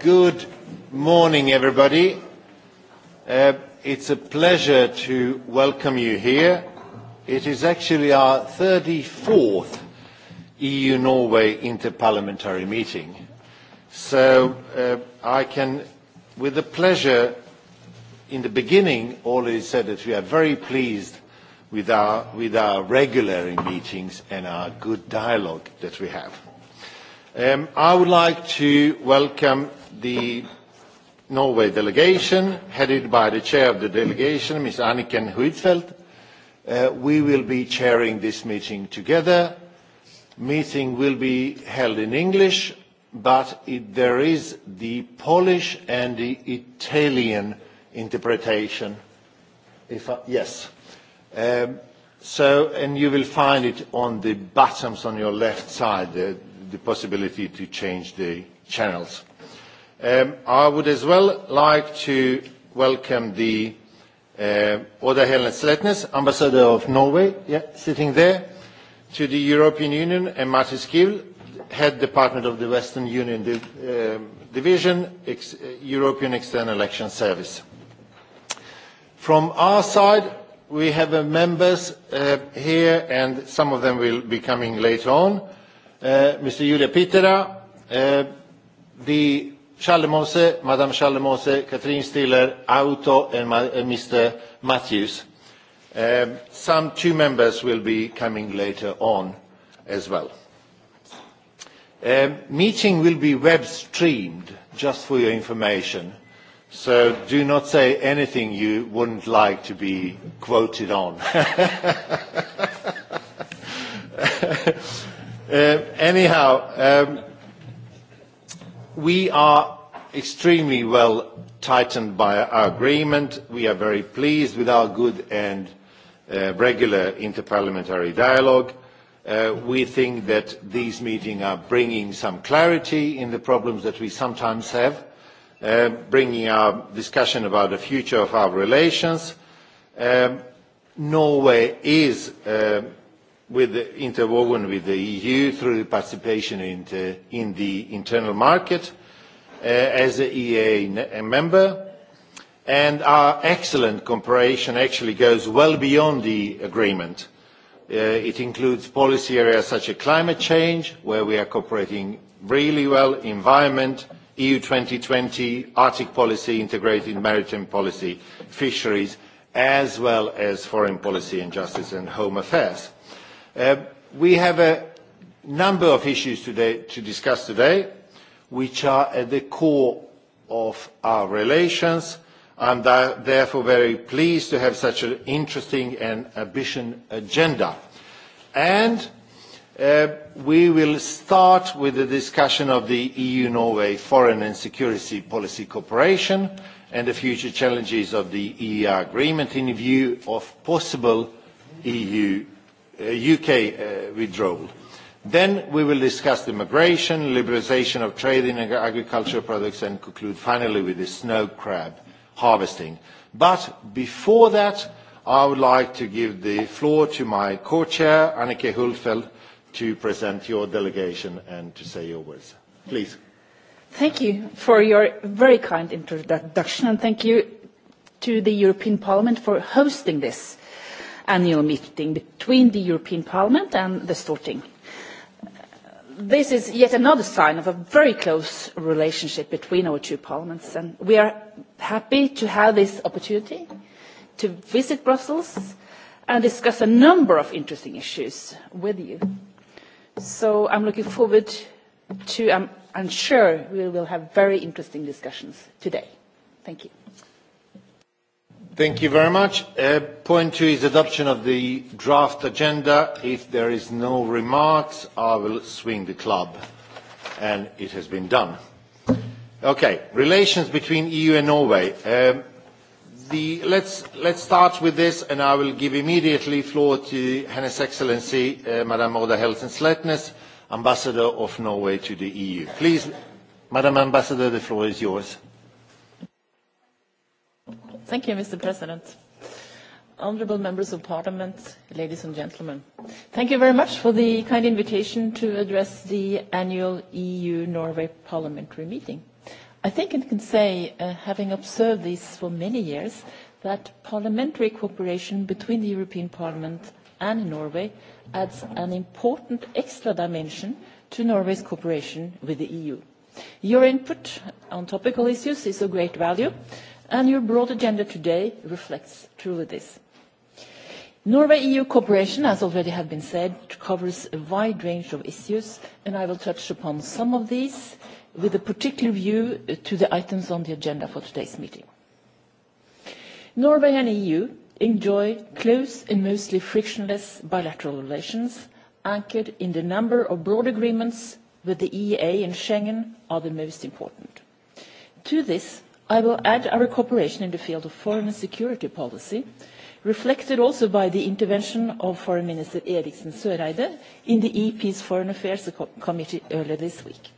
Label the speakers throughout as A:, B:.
A: Good morning, everybody. Uh, it's a pleasure to welcome you here. It is actually our 34th EU-Norway interparliamentary meeting. So uh, I can, with the pleasure, in the beginning already said that we are very pleased with our, with our regular meetings and our good dialogue that we have. Um, I would like to welcome the Norway delegation, headed by the chair of the delegation, Ms. Anniken Huitfeldt. Uh, we will be chairing this meeting together. Meeting will be held in English, but it, there is the Polish and the Italian interpretation. If I, yes. Um, so, and you will find it on the buttons on your left side, the, the possibility to change the channels. I would as well like to welcome the uh, Oda Helen Sletnes, Ambassador of Norway, yeah, sitting there, to the European Union, and Martin Skill, Head Department of the Western Union um, Division, ex European External Action Service. From our side, we have uh, members uh, here, and some of them will be coming later on. Uh, Mr. Julia Pitera, uh, the Schaldemose, Madame Schaldemose, Catherine Stiller, Auto, and Mr. Matthews. Some two members will be coming later on as well. Meeting will be web streamed, just for your information, so do not say anything you wouldn't like to be quoted on. Anyhow, We are extremely well tightened by our agreement. We are very pleased with our good and regular interparliamentary dialogue. We think that these meetings are bringing some clarity in the problems that we sometimes have, bringing our discussion about the future of our relations. Norway is with the, interwoven with the EU through the participation in the, in the internal market uh, as an EA a member. And our excellent cooperation actually goes well beyond the agreement. Uh, it includes policy areas such as climate change, where we are cooperating really well, environment, EU 2020, Arctic policy, integrated maritime policy, fisheries, as well as foreign policy and justice and home affairs We have a number of issues to discuss today, which are at the core of our relations. I'm therefore very pleased to have such an interesting and ambitious agenda. And we will start with the discussion of the EU-Norway foreign and security policy cooperation and the future challenges of the EEA agreement in view of possible EU UK withdrawal. Then we will discuss immigration, liberalisation of trade in agricultural products, and conclude finally with the snow crab harvesting. But before that, I would like to give the floor to my co-chair, Anneke Hultfeldt, to present your delegation and to say your words. Please.
B: Thank you for your very kind introduction, and thank you to the European Parliament for hosting this annual meeting between the European Parliament and the Storting. This is yet another sign of a very close relationship between our two parliaments, and we are happy to have this opportunity to visit Brussels and discuss a number of interesting issues with you. So I'm looking forward to, I I'm sure we will have very interesting discussions today. Thank you.
A: Thank you very much. Uh, point two is adoption of the draft agenda. If there is no remarks, I will swing the club, and it has been done. Okay, relations between EU and Norway. Um, the, let's, let's start with this, and I will give immediately floor to Hennes Excellency, uh, Madame Oda helsen sletnes Ambassador of Norway to the EU. Please, Madam Ambassador, the floor is yours.
B: Thank you, Mr. President. Honourable members of parliament, ladies and gentlemen. Thank you very much for the kind invitation to address the annual EU-Norway parliamentary meeting. I think I can say, uh, having observed this for many years, that parliamentary cooperation between the European Parliament and Norway adds an important extra dimension to Norway's cooperation with the EU. Your input on topical issues is of great value, and your broad agenda today reflects truly this. Norway-EU cooperation, as already has been said, covers a wide range of issues, and I will touch upon some of these with a particular view to the items on the agenda for today's meeting. Norway and EU enjoy close and mostly frictionless bilateral relations anchored in the number of broad agreements with the EEA and Schengen are the most important. To this, I will add our cooperation in the field of foreign and security policy, reflected also by the intervention of Foreign Minister Eriksen Søreide in the EP's Foreign Affairs Committee earlier this week.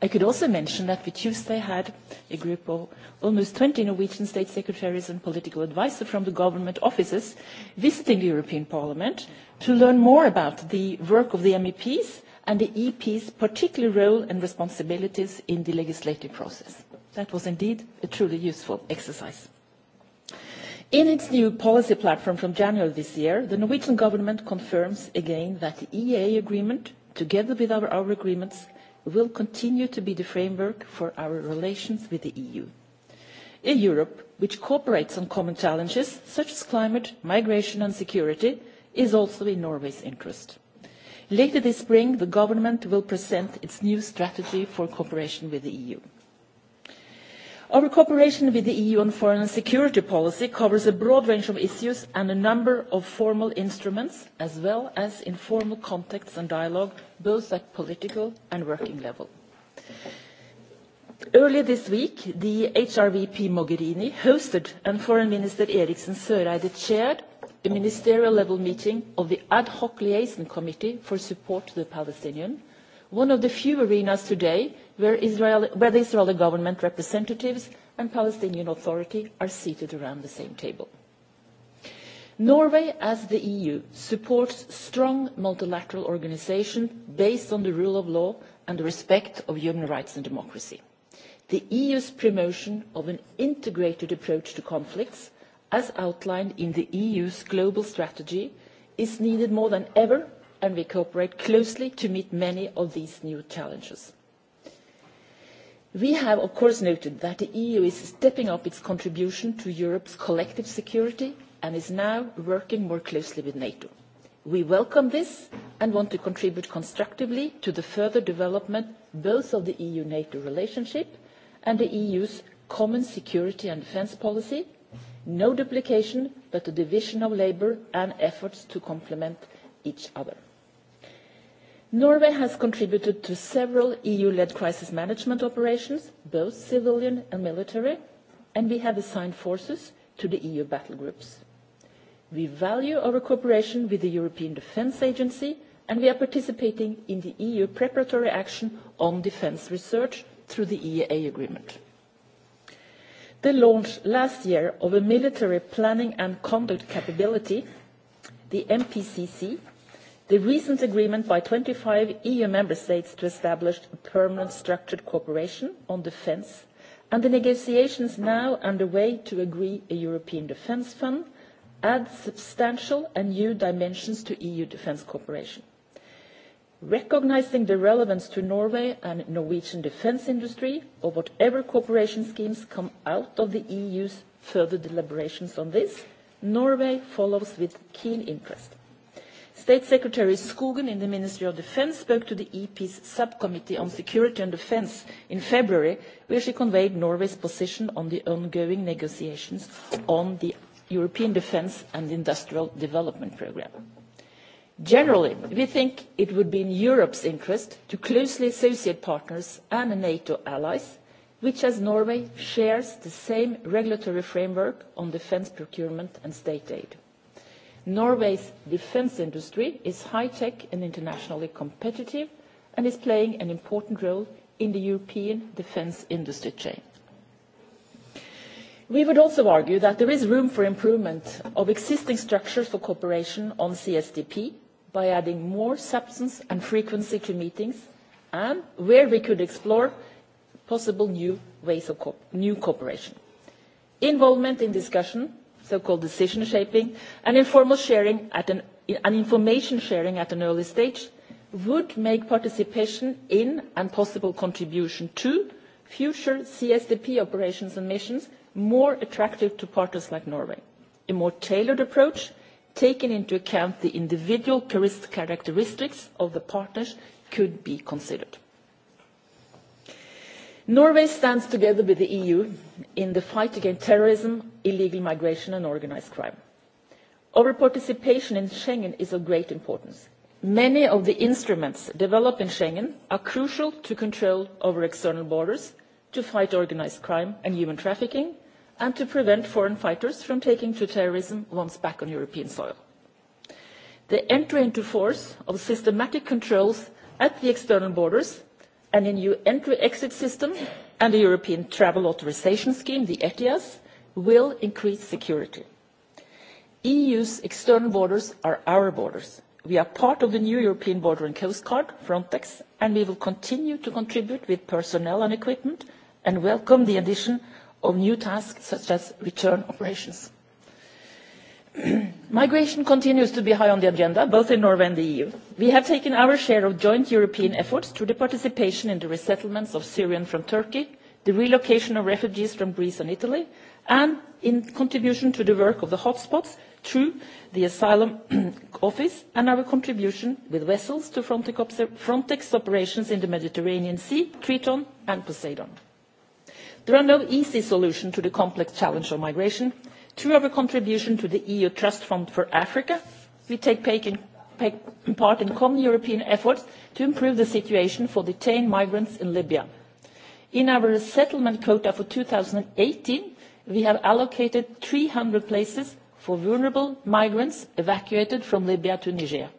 B: I could also mention that we Tuesday had a group of almost 20 Norwegian state secretaries and political advisers from the government offices visiting the European Parliament to learn more about the work of the MEPs and the EP's particular role and responsibilities in the legislative process. That was indeed a truly useful exercise. In its new policy platform from January this year, the Norwegian government confirms again that the EEA agreement, together with our, our agreements, will continue to be the framework for our relations with the EU. A Europe which cooperates on common challenges such as climate, migration and security is also in Norway's interest. Later this spring, the government will present its new strategy for cooperation with the EU. Our cooperation with the EU on foreign and security policy covers a broad range of issues and a number of formal instruments, as well as informal contacts and dialogue, both at political and working level. Earlier this week, the HRVP Mogherini hosted and Foreign Minister Eriksen Søreide chaired a ministerial level meeting of the Ad hoc Liaison Committee for Support to the Palestinian, one of the few arenas today where, Israel, where the Israeli government representatives and Palestinian Authority are seated around the same table. Norway, as the EU, supports strong multilateral organisation based on the rule of law and the respect of human rights and democracy. The EU's promotion of an integrated approach to conflicts, as outlined in the EU's global strategy, is needed more than ever, and we cooperate closely to meet many of these new challenges. We have, of course, noted that the EU is stepping up its contribution to Europe's collective security and is now working more closely with NATO. We welcome this and want to contribute constructively to the further development both of the EU-NATO relationship and the EU's common security and defence policy, no duplication but a division of labour and efforts to complement each other. Norway has contributed to several EU-led crisis management operations, both civilian and military, and we have assigned forces to the EU battle groups. We value our cooperation with the European Defence Agency, and we are participating in the EU preparatory action on defence research through the EEA agreement. The launch last year of a military planning and conduct capability, the MPCC, the recent agreement by twenty five eu member states to establish a permanent structured cooperation on defence and the negotiations now under way to agree a european defence fund add substantial and new dimensions to eu defence cooperation. recognising the relevance to norway and norwegian defence industry of whatever cooperation schemes come out of the eu's further deliberations on this norway follows with keen interest. State Secretary Skogen in the Ministry of Defence spoke to the EP's subcommittee on security and defence in February, where she conveyed Norway's position on the ongoing negotiations on the European Defence and Industrial Development Programme. Generally, we think it would be in Europe's interest to closely associate partners and NATO allies, which as Norway shares the same regulatory framework on defence procurement and state aid. Norway's defense industry is high-tech and internationally competitive and is playing an important role in the European defense industry chain. We would also argue that there is room for improvement of existing structures for cooperation on CSDP by adding more substance and frequency to meetings and where we could explore possible new ways of new cooperation. Involvement in discussion so-called decision shaping, and informal sharing at an, and information sharing at an early stage would make participation in and possible contribution to future CSDP operations and missions more attractive to partners like Norway. A more tailored approach, taking into account the individual characteristics of the partners, could be considered norway stands together with the eu in the fight against terrorism illegal migration and organised crime. our participation in schengen is of great importance. many of the instruments developed in schengen are crucial to control over external borders to fight organised crime and human trafficking and to prevent foreign fighters from taking to terrorism once back on european soil. the entry into force of systematic controls at the external borders and a new entry exit system and the European Travel Authorization Scheme, the ETIAS, will increase security. EU's external borders are our borders. We are part of the new European Border and Coast Guard, Frontex, and we will continue to contribute with personnel and equipment and welcome the addition of new tasks such as return operations. Migration continues to be high on the agenda, both in Norway and the EU. We have taken our share of joint European efforts through the participation in the resettlements of Syrians from Turkey, the relocation of refugees from Greece and Italy, and in contribution to the work of the hotspots through the asylum office and our contribution with vessels to Frontex operations in the Mediterranean Sea, Triton and Poseidon. There are no easy solutions to the complex challenge of migration, Through our contribution to the EU Trust Fund for Africa, we take part in common European efforts to improve the situation for detained migrants in Libya. In our resettlement quota for 2018, we have allocated 300 places for vulnerable migrants evacuated from Libya to Niger.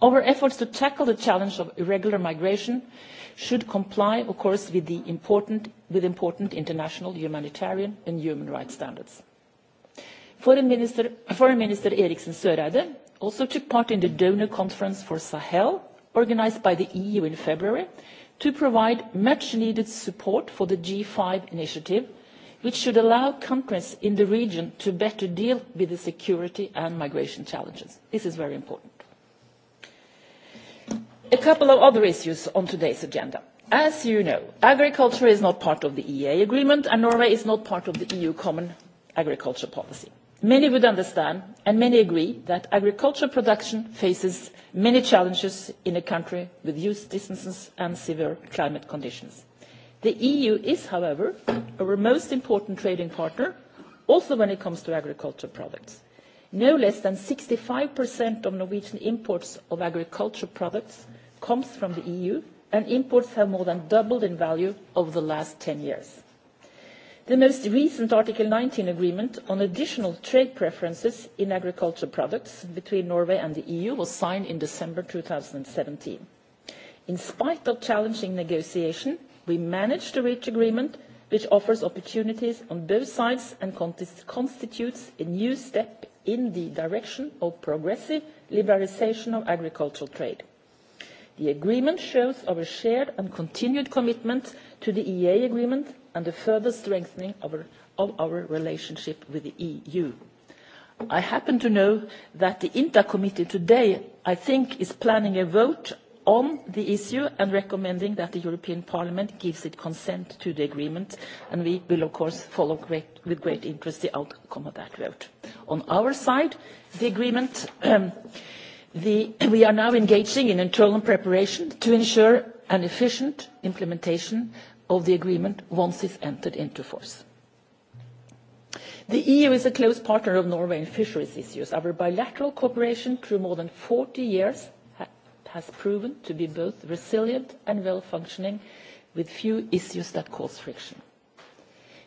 B: Our efforts to tackle the challenge of irregular migration should comply, of course, with important international humanitarian and human rights standards. Foreign Minister, Foreign Minister Eriksen Søreide also took part in the donor conference for Sahel, organized by the EU in February, to provide much-needed support for the G5 initiative, which should allow countries in the region to better deal with the security and migration challenges. This is very important. A couple of other issues on today's agenda. As you know, agriculture is not part of the EEA agreement, and Norway is not part of the EU common agriculture policy. Many would understand, and many agree, that agricultural production faces many challenges in a country with huge distances and severe climate conditions. The EU is, however, our most important trading partner, also when it comes to agricultural products. No less than sixty five of Norwegian imports of agricultural products comes from the EU, and imports have more than doubled in value over the last ten years. The most recent Article 19 agreement on additional trade preferences in agricultural products between Norway and the EU was signed in December 2017. In spite of challenging negotiation, we managed to reach agreement which offers opportunities on both sides and constitutes a new step in the direction of progressive liberalisation of agricultural trade. The agreement shows our shared and continued commitment to the EA agreement and the further strengthening of our relationship with the EU. I happen to know that the INTA committee today, I think, is planning a vote on the issue and recommending that the European Parliament gives its consent to the agreement, and we will, of course, follow with great interest the outcome of that vote. On our side, the agreement, we are now engaging in internal preparation to ensure an efficient implementation of the agreement once it is entered into force. The EU is a close partner of Norway in fisheries issues. Our bilateral cooperation through more than 40 years has proven to be both resilient and well-functioning, with few issues that cause friction.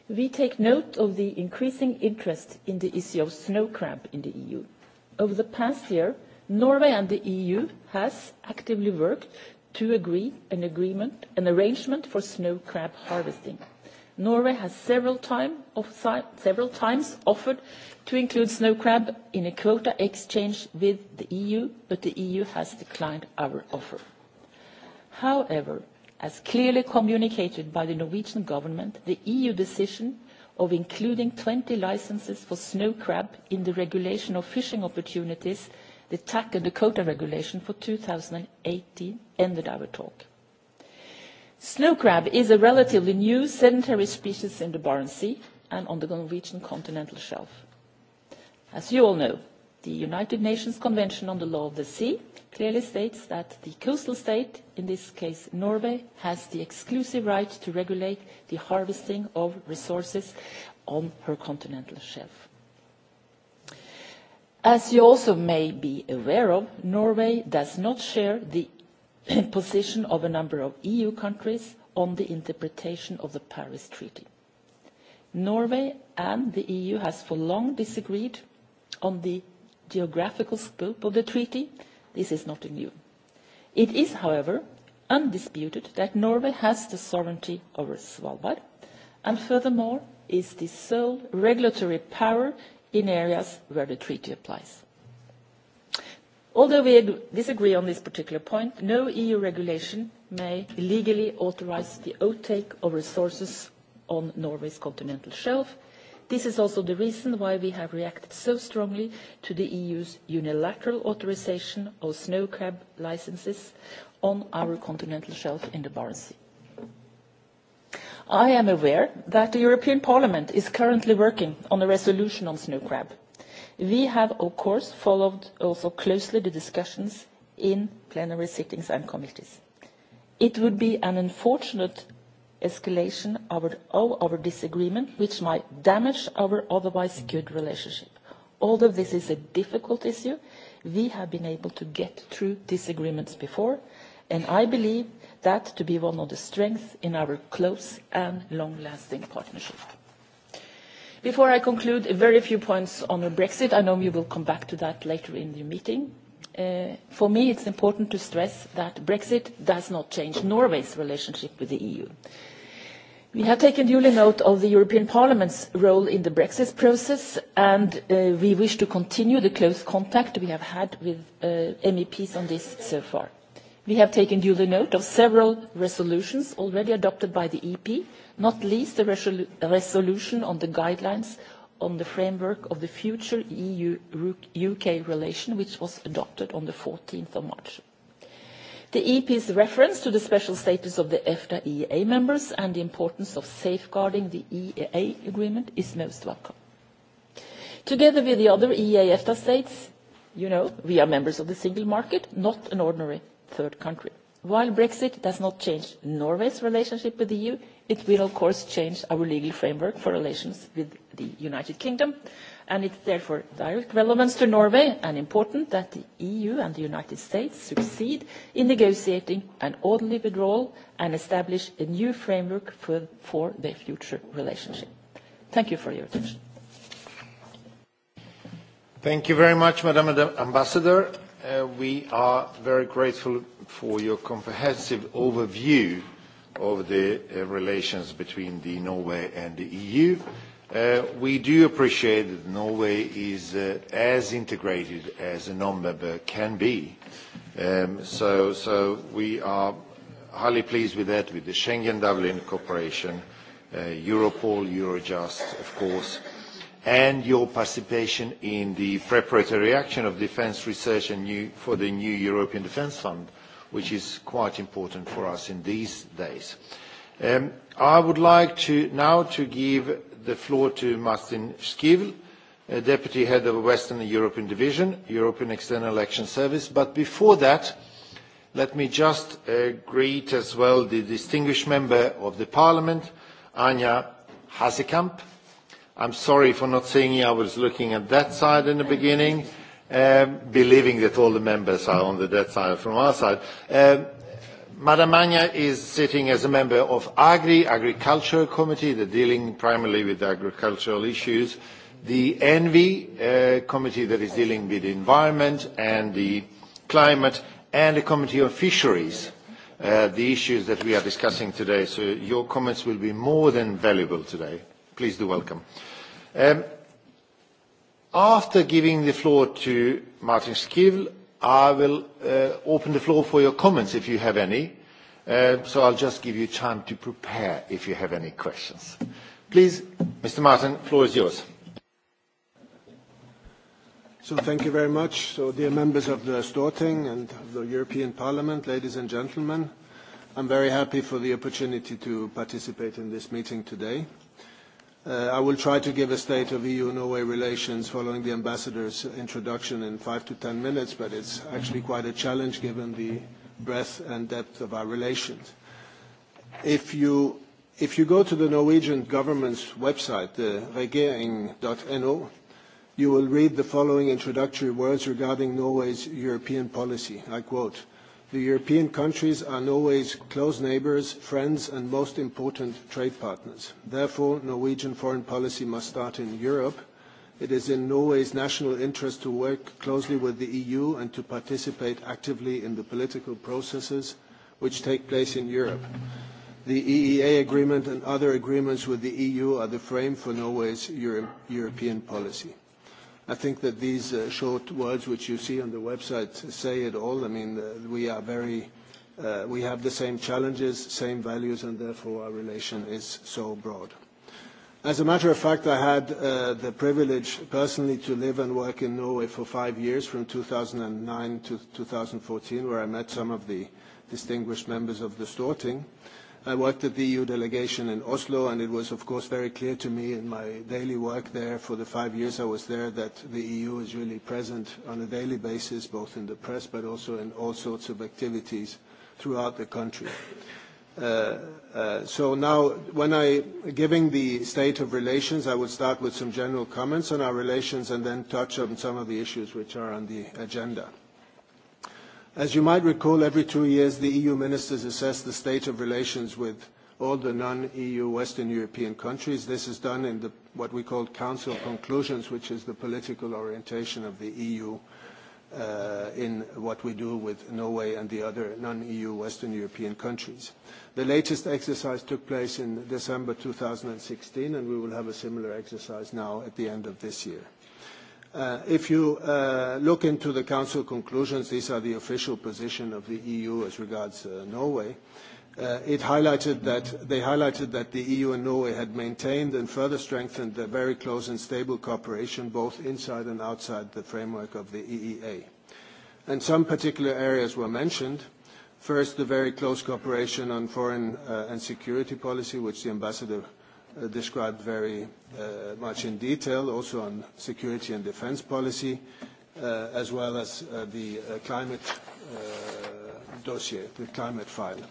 B: We take note of the increasing interest in the issue of snow crab in the EU. Over the past year, Norway and the EU has actively worked to agree an agreement, an arrangement for snow crab harvesting. Norway has several, time of, several times offered to include snow crab in a quota exchange with the EU, but the EU has declined our offer. However, as clearly communicated by the Norwegian government, the EU decision of including 20 licenses for snow crab in the regulation of fishing opportunities the TAC and the quota regulation for 2018 ended our talk. Snow crab is a relatively new sedentary species in the Barents Sea and on the Norwegian continental shelf. As you all know, the United Nations Convention on the Law of the Sea clearly states that the coastal state, in this case Norway, has the exclusive right to regulate the harvesting of resources on her continental shelf. As you also may be aware of, Norway does not share the position of a number of EU countries on the interpretation of the Paris Treaty. Norway and the EU have for long disagreed on the geographical scope of the treaty. This is not new. It is, however, undisputed that Norway has the sovereignty over Svalbard, and furthermore, is the sole regulatory power in areas where the treaty applies. Although we disagree on this particular point, no EU regulation may illegally authorize the outtake of resources on Norway's continental shelf. This is also the reason why we have reacted so strongly to the EU's unilateral authorization of snow crab licenses on our continental shelf in the Barents Sea. I am aware that the European Parliament is currently working on a resolution on snow crab. We have, of course, followed also closely the discussions in plenary sittings and committees. It would be an unfortunate escalation of our disagreement, which might damage our otherwise good relationship. Although this is a difficult issue, we have been able to get through disagreements before, and I believe that to be one of the strengths in our close and long-lasting partnership. Before I conclude, a very few points on Brexit. I know we will come back to that later in the meeting. For me, it's important to stress that Brexit does not change Norway's relationship with the EU. We have taken duly note of the European Parliament's role in the Brexit process, and we wish to continue the close contact we have had with MEPs on this so far. We have taken duly note of several resolutions already adopted by the EP, not least the resolution on the guidelines on the framework of the future EU-UK relation, which was adopted on the 14th of March. The EP's reference to the special status of the EFTA-EEA members and the importance of safeguarding the EEA agreement is most welcome. Together with the other EEA-EFTA states, you know, we are members of the single market, not an ordinary third country. While Brexit does not change Norway's relationship with the EU, it will of course change our legal framework for relations with the United Kingdom, and it's therefore direct relevance to Norway and important that the EU and the United States succeed in negotiating an orderly withdrawal and establish a new framework for, for their future relationship. Thank you for your attention.
A: Thank you very much, Madam Ambassador. We are very grateful for your comprehensive overview of the relations between Norway and the EU. We do appreciate that Norway is as integrated as a non-member can be. So we are highly pleased with that, with the Schengen Dublin cooperation, Europol, Eurojust, of course, and your participation in the preparatory action of defence research and new, for the new European Defence Fund, which is quite important for us in these days. Um, I would like to now to give the floor to Martin Schkiewicz, Deputy Head of Western European Division, European External Action Service. But before that, let me just uh, greet as well the distinguished member of the Parliament, Anja Hasekamp, I'm sorry for not seeing you. I was looking at that side in the beginning, um, believing that all the members are on the that side from our side. Um, Madam Magna is sitting as a member of AGRI, Agricultural Committee, they're dealing primarily with agricultural issues, the ENVI uh, Committee that is dealing with the environment and the climate, and the Committee on Fisheries, uh, the issues that we are discussing today. So your comments will be more than valuable today. Please do welcome. Um, after giving the floor to Martin Skivl, I will uh, open the floor for your comments if you have any. Uh, so I'll just give you time to prepare if you have any questions. Please, Mr. Martin, the floor is yours.
C: So Thank you very much. So Dear members of the Storting and of the European Parliament, ladies and gentlemen, I'm very happy for the opportunity to participate in this meeting today. I will try to give a state of EU-Norway relations following the ambassador's introduction in five to 10 minutes, but it's actually quite a challenge given the breadth and depth of our relations. If you go to the Norwegian government's website, the regjering.no, you will read the following introductory words regarding Norway's European policy. I quote, The European countries are Norway's close neighbours, friends and most important trade partners. Therefore, Norwegian foreign policy must start in Europe. It is in Norway's national interest to work closely with the EU and to participate actively in the political processes which take place in Europe. The EEA agreement and other agreements with the EU are the frame for Norway's European policy. I think that these uh, short words which you see on the website say it all. I mean, uh, we are very, uh, we have the same challenges, same values, and therefore our relation is so broad. As a matter of fact, I had uh, the privilege personally to live and work in Norway for five years, from 2009 to 2014, where I met some of the distinguished members of the Storting. I worked at the EU delegation in Oslo, and it was, of course, very clear to me in my daily work there for the five years I was there that the EU is really present on a daily basis, both in the press but also in all sorts of activities throughout the country. So now, when I giving the state of relations, I would start with some general comments on our relations and then touch on some of the issues which are on the agenda. As you might recall, every two years the EU ministers assess the state of relations with all the non-EU Western European countries. This is done in the, what we call Council conclusions, which is the political orientation of the EU uh, in what we do with Norway and the other non-EU Western European countries. The latest exercise took place in December 2016, and we will have a similar exercise now at the end of this year. If you look into the Council conclusions, these are the official position of the EU as regards Norway. It highlighted that They highlighted that the EU and Norway had maintained and further strengthened their very close and stable cooperation, both inside and outside the framework of the EEA. And Some particular areas were mentioned. First, the very close cooperation on foreign and security policy, which the ambassador described very much in detail, also on security and defense policy, as well as the climate dossier, the climate file.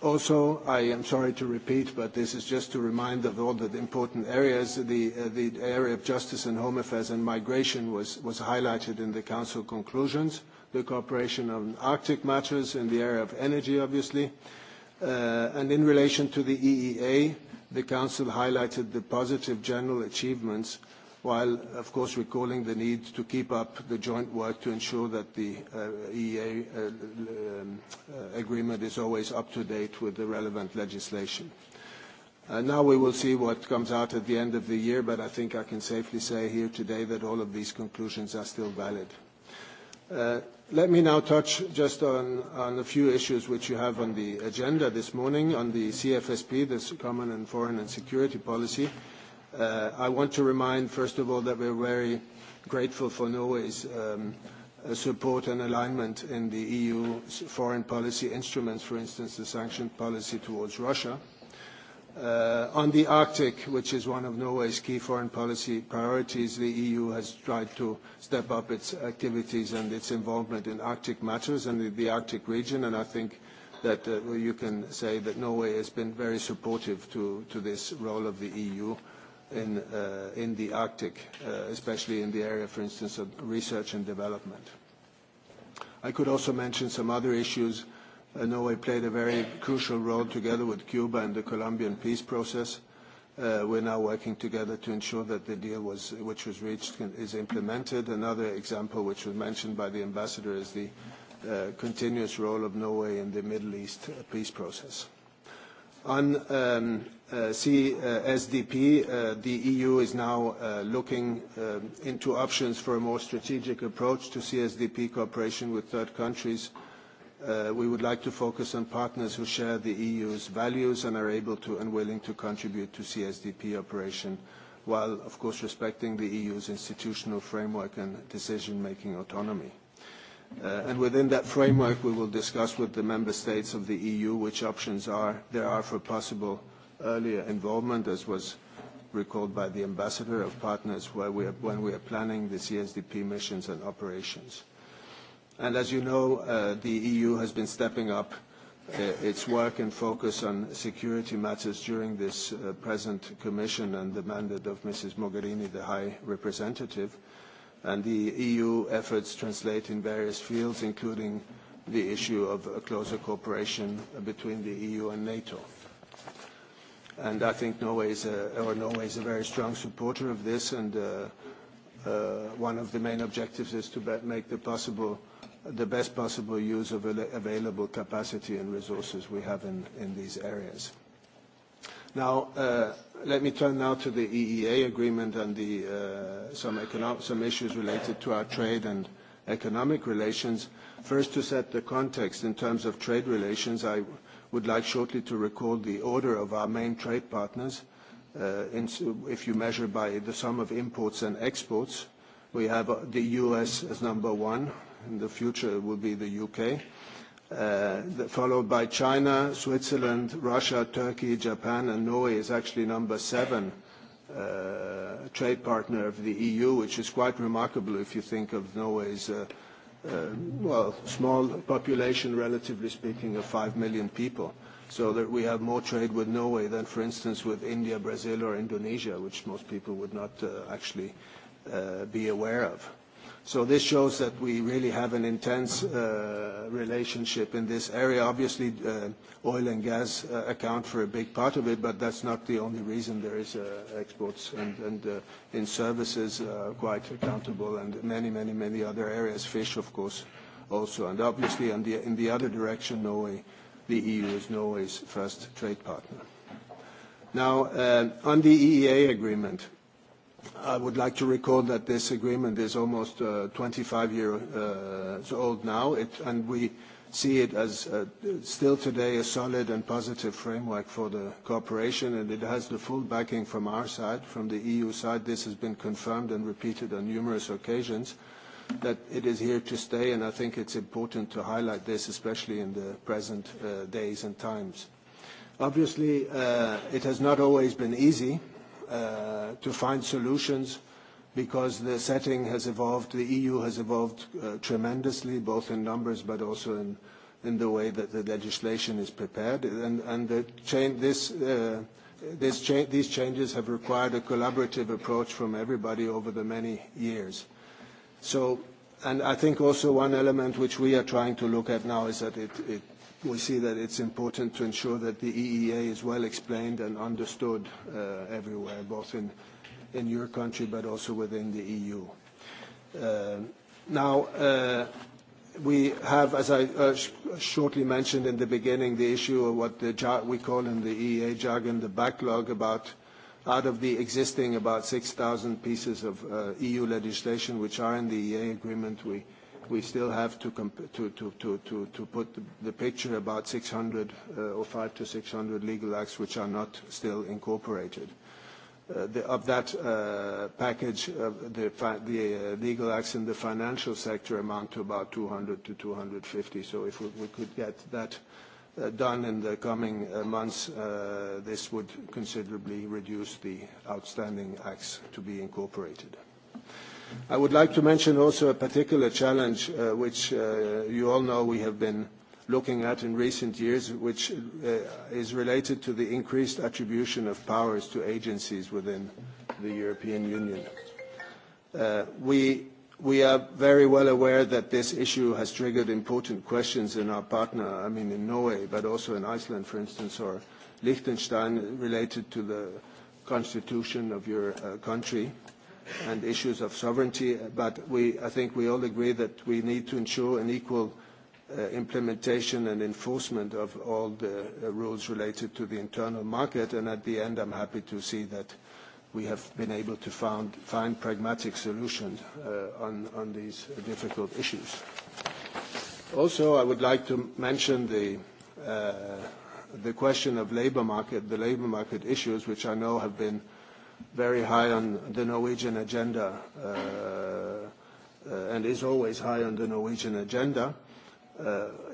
C: Also, I am sorry to repeat, but this is just to remind of all the important areas. The area of justice and home affairs and migration was highlighted in the council conclusions, the cooperation on Arctic matters in the area of energy, obviously, And in relation to the EEA, the Council highlighted the positive general achievements while, of course, recalling the need to keep up the joint work to ensure that the EEA agreement is always up to date with the relevant legislation. Now we will see what comes out at the end of the year, but I think I can safely say here today that all of these conclusions are still valid. Let me now touch just on on a few issues which you have on the agenda this morning on the CFSP, the Common and Foreign and Security Policy. I want to remind, first of all, that we're very grateful for Norway's support and alignment in the EU foreign policy instruments, for instance, the sanctioned policy towards Russia. On the Arctic, which is one of Norway's key foreign policy priorities, the EU has tried to step up its activities and its involvement in Arctic matters and the Arctic region, and I think that you can say that Norway has been very supportive to this role of the EU in the Arctic, especially in the area, for instance, of research and development. I could also mention some other issues Norway played a very crucial role together with Cuba in the Colombian peace process. We're now working together to ensure that the deal was which was reached is implemented. Another example, which was mentioned by the ambassador, is the continuous role of Norway in the Middle East peace process. On CSDP, the EU is now looking into options for a more strategic approach to CSDP cooperation with third countries, uh, we would like to focus on partners who share the EU's values and are able to and willing to contribute to CSDP operation, while of course respecting the EU's institutional framework and decision-making autonomy. And Within that framework, we will discuss with the member states of the EU which options are there are for possible earlier involvement, as was recalled by the ambassador of partners where we are when we are planning the CSDP missions and operations as you know, the EU has been stepping up its work and focus on security matters during this present Commission and the mandate of Mrs. Mogherini, the High Representative. And the EU efforts translate in various fields, including the issue of closer cooperation between the EU and NATO. And I think Norway is a, very strong supporter of this, and one of the main objectives is to make the possible the best possible use of available capacity and resources we have in, in these areas. Now, let me turn now to the EEA agreement and the, some, economic, some issues related to our trade and economic relations. First, to set the context in terms of trade relations, I would like shortly to recall the order of our main trade partners. if you measure by the sum of imports and exports, we have the U.S. as number one, in the future it will be the UK, followed by China, Switzerland, Russia, Turkey, Japan, and Norway is actually number seven trade partner of the EU, which is quite remarkable if you think of Norway's well, small population, relatively speaking, of 5 million people. So that we have more trade with Norway than, for instance, with India, Brazil, or Indonesia, which most people would not actually be aware of. So This shows that we really have an intense relationship in this area. Obviously, oil and gas account for a big part of it, but that's not the only reason there is exports. and In services, quite accountable and many many, many other areas. Fish, of course, also. and Obviously, in the other direction, Norway, the EU is Norway's first trade partner. Now, on the EEA agreement, I would like to recall that this agreement is almost 25 years old now, and we see it as still today a solid and positive framework for the cooperation, and it has the full backing from our side. From the EU side, this has been confirmed and repeated on numerous occasions that it is here to stay, and I think it's important to highlight this, especially in the present days and times. Obviously, it has not always been easy uh, to find solutions because the setting has evolved, the EU has evolved uh, tremendously, both in numbers but also in, in the way that the legislation is prepared. And, and the chain, this, uh, this cha these changes have required a collaborative approach from everybody over the many years. So, and I think also one element which we are trying to look at now is that it, it we see that it's important to ensure that the EEA is well explained and understood uh, everywhere, both in, in your country but also within the EU. Uh, now, uh, we have, as I uh, sh shortly mentioned in the beginning, the issue of what the jar we call in the EEA jargon the backlog about out of the existing about 6,000 pieces of uh, EU legislation which are in the EEA agreement, we – we still have to put the picture about 600 or 500-600 legal acts which are not still incorporated. Of that package, the legal acts in the financial sector amount to about 200-250. So if we could get that done in the coming months, this would considerably reduce the outstanding acts to be incorporated. I would like to mention also a particular challenge, which you all know we have been looking at in recent years, which is related to the increased attribution of powers to agencies within the European Union. We are very well aware that this issue has triggered important questions in our partner, I mean, in Norway, but also in Iceland, for instance, or Liechtenstein, related to the constitution of your country and issues of sovereignty, but we, I think we all agree that we need to ensure an equal uh, implementation and enforcement of all the uh, rules related to the internal market, and at the end I'm happy to see that we have been able to found, find pragmatic solutions uh, on, on these difficult issues. Also, I would like to mention the, uh, the question of labor market, the labor market issues, which I know have been uh, very high on the Norwegian agenda and is always high on the Norwegian agenda.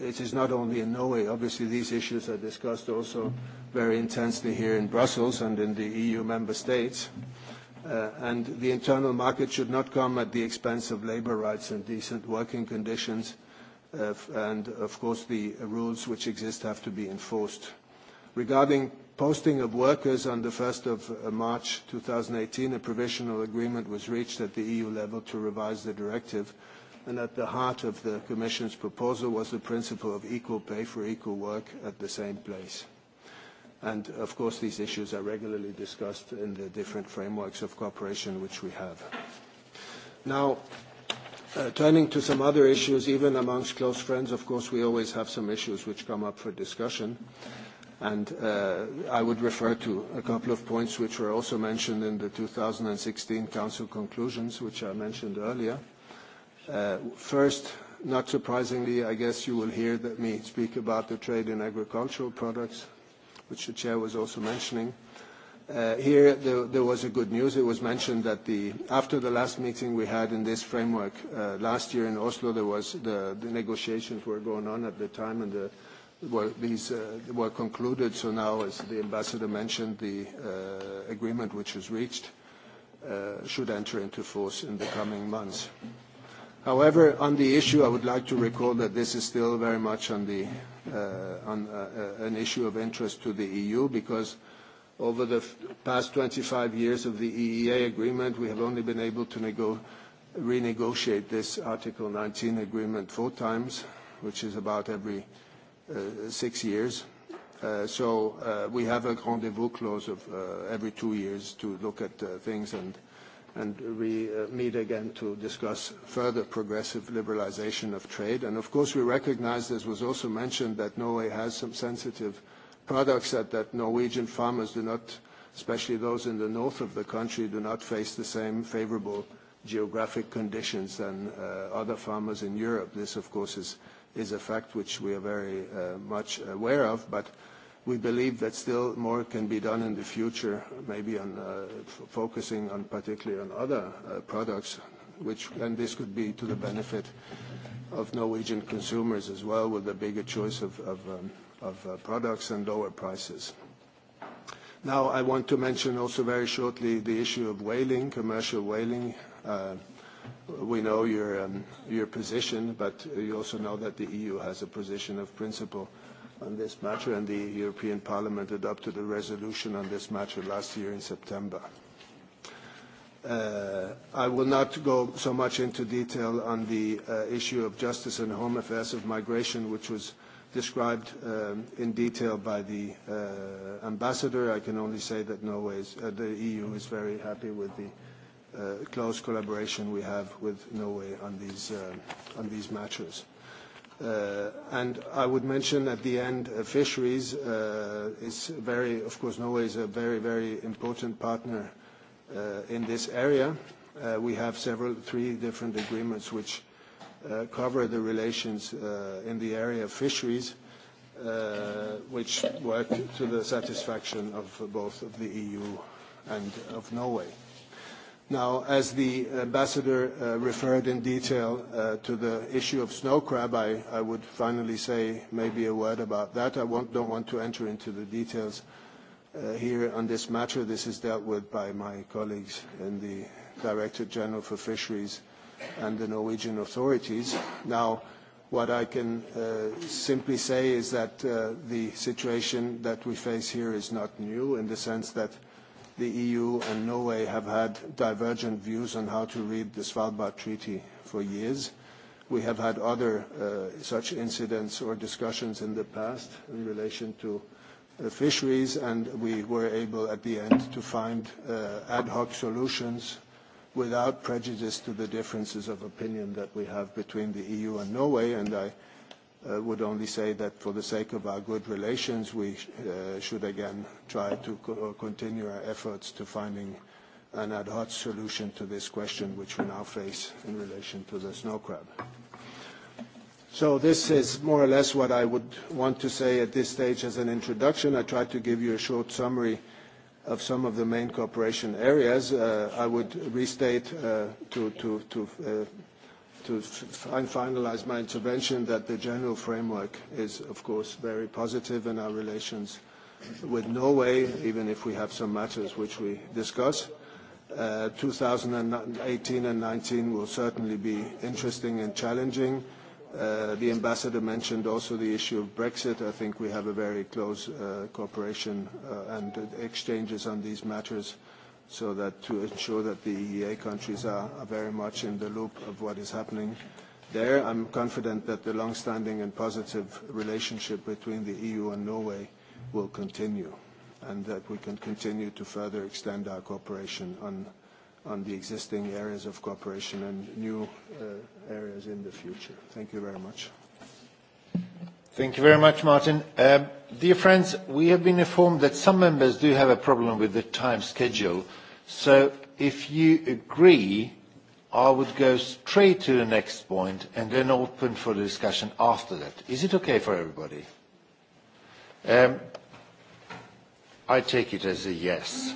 C: It is not only in Norway. Obviously, these issues are discussed also very intensely here in Brussels and in the EU member states. And The internal market should not come at the expense of labor rights and decent working conditions. and Of course, the rules which exist have to be enforced. Regarding posting of workers on the 1st of March 2018, a provisional agreement was reached at the EU level to revise the directive, and at the heart of the Commission's proposal was the principle of equal pay for equal work at the same place. of course, these issues are regularly discussed in the different frameworks of cooperation which we have. Now, turning to some other issues, even amongst close friends, of course, we always have some issues which come up for discussion. And I would refer to a couple of points which were also mentioned in the 2016 Council conclusions, which I mentioned earlier. First, not surprisingly, I guess you will hear that me speak about the trade in agricultural products, which the chair was also mentioning. Here, there was a good news. It was mentioned that after the last meeting we had in this framework last year in Oslo, there was the negotiations were going on at the time, and the were, these uh, were concluded. So now, as the ambassador mentioned, the uh, agreement which was reached uh, should enter into force in the coming months. However, on the issue, I would like to recall that this is still very much on the, uh, on, uh, an issue of interest to the EU because over the past 25 years of the EEA agreement, we have only been able to nego- renegotiate this Article 19 agreement four times, which is about every – six years. So we have a rendezvous clause of every two years to look at things and and we meet again to discuss further progressive liberalization of trade. And of course, we recognize, as was also mentioned, that Norway has some sensitive products that that Norwegian farmers do not, especially those in the north of the country, do not face the same favorable geographic conditions than other farmers in Europe. This, of course, is is a fact which we are very much aware of, but we believe that still more can be done in the future, maybe on focusing on particularly on other products, which and this could be to the benefit of Norwegian consumers as well, with a bigger choice of products and lower prices. Now, I want to mention also very shortly the issue of whaling, commercial whaling. We know your, um, your position, but you also know that the EU has a position of principle on this matter, and the European Parliament adopted a resolution on this matter last year in September. Uh, I will not go so much into detail on the uh, issue of justice and home affairs of migration, which was described um, in detail by the uh, ambassador. I can only say that Norway's, uh, the EU is very happy with the close collaboration we have with Norway on these, on these matters. And I would mention at the end, fisheries is very, of course, Norway is a very, very important partner in this area. We have several, three different agreements which cover the relations in the area of fisheries, which work to the satisfaction of both of the EU and of Norway. Now, as the ambassador uh, referred in detail uh, to the issue of snow crab, I, I would finally say maybe a word about that. I won't, don't want to enter into the details uh, here on this matter. This is dealt with by my colleagues in the Director General for Fisheries and the Norwegian authorities. Now, what I can uh, simply say is that uh, the situation that we face here is not new in the sense that uh, the EU and Norway have had divergent views on how to read the Svalbard Treaty for years. We have had other uh, such incidents or discussions in the past in relation to uh, fisheries, and we were able at the end to find uh, ad hoc solutions without prejudice to the differences of opinion that we have between the EU and Norway, and I would only say that for the sake of our good relations, we should again try to continue our efforts to finding an ad hoc solution to this question, which we now face in relation to the snow crab. So This is more or less what I would want to say at this stage as an introduction. I tried to give you a short summary of some of the main cooperation areas. I would restate to to finalize my intervention that the general framework is, of course, very positive in our relations with Norway, even if we have some matters which we discuss. 2018 and 2019 will certainly be interesting and challenging. The ambassador mentioned also the issue of Brexit. I think we have a very close cooperation and exchanges on these matters so that to ensure that the EEA countries are, are very much in the loop of what is happening there. I'm confident that the long-standing and positive relationship between the EU and Norway will continue and that we can continue to further extend our cooperation on, on the existing areas of cooperation and new uh, areas in the future. Thank you very much.
A: Thank you very much, Martin. Um, dear friends, we have been informed that some members do have a problem with the time schedule. So if you agree, I would go straight to the next point and then open for the discussion after that. Is it okay for everybody? Um, I take it as a yes.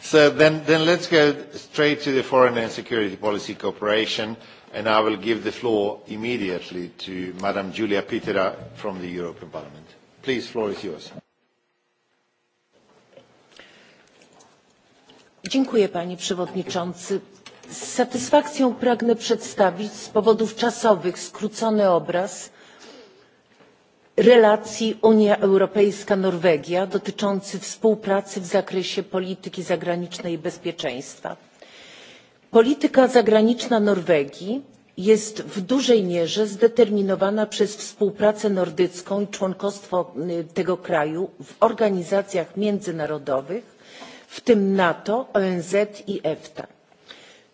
A: So then then let's go straight to the foreign and security policy cooperation and I will give the floor immediately to Madam Julia Pitera from the European Parliament. Please, floor is yours.
D: Dziękuję panie przewodniczący. Z satysfakcją pragnę przedstawić z powodów czasowych skrócony obraz relacji Unia Europejska Norwegia dotyczący współpracy w zakresie polityki zagranicznej i bezpieczeństwa polityka zagraniczna norwegii jest w dużej mierze zdeterminowana przez współpracę nordycką i członkostwo tego kraju w organizacjach międzynarodowych w tym nato onz i efta.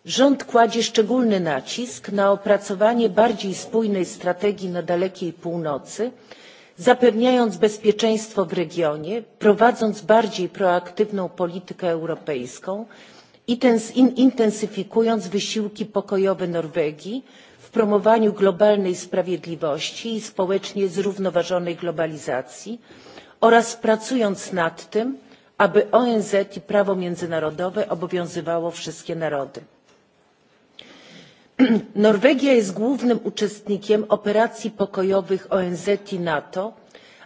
D: rząd kładzie szczególny nacisk na opracowanie bardziej spójnej strategii na dalekiej północy zapewniając bezpieczeństwo w regionie prowadząc bardziej proaktywną politykę europejską intensyfikując wysiłki pokojowe norwegii w promowaniu globalnej sprawiedliwości i społecznie zrównoważonej globalizacji oraz pracując nad tym aby onz i prawo międzynarodowe obowiązywało wszystkie narody. norwegia jest głównym uczestnikiem operacji pokojowych onz i nato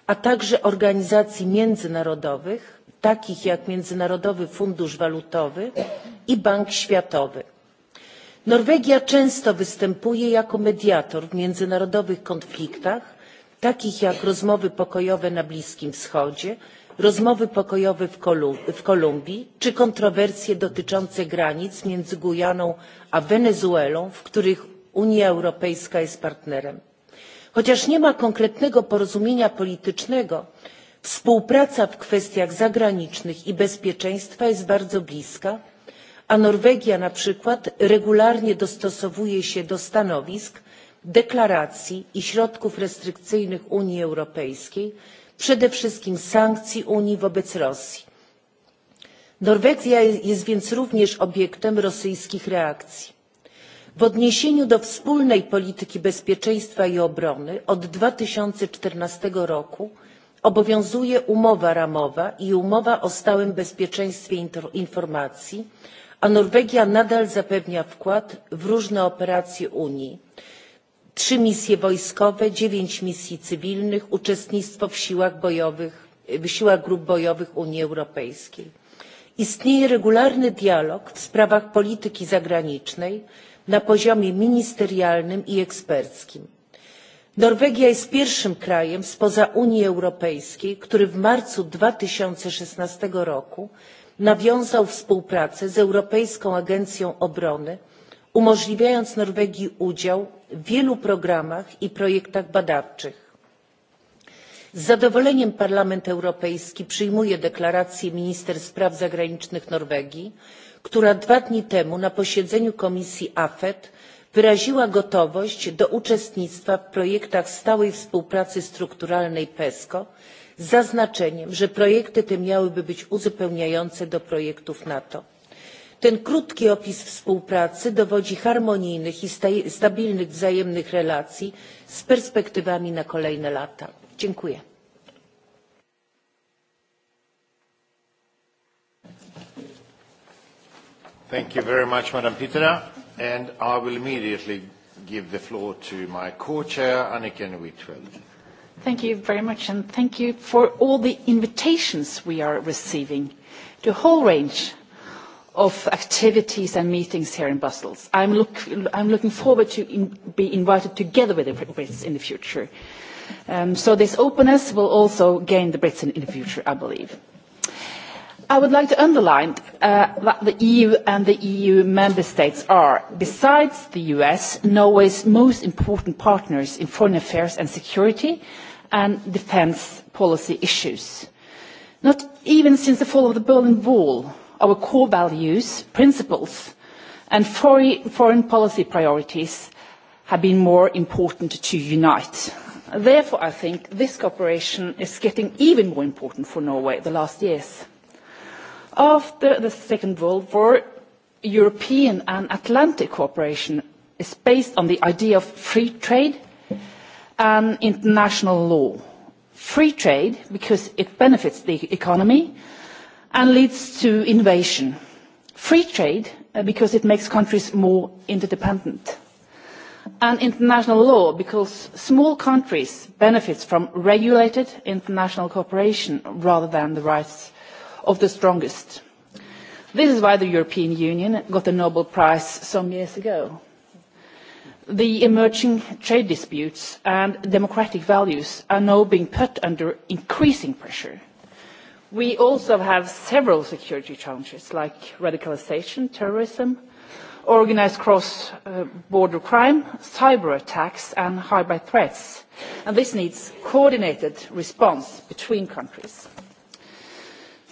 D: a także organizacji międzynarodowych takich jak międzynarodowy fundusz walutowy i Bank Światowy. Norwegia często występuje jako mediator w międzynarodowych konfliktach, takich jak rozmowy pokojowe na Bliskim Wschodzie, rozmowy pokojowe w Kolumbii czy kontrowersje dotyczące granic między Gujaną a Wenezuelą, w których Unia Europejska jest partnerem. Chociaż nie ma konkretnego porozumienia politycznego, współpraca w kwestiach zagranicznych i bezpieczeństwa jest bardzo bliska a norwegia na przykład regularnie dostosowuje się do stanowisk deklaracji i środków restrykcyjnych unii europejskiej przede wszystkim sankcji unii wobec rosji. norwegia jest więc również obiektem rosyjskich reakcji. w odniesieniu do wspólnej polityki bezpieczeństwa i obrony od dwa tysiące czternaście roku obowiązuje umowa ramowa i umowa o stałym bezpieczeństwie informacji a norwegia nadal zapewnia wkład w różne operacje unii trzy misje wojskowe dziewięć misji cywilnych uczestnictwo w siłach grup bojowych unii europejskiej. istnieje regularny dialog w sprawach polityki zagranicznej na poziomie ministerialnym i eksperckim. norwegia jest pierwszym krajem spoza unii europejskiej który w marcu dwa tysiące szesnaście roku nawiązał współpracę z europejską agencją obrony umożliwiając norwegii udział w wielu programach i projektach badawczych. z zadowoleniem parlament europejski przyjmuje deklarację minister spraw zagranicznych norwegii która dwa dni temu na posiedzeniu komisji afet wyraziła gotowość do uczestnictwa w projektach stałej współpracy strukturalnej pesco zaznaczeniem że projekty te miałyby być uzupełniające do projektów nato. ten krótki opis współpracy dowodzi harmonijnych i stabilnych wzajemnych relacji z perspektywami na kolejne lata. dziękuję.
A: Thank you very much, Madam Pitera. And I will immediately give the floor to my co-chair,
B: Thank you very much, and thank you for all the invitations we are receiving, to a whole range of activities and meetings here in Brussels. I'm, look, I'm looking forward to in, be invited together with the Brits in the future. Um, so this openness will also gain the Brits in, in the future, I believe. I would like to underline uh, that the EU and the EU member states are, besides the US, Norway's most important partners in foreign affairs and security, and defence policy issues. Not even since the fall of the Berlin Wall, our core values, principles, and foreign policy priorities have been more important to unite. Therefore, I think this cooperation is getting even more important for Norway the last years. After the Second World War, European and Atlantic cooperation is based on the idea of free trade, and international law. Free trade, because it benefits the economy and leads to innovation. Free trade, because it makes countries more interdependent. And international law, because small countries benefit from regulated international cooperation rather than the rights of the strongest. This is why the European Union got the Nobel Prize some years ago the emerging trade disputes and democratic values are now being put under increasing pressure. We also have several security challenges like radicalisation, terrorism, organised cross-border crime, cyber attacks and hybrid threats. And this needs coordinated response between countries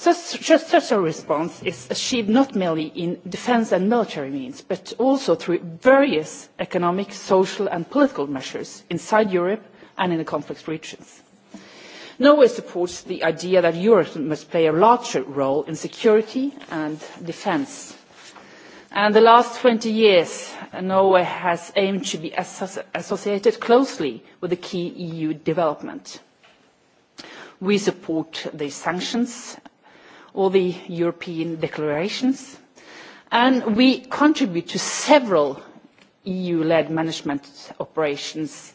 B: Such a response is achieved not merely in defence and military means, but also through various economic, social and political measures inside Europe and in the conflict regions. Norway supports the idea that Europe must play a larger role in security and defence. And the last twenty years, Norway has aimed to be associated closely with the key EU development. We support the sanctions all the European declarations, and we contribute to several EU-led management operations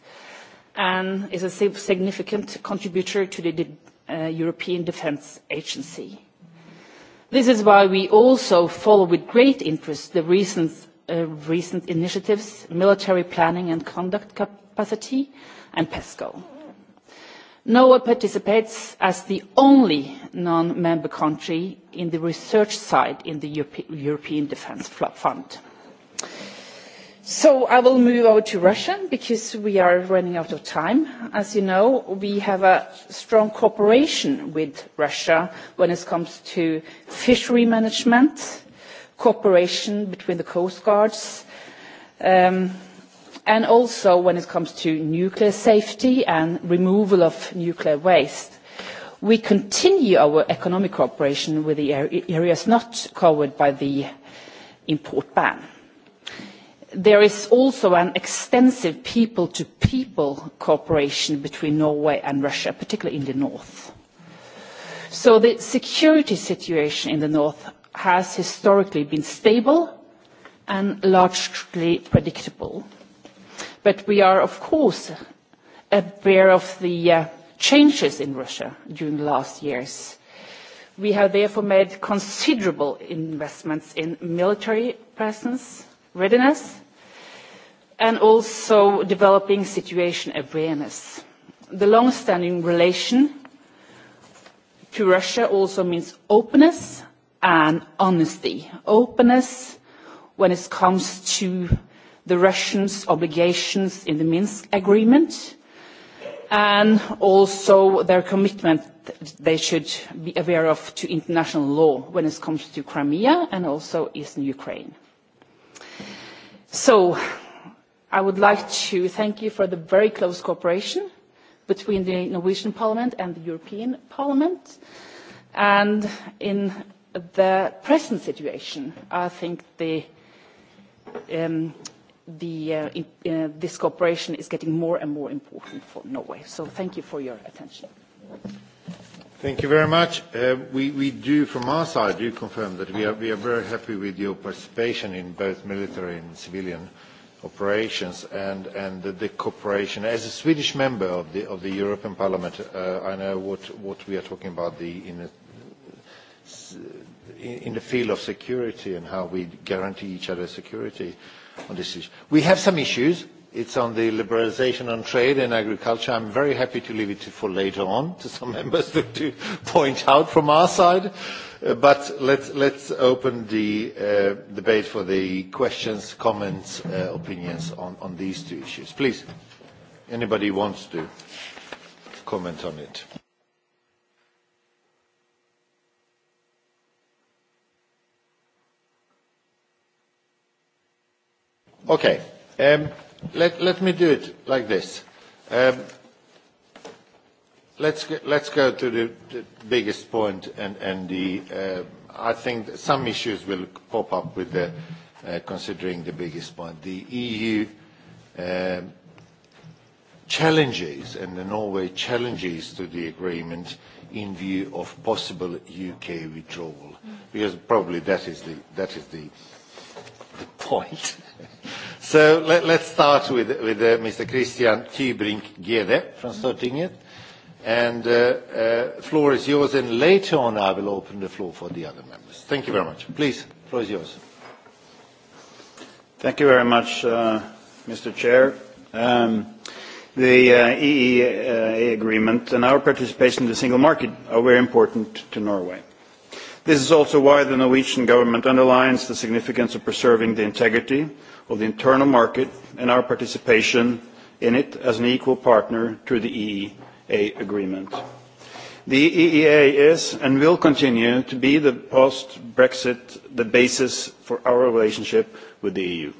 B: and is a significant contributor to the European Defence Agency. This is why we also follow with great interest the recent initiatives, military planning and conduct capacity, and PESCO. Norway participates as the only non-member country in the research side in the European Defence Fund. So I will move over to Russia because we are running out of time. As you know, we have a strong cooperation with Russia when it comes to fishery management, cooperation between the coast guards, and also when it comes to nuclear safety and removal of nuclear waste. We continue our economic cooperation with the areas not covered by the import ban. There is also an extensive people-to-people cooperation between Norway and Russia, particularly in the north. So the security situation in the north has historically been stable and largely predictable But we are, of course, aware of the changes in Russia during the last years. We have therefore made considerable investments in military presence, readiness, and also developing situation awareness. The long-standing relation to Russia also means openness and honesty. Openness when it comes to the Russians' obligations in the Minsk agreement and also their commitment they should be aware of to international law when it comes to Crimea and also eastern Ukraine. So I would like to thank you for the very close cooperation between the Norwegian Parliament and the European Parliament. And in the present situation, I think the this cooperation is getting more and more important for Norway. So thank you for your attention.
A: Thank you very much. We do, from our side, do confirm that we are very happy with your participation in both military and civilian operations and the cooperation. As a Swedish member of the European Parliament, I know what we are talking about in the field of security and how we guarantee each other security on this issue. We have some issues. It's on the liberalisation on trade and agriculture. I'm very happy to leave it for later on to some members to, to point out from our side. Uh, but let's, let's open the uh, debate for the questions, comments, uh, opinions on, on these two issues. Please, anybody wants to comment on it? Okay. Um, let, let me do it like this. Um, let's, get let's go to the, the biggest point and, and the, uh, I think some issues will pop up with the, uh, considering the biggest point. The EU um, challenges and the Norway challenges to the agreement in view of possible UK withdrawal, because probably that is the, that is the point. So let, let's start with, with uh, Mr. Christian Tybring-Gede from Stortinget. And uh, uh, floor is yours, and later on I will open the floor for the other members. Thank you very much. Please, the floor is yours. Thank you very much, uh, Mr. Chair. Um, the
E: uh, EEA agreement and our participation in the single market are very important to Norway This is also why the Norwegian government underlines the significance of preserving the integrity of the internal market and our participation in it as an equal partner through the EEA agreement. The EEA is and will continue to be the post-Brexit the basis for our relationship with the EU.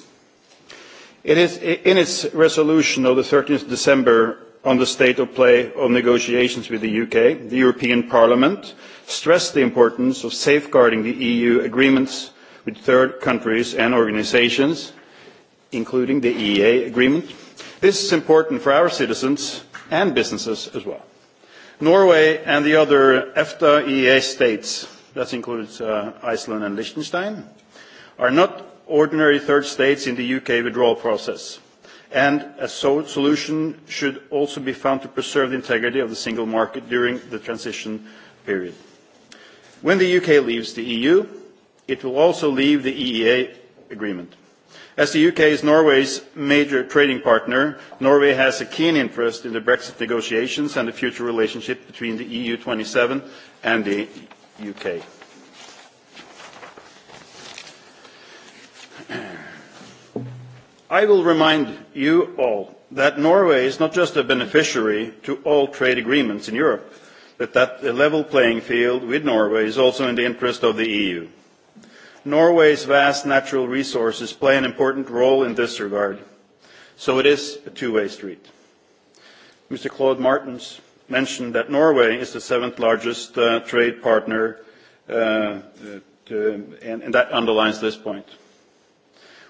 E: It is in its resolution of the 13th December on the state of play of negotiations with the UK, the European Parliament stressed the importance of safeguarding the EU agreements with third countries and organisations, including the EEA agreement. This is important for our citizens and businesses as well. Norway and the other EFTA EEA states, that includes Iceland and Liechtenstein, are not ordinary third states in the UK withdrawal process and a solution should also be found to preserve the integrity of the single market during the transition period. When the UK leaves the EU, it will also leave the EEA agreement. As the UK is Norway's major trading partner, Norway has a keen interest in the Brexit negotiations and the future relationship between the EU twenty seven and the UK. I will remind you all that Norway is not just a beneficiary to all trade agreements in Europe, but that a level playing field with Norway is also in the interest of the EU. Norway's vast natural resources play an important role in this regard, so it is a two-way street. Mr. Claude Martens mentioned that Norway is the seventh largest uh, trade partner, uh, to, and, and that underlines this point.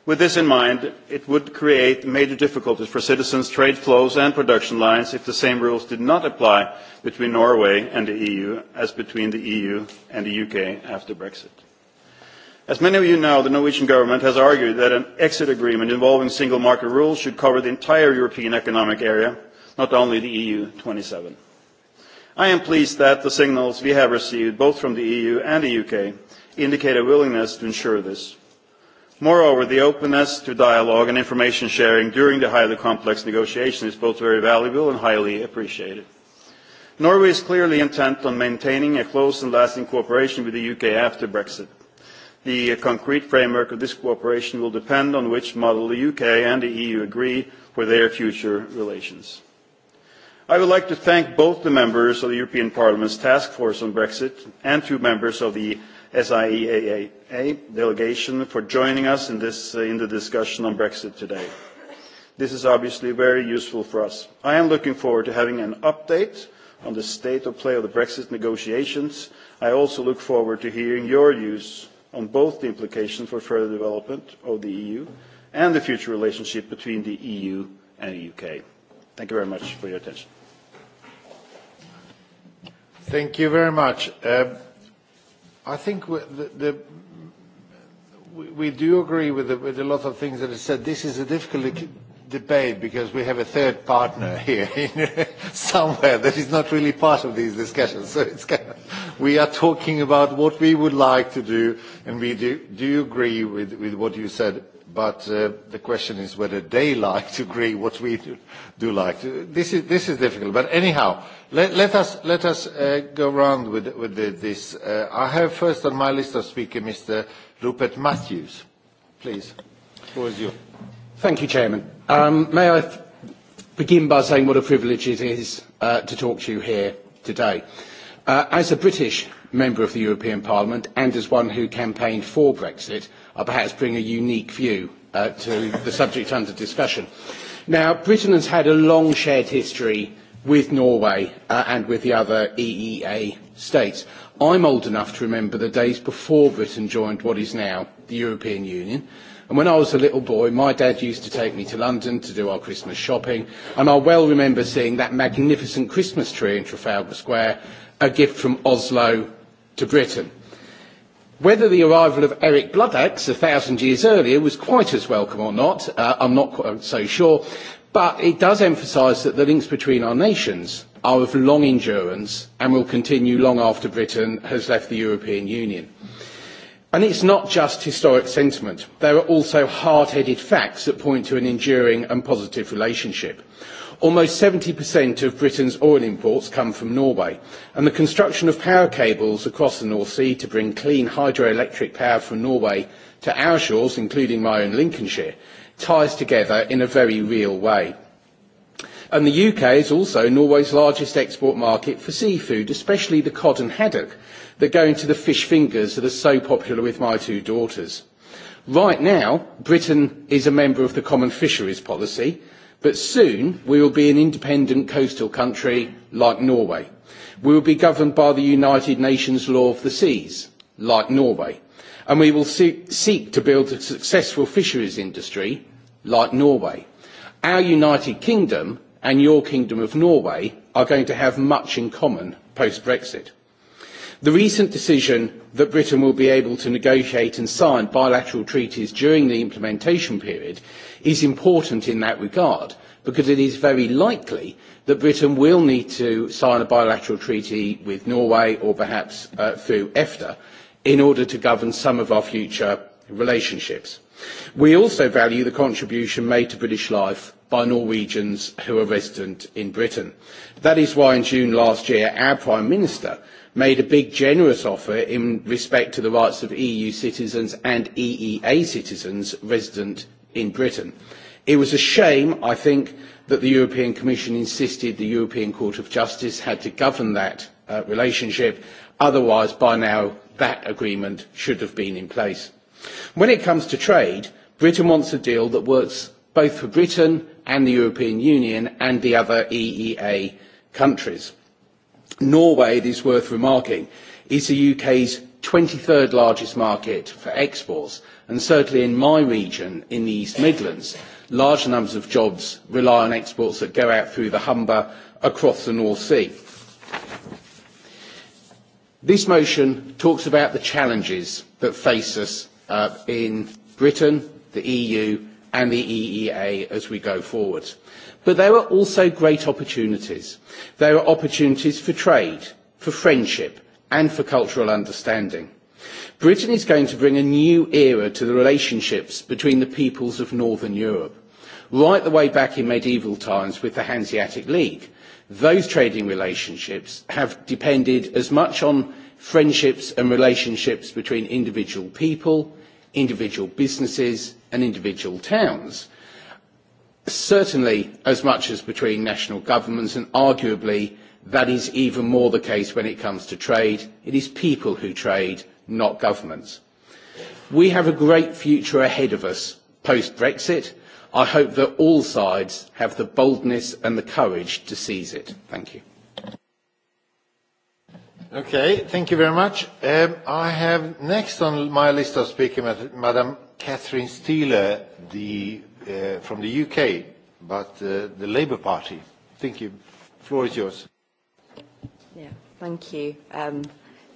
E: With this in mind, it would create major difficulties for citizens, trade flows, and production lines if the same rules did not apply between Norway and the EU as between the EU and the UK after Brexit. As many of you know, the Norwegian government has argued that an exit agreement involving single market rules should cover the entire European economic area, not only the EU twenty seven. I am pleased that the signals we have received, both from the EU and the UK, indicate a willingness to ensure this. Moreover, the openness to dialogue and information sharing during the highly complex negotiation is both very valuable and highly appreciated. Norway is clearly intent on maintaining a close and lasting cooperation with the UK after Brexit. The concrete framework of this cooperation will depend on which model the UK and the EU agree for their future relations. I would like to thank both the members of the European Parliament's Task Force on Brexit and two members of the SIEAA delegation for joining us in, this, in the discussion on Brexit today. This is obviously very useful for us. I am looking forward to having an update on the state of play of the Brexit negotiations. I also look forward to hearing your views on both the implications for further development of the EU and the future relationship between the EU and the UK. Thank you very much
A: for your attention. Thank you very much. I think we do agree with a lot of things that are said. This is a difficult debate because we have a third partner here somewhere that is not really part of these discussions. So it's kind of, we are talking about what we would like to do, and we do, do agree with, with what you said but uh, the question is whether they like to agree what we do, do like. This is, this is difficult, but anyhow, let, let us, let us uh, go around with, with the, this. Uh, I have first on my list of speakers Mr. Rupert Matthews. Please,
F: the floor is you. Thank you, Chairman. Um, may I begin by saying what a privilege it is uh, to talk to you here today. Uh, as a British member of the European Parliament and as one who campaigned for Brexit, I perhaps bring a unique view uh, to the subject under discussion. Now, Britain has had a long shared history with Norway uh, and with the other EEA states. I'm old enough to remember the days before Britain joined what is now the European Union. And when I was a little boy, my dad used to take me to London to do our Christmas shopping. And I well remember seeing that magnificent Christmas tree in Trafalgar Square, a gift from Oslo to Britain. Whether the arrival of Eric Bloodaxe a thousand years earlier was quite as welcome or not, uh, I'm not quite so sure, but it does emphasise that the links between our nations are of long endurance and will continue long after Britain has left the European Union. And it's not just historic sentiment. There are also hard-headed facts that point to an enduring and positive relationship. Almost 70% of Britain's oil imports come from Norway, and the construction of power cables across the North Sea to bring clean hydroelectric power from Norway to our shores, including my own Lincolnshire, ties together in a very real way. the UK is also Norway's largest export market for seafood, especially the cod and haddock that go into the fish fingers that are so popular with my two daughters. Right now, Britain is a member of the Common Fisheries Policy, But soon we will be an independent coastal country like Norway. We will be governed by the United Nations law of the seas like Norway. And we will seek to build a successful fisheries industry like Norway. Our United Kingdom and your Kingdom of Norway are going to have much in common post-Brexit. The recent decision that Britain will be able to negotiate and sign bilateral treaties during the implementation period is important in that regard because it is very likely that Britain will need to sign a bilateral treaty with Norway or perhaps uh, through EFTA in order to govern some of our future relationships. We also value the contribution made to British life by Norwegians who are resident in Britain. That is why in June last year our Prime Minister made a big generous offer in respect to the rights of EU citizens and EEA citizens resident in Britain. It was a shame, I think, that the European Commission insisted the European Court of Justice had to govern that relationship. Otherwise, by now, that agreement should have been in place. When it comes to trade, Britain wants a deal that works both for Britain and the European Union and the other EEA countries. Norway, it is worth remarking, is the UK's twenty third largest market for exports And certainly in my region, in the East Midlands, large numbers of jobs rely on exports that go out through the Humber across the North Sea. This motion talks about the challenges that face us uh, in Britain, the EU and the EEA as we go forward. But there are also great opportunities. There are opportunities for trade, for friendship and for cultural understanding. Britain is going to bring a new era to the relationships between the peoples of Northern Europe. Right the way back in medieval times with the Hanseatic League, those trading relationships have depended as much on friendships and relationships between individual people, individual businesses and individual towns, certainly as much as between national governments and arguably that is even more the case when it comes to trade. It is people who trade not governments. We have a great future ahead of us post-Brexit. I hope that all sides have the boldness and the courage to seize it. Thank you.
A: Okay, thank you very much. Um, I have next on my list of speakers, Madam Catherine Steele, the, uh, from the UK, but uh, the Labour Party. Thank you. Floor is yours.
G: Yeah, thank you. Um,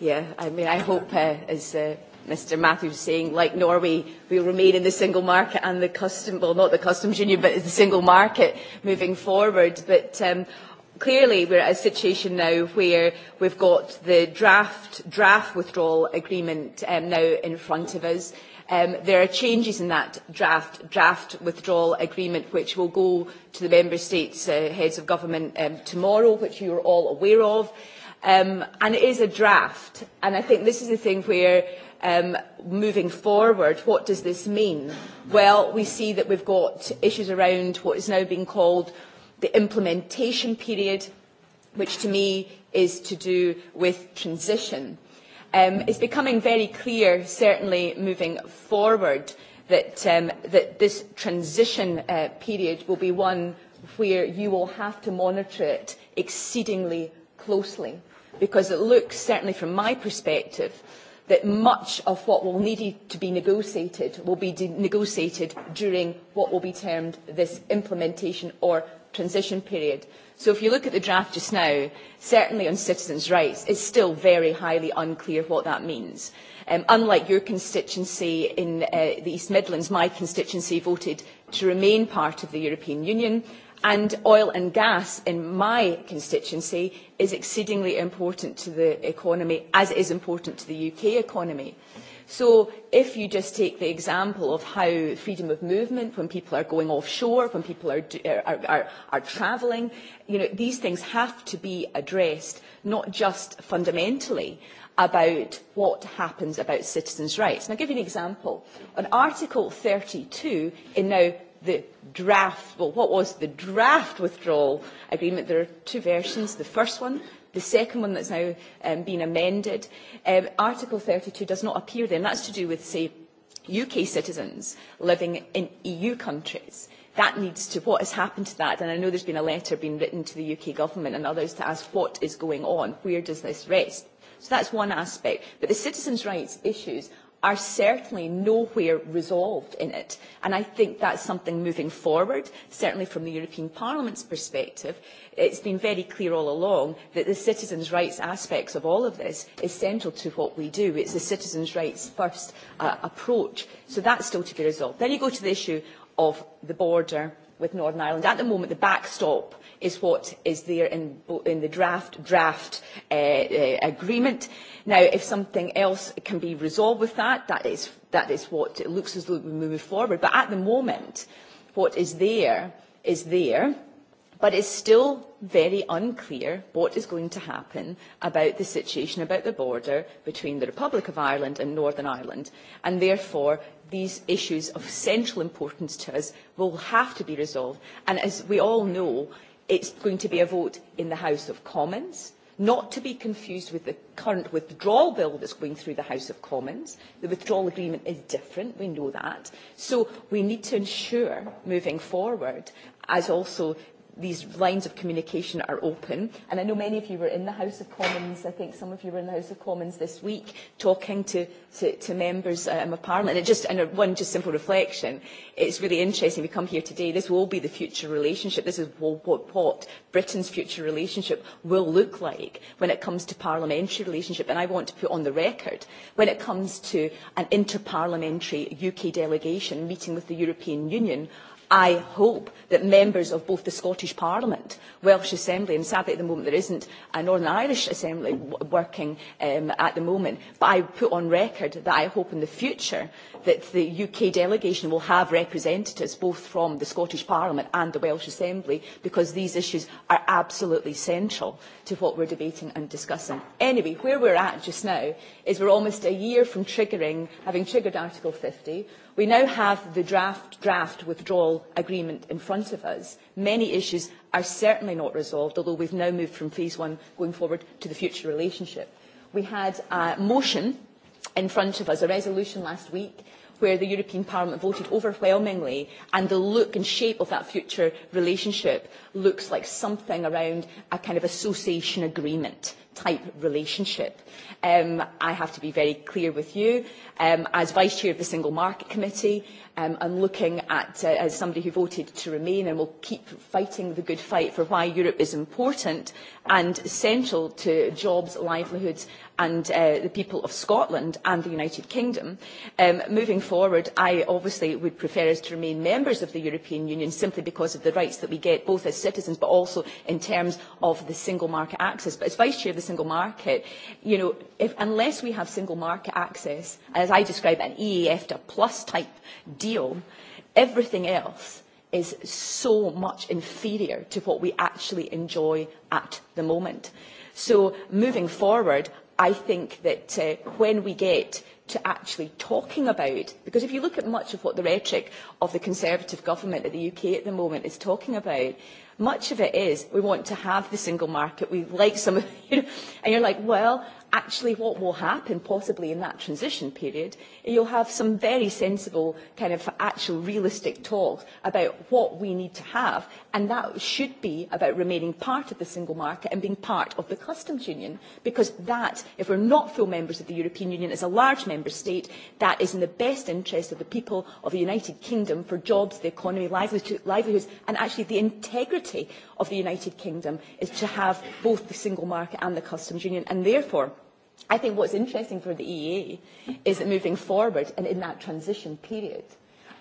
G: Yeah, I mean, I hope, uh, as uh, Mr. Matthews was saying, like Norway, we will remain in the single market and the custom, well, not the customs union, but the single market moving forward. But um, clearly we're at a situation now where we've got the draft, draft withdrawal agreement um, now in front of us. Um, there are changes in that draft, draft withdrawal agreement which will go to the Member States uh, heads of government um, tomorrow, which you are all aware of. Um, and it is a draft. And I think this is the thing where um, moving forward, what does this mean? Well, we see that we've got issues around what is now being called the implementation period, which to me is to do with transition. Um, it's becoming very clear, certainly moving forward, that, um, that this transition uh, period will be one where you will have to monitor it exceedingly closely because it looks, certainly from my perspective, that much of what will need to be negotiated will be negotiated during what will be termed this implementation or transition period. So if you look at the draft just now, certainly on citizens' rights, it's still very highly unclear what that means. Um, unlike your constituency in uh, the East Midlands, my constituency voted to remain part of the European Union And oil and gas in my constituency is exceedingly important to the economy, as it is important to the UK economy. So if you just take the example of how freedom of movement, when people are going offshore, when people are, are, are, are travelling, you know, these things have to be addressed, not just fundamentally about what happens about citizens' rights. And I'll give you an example. On Article 32 in now the draft, well, what was the draft withdrawal agreement. There are two versions. The first one, the second one that's now um, been amended. Um, Article 32 does not appear there, and that's to do with, say, UK citizens living in EU countries. That needs to, what has happened to that? And I know there's been a letter being written to the UK government and others to ask what is going on, where does this rest? So that's one aspect. But the citizens' rights issues are certainly nowhere resolved in it. And I think that's something moving forward, certainly from the European Parliament's perspective. It's been very clear all along that the citizens' rights aspects of all of this is central to what we do. It's the citizens' rights first uh, approach. So that's still to be resolved. Then you go to the issue of the border with Northern Ireland. At the moment, the backstop is what is there in, in the draft draft uh, uh, agreement. Now, if something else can be resolved with that, that is, that is what it looks as though we move forward. But at the moment, what is there is there but it is still very unclear what is going to happen about the situation about the border between the Republic of Ireland and Northern Ireland. And therefore, these issues of central importance to us will have to be resolved. And as we all know, It is going to be a vote in the House of Commons, not to be confused with the current withdrawal bill that is going through the House of Commons. The withdrawal agreement is different, we know that. So we need to ensure, moving forward, as also these lines of communication are open. And I know many of you were in the House of Commons, I think some of you were in the House of Commons this week, talking to, to, to members um, of Parliament. And, it just, and one just simple reflection, it's really interesting we come here today, this will be the future relationship, this is what, what, what Britain's future relationship will look like when it comes to parliamentary relationship. And I want to put on the record, when it comes to an interparliamentary UK delegation meeting with the European Union, I hope that members of both the Scottish Parliament, Welsh Assembly, and sadly at the moment there isn't a Northern Irish Assembly working um, at the moment, but I put on record that I hope in the future that the UK delegation will have representatives both from the Scottish Parliament and the Welsh Assembly because these issues are absolutely central to what we're debating and discussing. Anyway, where we're at just now is we're almost a year from triggering, having triggered Article 50, We now have the draft, draft withdrawal agreement in front of us. Many issues are certainly not resolved, although we've now moved from phase one going forward to the future relationship. We had a motion in front of us, a resolution last week, where the European Parliament voted overwhelmingly, and the look and shape of that future relationship looks like something around a kind of association agreement type relationship. Um, I have to be very clear with you. Um, as Vice Chair of the Single Market Committee, um, I'm looking at, uh, as somebody who voted to remain and will keep fighting the good fight for why Europe is important and essential to jobs, livelihoods and uh, the people of Scotland and the United Kingdom. Um, moving forward, I obviously would prefer us to remain members of the European Union simply because of the rights that we get both as citizens but also in terms of the single market access. But as Vice Chair of the single market, you know, if, unless we have single market access, as I describe an EAFTA plus type deal, everything else is so much inferior to what we actually enjoy at the moment. So moving forward, I think that uh, when we get to actually talking about, because if you look at much of what the rhetoric of the Conservative government at the UK at the moment is talking about, Much of it is we want to have the single market. We like some of you know, and you're like, well, actually what will happen possibly in that transition period, you'll have some very sensible kind of actual realistic talk about what we need to have and that should be about remaining part of the single market and being part of the customs union because that, if we're not full members of the European Union as a large member state, that is in the best interest of the people of the United Kingdom for jobs, the economy, livelihoods and actually the integrity of the United Kingdom is to have both the single market and the customs union and therefore I think what's interesting for the EEA is that moving forward and in that transition period,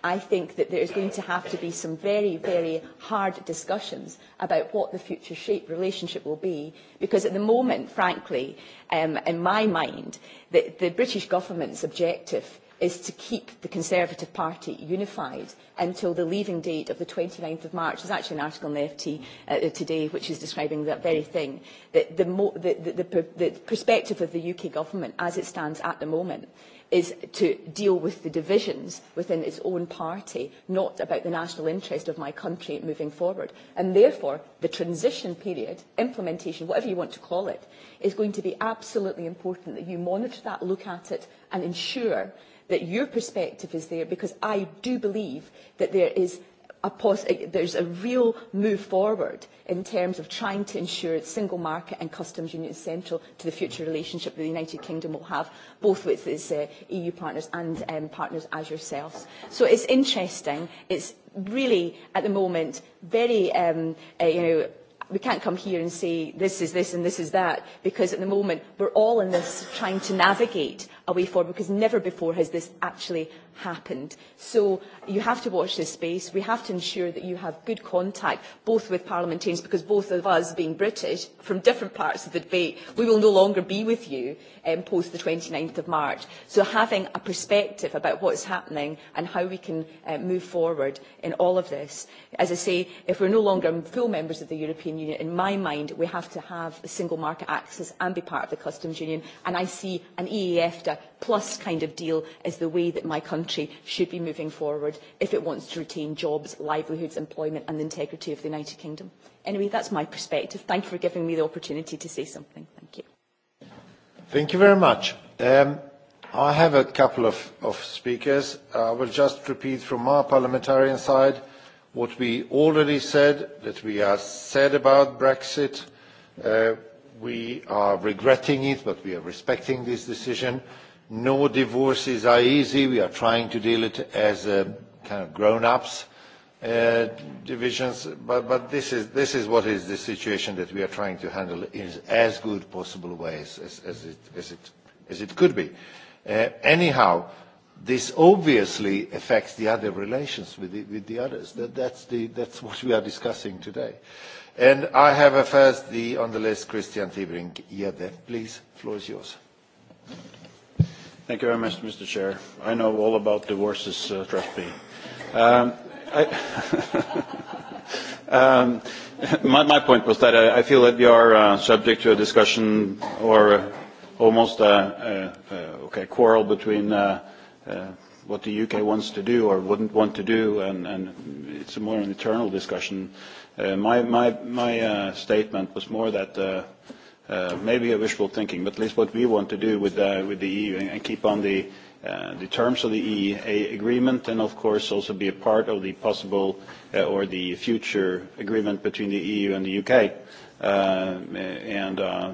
G: I think that there is going to have to be some very, very hard discussions about what the future shape relationship will be. Because at the moment, frankly, um, in my mind, the, the British government's objective is to keep the Conservative Party unified until the leaving date of the 29th of March. There's actually an article in the FT uh, today which is describing that very thing, that the, mo the, the, the, the perspective of the UK government as it stands at the moment is to deal with the divisions within its own party, not about the national interest of my country moving forward. And therefore, the transition period, implementation, whatever you want to call it, is going to be absolutely important that you monitor that, look at it, and ensure that your perspective is there because I do believe that there is a pos- there's a real move forward in terms of trying to ensure that single market and customs union is central to the future relationship that the United Kingdom will have, both with its uh, EU partners and um, partners as yourselves. So it's interesting. It's really, at the moment, very, um, uh, you know, we can't come here and say this is this and this is that because at the moment we're all in this trying to navigate a way forward because never before has this actually happened. So you have to watch this space. We have to ensure that you have good contact both with parliamentarians because both of us being British from different parts of the debate, we will no longer be with you um, post the 29th of March. So having a perspective about what's happening and how we can uh, move forward in all of this. As I say, if we're no longer full members of the European Union, in my mind, we have to have single market access and be part of the customs union. And I see an EAF plus kind of deal is the way that my country should be moving forward if it wants to retain jobs, livelihoods, employment and the integrity of the United Kingdom. Anyway, that's my perspective. Thank you for giving me the opportunity to say something. Thank you.
A: Thank you very much. Um, I have a couple of, of speakers. I will just repeat from our parliamentarian side what we already said, that we are sad about Brexit. Uh, we are regretting it, but we are respecting this decision. No divorces are easy. We are trying to deal it as a kind of grown-ups uh, divisions, but, but this, is, this is what is the situation that we are trying to handle in as good possible ways as, as, it, as, it, as it could be. Uh, anyhow, this obviously affects the other relations with the, with the others. That, that's, the, that's what we are discussing today. And I have a first the, on the list, Christian Tibring. Yeah, please, floor is yours. Thank
E: you. Thank you very much, Mr. Chair. I know all about divorces, uh, trust me. Um, I um, my, my point was that I, I feel that we are uh, subject to a discussion or uh, almost a, a, a okay, quarrel between uh, uh, what the UK wants to do or wouldn't want to do, and, and it's a more an internal discussion. Uh, my my, my uh, statement was more that uh, uh, maybe a wishful thinking, but at least what we want to do with, uh, with the EU and, and keep on the, uh, the terms of the EEA agreement and of course also be a part of the possible uh, or the future agreement between the EU and the UK. Uh, and, uh,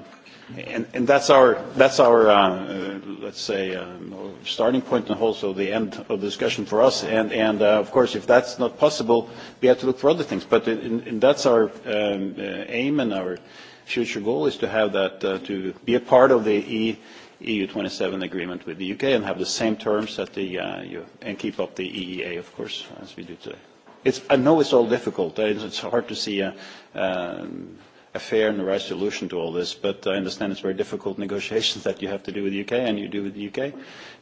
E: and, and that's our, that's our uh, let's say, um, starting point and also the end of the discussion for us. And, and uh, of course, if that's not possible, we have to look for other things. But in, in, that's our um, uh, aim and our future goal is to have that uh, to be a part of the e, EU27 agreement with the UK and have the same terms that the uh, you, and keep up the EEA, of course, as we do today. It's, I know it's all difficult. It's, it's hard to see a, um, a fair and a right solution to all this, but I understand it's very difficult negotiations that you have to do with the UK and you do with the UK.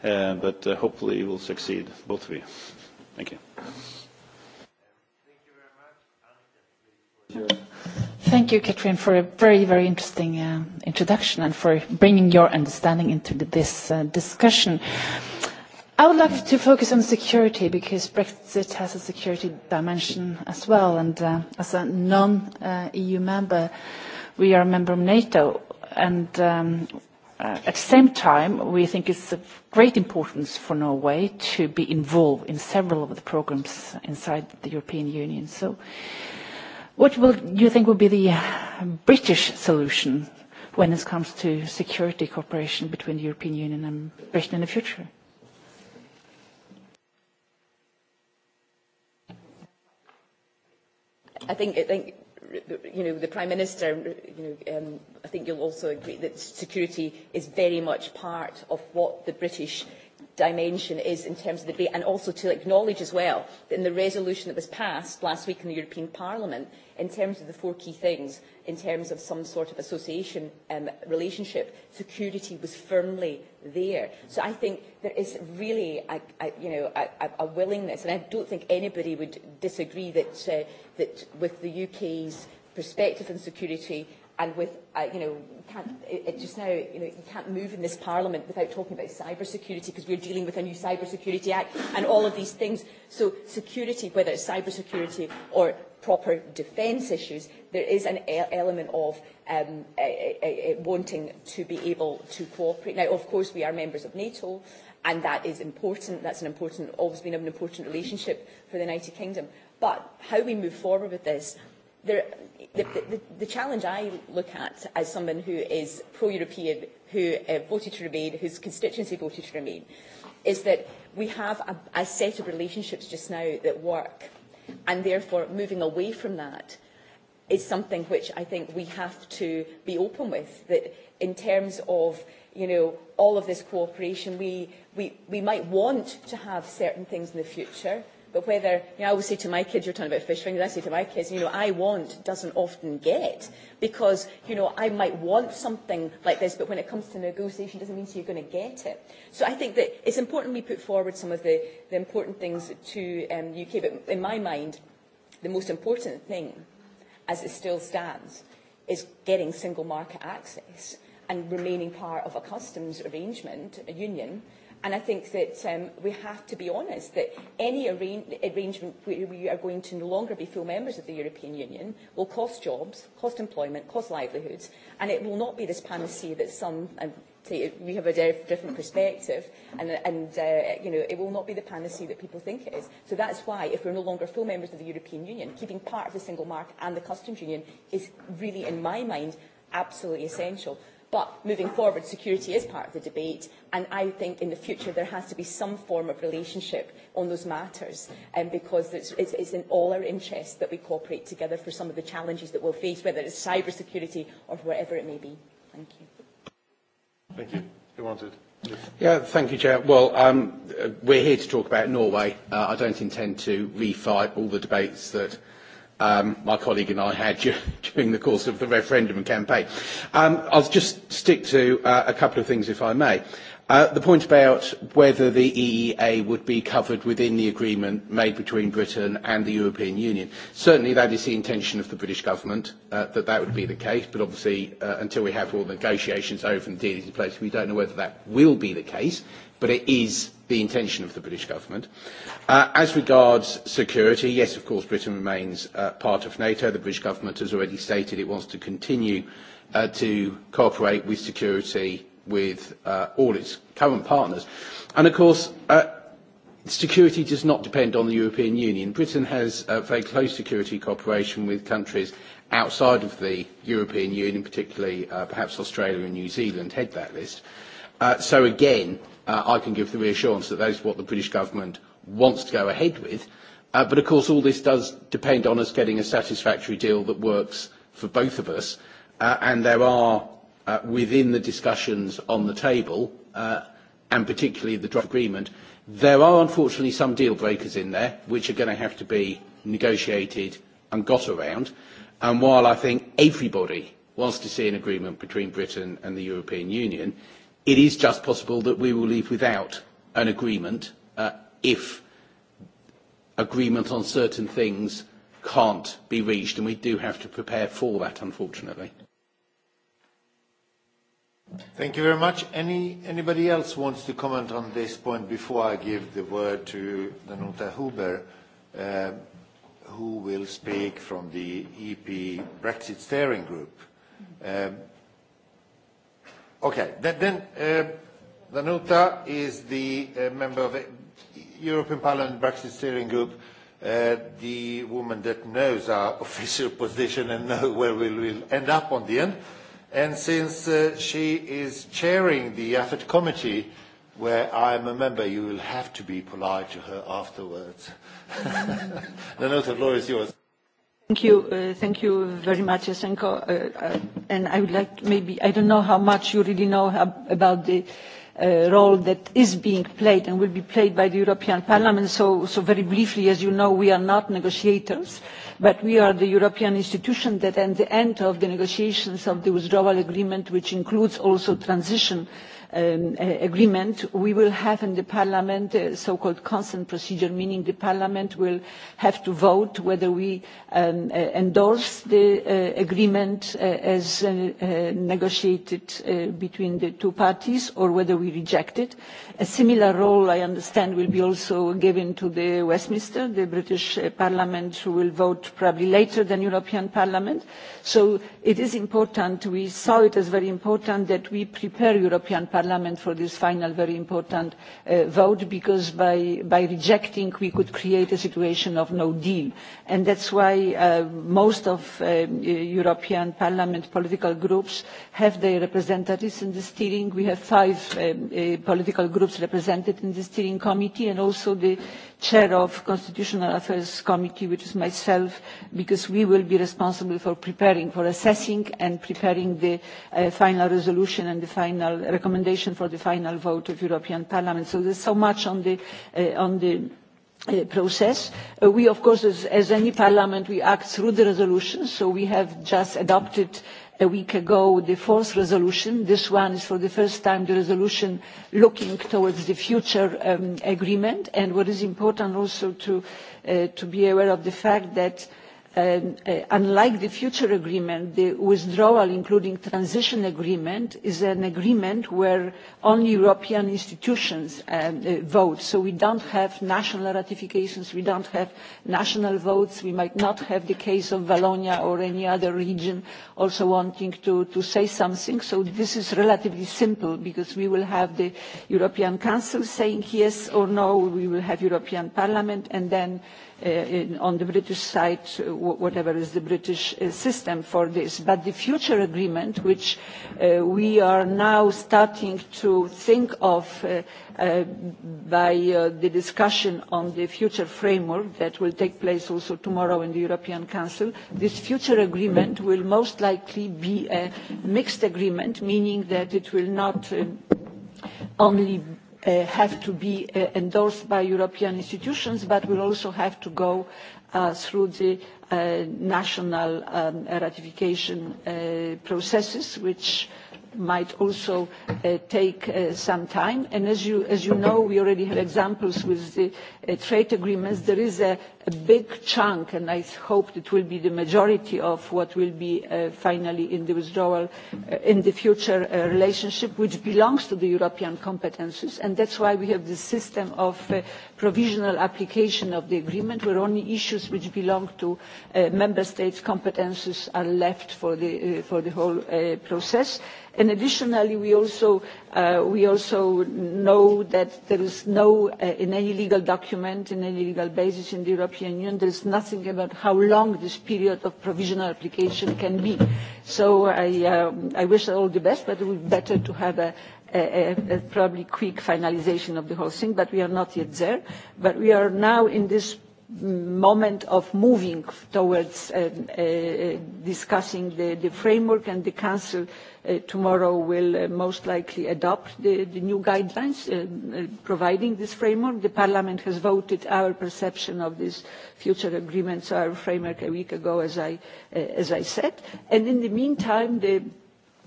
E: Uh, but uh, hopefully you will succeed, both of you. Thank you.
B: Thank you, Catherine, for a very, very interesting uh, introduction and for bringing your understanding into the, this uh, discussion. I would like to focus on security because Brexit has a security dimension as well. And uh, as a non-EU member, we are a member of NATO. And um, uh, at the same time, we think it's of great importance for Norway to be involved in several of the programs inside the European Union. So What will you think will be the British solution when it comes to security cooperation between the European Union and Britain in the future?
G: I think, I think you know, the Prime Minister, you know, um, I think you'll also agree that security is very much part of what the British dimension is in terms of the debate and also to acknowledge as well that in the resolution that was passed last week in the European Parliament in terms of the four key things in terms of some sort of association um, relationship security was firmly there so I think there is really a, a, you know a, a willingness and I don't think anybody would disagree that uh, that with the UK's perspective on security and with, uh, you know, can't, it, it just now, you know, you can't move in this parliament without talking about cybersecurity because we're dealing with a new cybersecurity act and all of these things. So security, whether it's cybersecurity or proper defence issues, there is an element of um, a, a wanting to be able to cooperate. Now, of course, we are members of NATO, and that is important. That's an important, always been an important relationship for the United Kingdom. But how we move forward with this there, the, the, the challenge I look at as someone who is pro-European, who uh, voted to remain, whose constituency voted to remain, is that we have a, a set of relationships just now that work. And therefore, moving away from that is something which I think we have to be open with, that in terms of you know, all of this cooperation, we, we, we might want to have certain things in the future, But whether, you know, I always say to my kids, you're talking about fish fingers, I say to my kids, you know, I want doesn't often get because, you know, I might want something like this, but when it comes to negotiation, it doesn't mean you're going to get it. So I think that it's important we put forward some of the, the important things to um, UK, but in my mind, the most important thing, as it still stands, is getting single market access and remaining part of a customs arrangement, a union, And I think that um, we have to be honest that any arra- arrangement where we are going to no longer be full members of the European Union will cost jobs, cost employment, cost livelihoods, and it will not be this panacea that some, and say we have a different perspective, and, and uh, you know, it will not be the panacea that people think it is. So that's why, if we're no longer full members of the European Union, keeping part of the single market and the customs union is really, in my mind, absolutely essential. But moving forward, security is part of the debate, and I think in the future there has to be some form of relationship on those matters, um, because it's, it's, it's in all our interests that we cooperate together for some of the challenges that we'll face, whether it's cyber security or whatever it may be. Thank you.
A: Thank you. Who wanted?
F: Yeah, thank you, Chair. Well, um, we're here to talk about Norway. Uh, I don't intend to refight all the debates that um, my colleague and I had during the course of the referendum campaign. Um, I'll just stick to uh, a couple of things, if I may. Uh, the point about whether the EEA would be covered within the agreement made between Britain and the European Union. Certainly that is the intention of the British government, uh, that that would be the case, but obviously uh, until we have all the negotiations over and dealings in place, we don't know whether that will be the case, but it is the intention of the British government. Uh, as regards security, yes, of course, Britain remains uh, part of NATO. The British government has already stated it wants to continue uh, to cooperate with security with uh, all its current partners. And of course, uh, security does not depend on the European Union. Britain has uh, very close security cooperation with countries outside of the European Union, particularly uh, perhaps Australia and New Zealand head that list. Uh, so again, uh, uh, I can give the reassurance that that is what the British government wants to go ahead with. Uh, but of course, all this does depend on us getting a satisfactory deal that works for both of us. Uh, and there are, uh, within the discussions on the table, uh, and particularly the draft agreement, there are unfortunately some deal breakers in there which are going to have to be negotiated and got around. And while I think everybody wants to see an agreement between Britain and the European Union, It is just possible that we will leave without an agreement uh, if agreement on certain things can't be reached, and we do have to prepare for that, unfortunately.
A: Thank you very much. Any Anybody else wants to comment on this point before I give the word to Danuta Huber, uh, who will speak from the EP Brexit Steering Group? Uh, Okay. Then then uh Danuta is the uh member of the European Parliament Brexit Steering Group, uh the woman that knows our official position and knows where we will end up on the end. And Since uh she is chairing the AFET committee, where I am a member, you will have to be polite to her afterwards. Danuta, the floor is yours.
H: Thank you. Uh, thank you very much, Yasenko. Uh, uh, and I would like maybe, I don't know how much you really know about the uh, role that is being played and will be played by the European Parliament. So, so very briefly, as you know, we are not negotiators, but we are the European institution that at the end of the negotiations of the withdrawal agreement, which includes also transition agreement, we will have in the Parliament a so-called consent procedure, meaning the Parliament will have to vote whether we endorse the agreement as negotiated between the two parties or whether we reject it. A similar role, I understand, will be also given to the Westminster. The British Parliament will vote probably later than the European Parliament. So it is important we saw it as very important that we prepare the european parliament for this final very important vote because by rejecting we could create a situation of no deal and that is why most of the european parliament political groups have their representatives in the steering we have five political groups represented in the steering committee and also the chair of the constitutional affairs committee which is myself because we will be responsible for preparing for assessing and preparing the uh, final resolution and the final recommendation for the final vote of European Parliament. So there's so much on the, uh, on the process. we of course as any parliament we act through the resolutions so we have just adopted a week ago the fourth resolution. this one is for the first time the resolution looking towards the future agreement and what is important also to be aware of the fact that unlike the future agreement, the withdrawal, including the transition agreement, is an agreement where only European institutions vote. So we do not have national ratifications, we do not have national votes, we might not have the case of Wallonia or any other region also wanting to, to say something. So this is relatively simple because we will have the European Council saying yes or no, we will have European Parliament and then on the British side, whatever is the British system for this. But the future agreement, which we are now starting to think of by the discussion on the future framework that will take place also tomorrow in the European Council, this future agreement will most likely be a mixed agreement, meaning that it will not only have to be endorsed by European institutions, but will also have to go through the national ratification processes, which might also take some time. And as you know, we already have examples with the trade agreements. There is a a big chunk, and I hope it will be the majority of what will be finally in the withdrawal in the future relationship, which belongs to the European competences. And that's why we have this system of provisional application of the agreement, where only issues which belong to member states' competences are left for the, whole process. additionally, we also we also know that there is no, in any legal document, in any legal basis in the European Union, there is nothing about how long this period of provisional application can be. So I wish all the best, but it would be better to have a probably quick finalisation of the whole thing, but we are not yet there. But we are now in this moment of moving towards discussing the framework, and the council tomorrow will most likely adopt the new guidelines providing this framework. The Parliament has voted our perception of this future agreement, so our framework a week ago, as I said. And in the meantime, the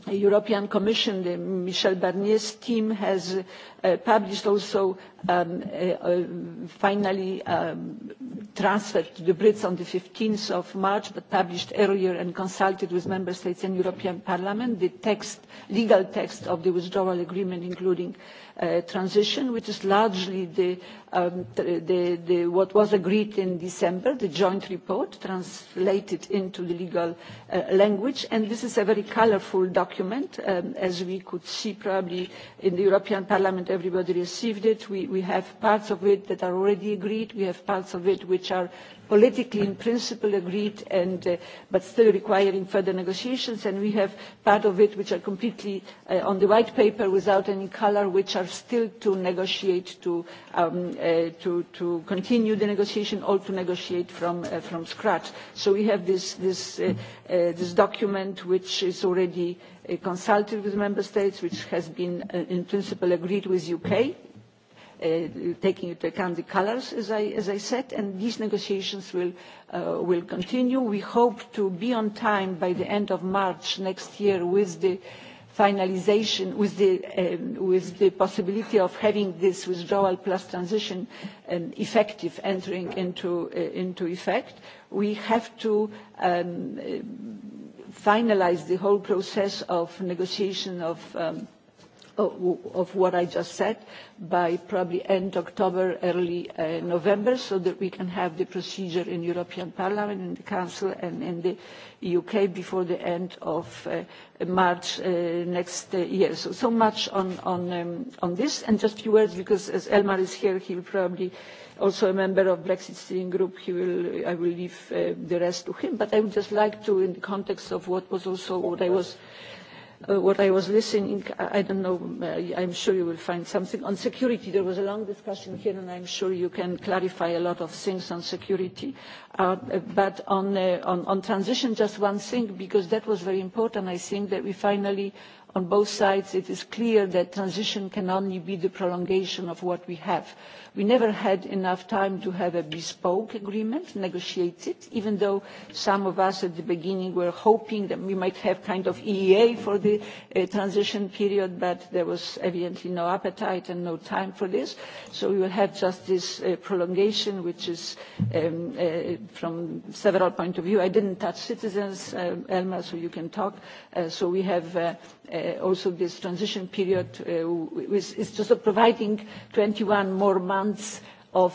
H: European Commission, the Michel Barnier's team has published also finally transferred to the Brits on the of March, but published earlier and consulted with Member States and European Parliament, the text, legal text of the withdrawal agreement, including transition, which is largely what was agreed in December, the joint report translated into the legal language. And this is a very colourful document, as we could see probably in the European Parliament everybody received it. We, we have parts of it that are already agreed. We have parts of it which are politically in principle agreed and uh, but still requiring further negotiations and we have part of it which are completely uh, on the white paper without any color which are still to negotiate to um, uh, to to continue the negotiation or to negotiate from uh, from scratch so we have this this uh, uh, this document which is already uh, consulted with member states which has been uh, in principle agreed with UK taking into account the colors, as I said, and these negotiations will continue. We hope to be on time by the end of March next year with the finalization, with the possibility of having this withdrawal plus transition effective entering into effect. We have to finalize the whole process of negotiation of of what I just said by probably end October, early uh November, so that we can have the procedure in European Parliament, in the Council, and in the U.K. before the end of March next year. So so much on this. And just a few words, because as Elmar is here, he will probably also a member of Brexit steering group, he will, I will leave the rest to him. But I would just like to, in the context of what was also what I was what I was listening, I don't know, I'm sure you will find something. On security, there was a long discussion here, and I'm sure you can clarify a lot of things on security. But on transition, just one thing, because that was very important. I think that we finally on both sides it is clear that transition can only be the prolongation of what we have. we never had enough time to have a bespoke agreement negotiated even though some of us at the beginning were hoping that we might have a kind of eea for the transition period but there was evidently no appetite and no time for this so we will have just this prolongation which is from several points of view i did not touch citizens elmar so you can talk so we have also this transition period is just providing twenty one more months of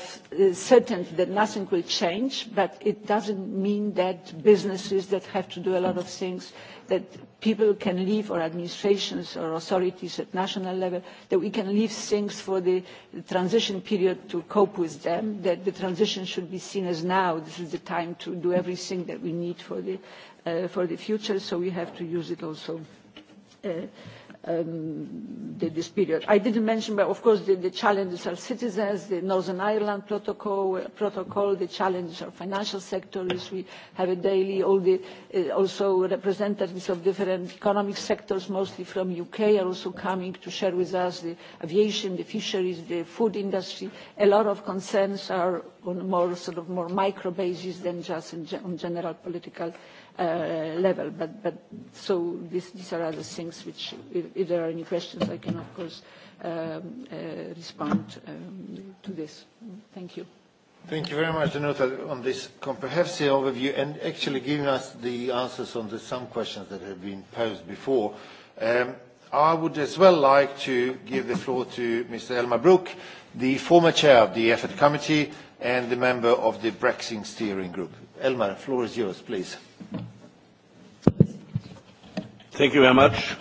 H: certainty that nothing will change, but it doesn't mean that businesses that have to do a lot of things, that people can leave, or administrations or authorities at national level, that we can leave things for the transition period to cope with them, that the transition should be seen as now. This is the time to do everything that we need for the, future, so we have to use it also um, the, this period. I didn't mention, but of course the, the challenges are citizens, the Northern Ireland protocol, uh, protocol the challenges are financial sectors. We have a daily, all the, uh, also representatives of different economic sectors, mostly from UK, are also coming to share with us the aviation, the fisheries, the food industry. A lot of concerns are on more sort of more micro basis than just in, on general political uh, level. But, so this, these are other things which, if, if there are any questions, I can of course respond to this. Thank you.
A: Thank you very much, Danuta, on this comprehensive overview and actually giving us the answers on the, some questions that have been posed before. I would as well like to give the floor to Mr. Elmar Bruck, the former chair of the EFET committee and the member of the Brexit steering group.
I: Elmar, floor is yours, please. Thank you very much.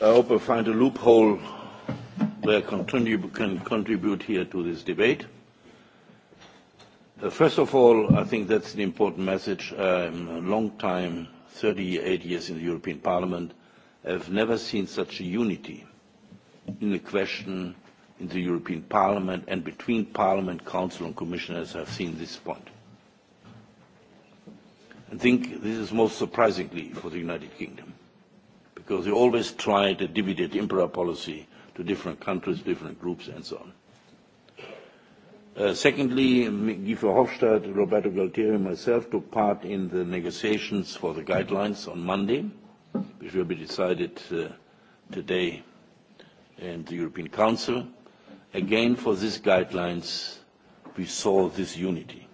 I: I hope I find a loophole where I can contribute here to this debate. First of all, I think that's an important message. I'm a long time, 38 years in the European Parliament. I've never seen such a unity in the question in the European Parliament and between Parliament, Council and Commissioners have seen this point. I think this is most surprisingly for the United Kingdom, because they always try to dividend impera policy to different countries, different groups, and so on. Uh, secondly, Guy Verhofstadt, Roberto Galtieri, and myself took part in the negotiations for the guidelines on Monday, which will be decided uh, today in the European Council Again, for these guidelines, we saw this unity.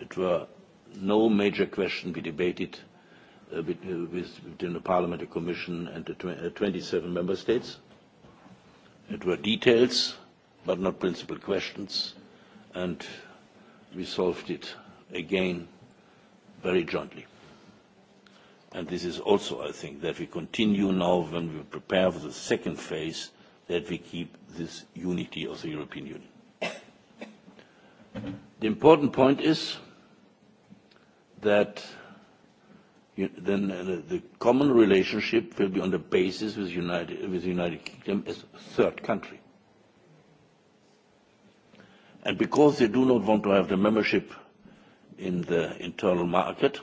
I: It were no major question we debated uh, between the Parliament, the Commission, and the tw uh, 27 member states. It were details, but not principal questions, and we solved it again very jointly. And this is also, I think, that we continue now when we prepare for the second phase that we keep this unity of the European Union. The important point is that then the common relationship will be on the basis with, United, with the United Kingdom as a third country. And because they do not want to have the membership in the internal market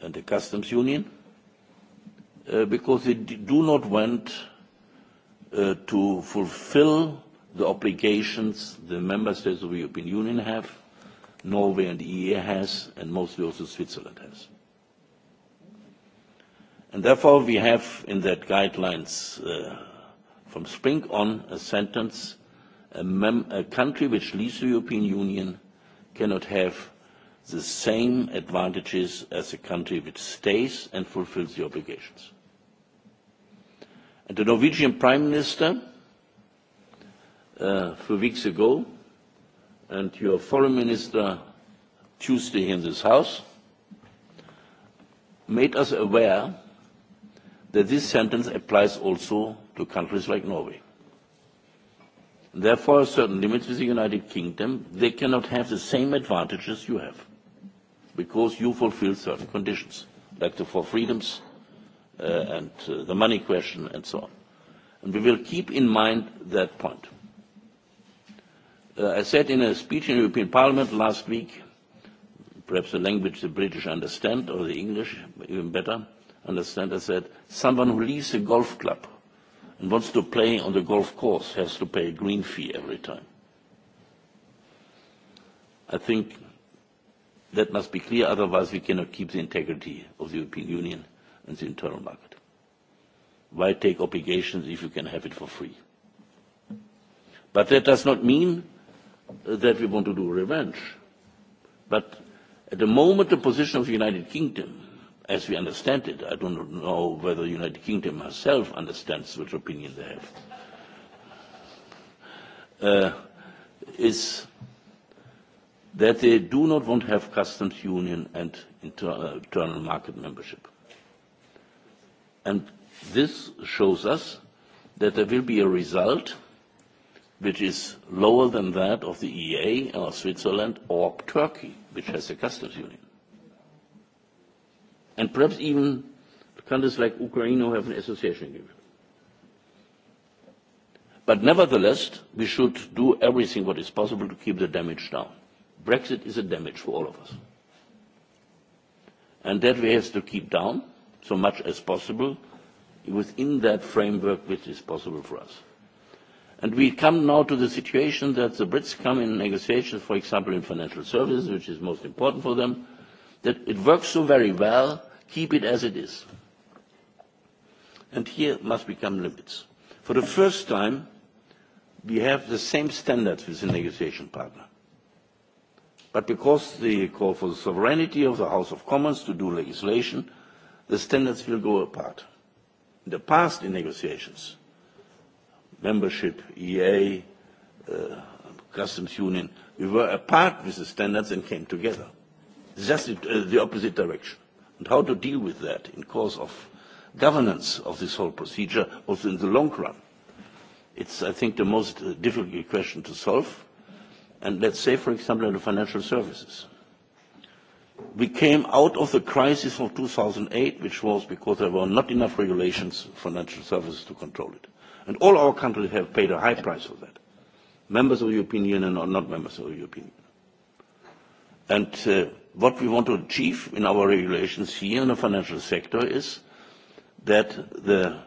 I: and the customs union, uh, because they do not want uh, to fulfill the obligations the member states of the European Union have, Norway and the EEA has, and mostly also Switzerland has. And therefore, we have in that guidelines uh, from spring on a sentence, a, mem- a country which leaves the European Union cannot have the same advantages as a country which stays and fulfills the obligations. And the Norwegian Prime Minister, uh, a few weeks ago, and your Foreign Minister Tuesday in this House, made us aware that this sentence applies also to countries like Norway. Therefore, certain limits with the United Kingdom, they cannot have the same advantages you have, because you fulfill certain conditions, like the four freedoms, uh, and uh, the money question and so on. And we will keep in mind that point. Uh, I said in a speech in the European Parliament last week, perhaps a language the British understand or the English even better understand, I said, someone who leaves a golf club and wants to play on the golf course has to pay a green fee every time. I think that must be clear, otherwise we cannot keep the integrity of the European Union in the internal market. Why take obligations if you can have it for free? But that does not mean that we want to do revenge. But at the moment, the position of the United Kingdom, as we understand it, I don't know whether the United Kingdom herself understands which opinion they have, uh, is that they do not want to have customs union and inter- internal market membership. And this shows us that there will be a result which is lower than that of the EEA or Switzerland or Turkey, which has a customs union. And perhaps even countries like Ukraine who have an association agreement. But nevertheless, we should do everything what is possible to keep the damage down. Brexit is a damage for all of us. And that we have to keep down so much as possible within that framework which is possible for us. And we come now to the situation that the Brits come in negotiations, for example, in financial services, which is most important for them, that it works so very well, keep it as it is. And here must become limits. For the first time, we have the same standards with the negotiation partner. But because the call for the sovereignty of the House of Commons to do legislation the standards will go apart. In the past, in negotiations, membership, EA, uh, customs union, we were apart with the standards and came together. Just uh, the opposite direction. And how to deal with that in course of governance of this whole procedure, also in the long run. It's, I think, the most difficult question to solve. And let's say, for example, in the financial services we came out of the crisis of 2008, which was because there were not enough regulations for financial services to control it. And all our countries have paid a high price for that. Members of the European Union or not members of the European Union. And uh, what we want to achieve in our regulations here in the financial sector is that the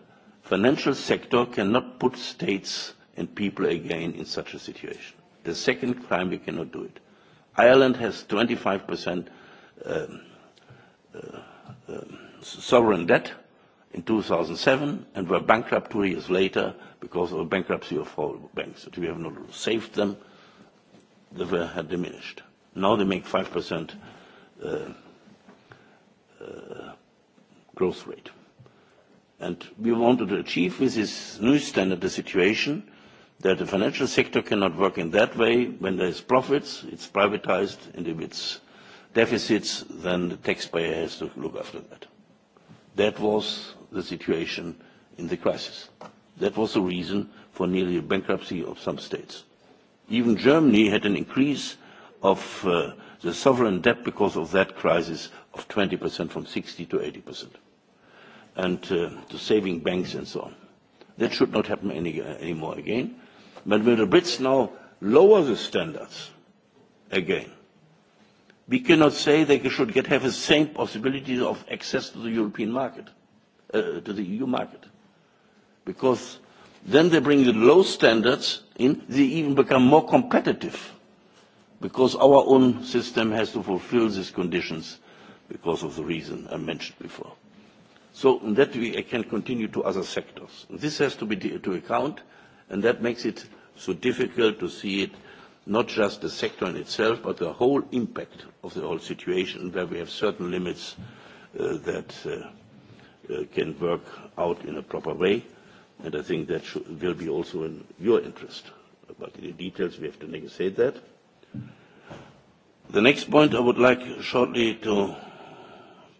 I: financial sector cannot put states and people again in such a situation. The second time we cannot do it. Ireland has 25 percent sovereign debt in 2007 and were bankrupt two years later because of the bankruptcy of all banks. If we have not saved them, they were, had diminished. Now they make 5% uh, uh, growth rate. And we wanted to achieve with this new standard the situation that the financial sector cannot work in that way. When there is profits, it's privatized and if it's uh, deficits, then the taxpayer has to look after that. That was the situation in the crisis. That was the reason for nearly a bankruptcy of some states. Even Germany had an increase of the sovereign debt because of that crisis of 20% from 60 to 80%, and to saving banks and so on. That should not happen any, anymore again. But when the Brits now lower the standards again, we cannot say they should get, have the same possibilities of access to the European market, uh, to the EU market. Because then they bring the low standards in, they even become more competitive. Because our own system has to fulfill these conditions because of the reason I mentioned before. So that we can continue to other sectors. This has to be to account, and that makes it so difficult to see it not just the sector in itself, but the whole impact of the whole situation, where we have certain limits uh, that uh, uh, can work out in a proper way. And I think that should, will be also in your interest. But in the details, we have to negotiate that. The next point I would like shortly to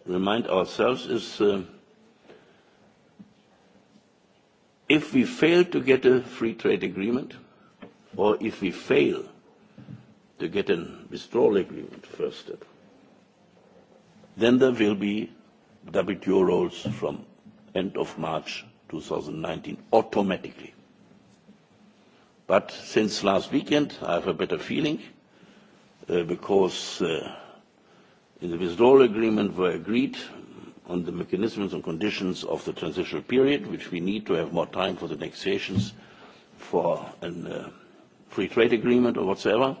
I: remind ourselves is uh, if we fail to get a free trade agreement, or if we fail to get a withdrawal agreement first step. Then there will be WTO rules from end of March 2019 automatically. But since last weekend, I have a better feeling uh, because uh, in the withdrawal agreement were agreed on the mechanisms and conditions of the transitional period, which we need to have more time for the negotiations for a uh, free trade agreement or whatsoever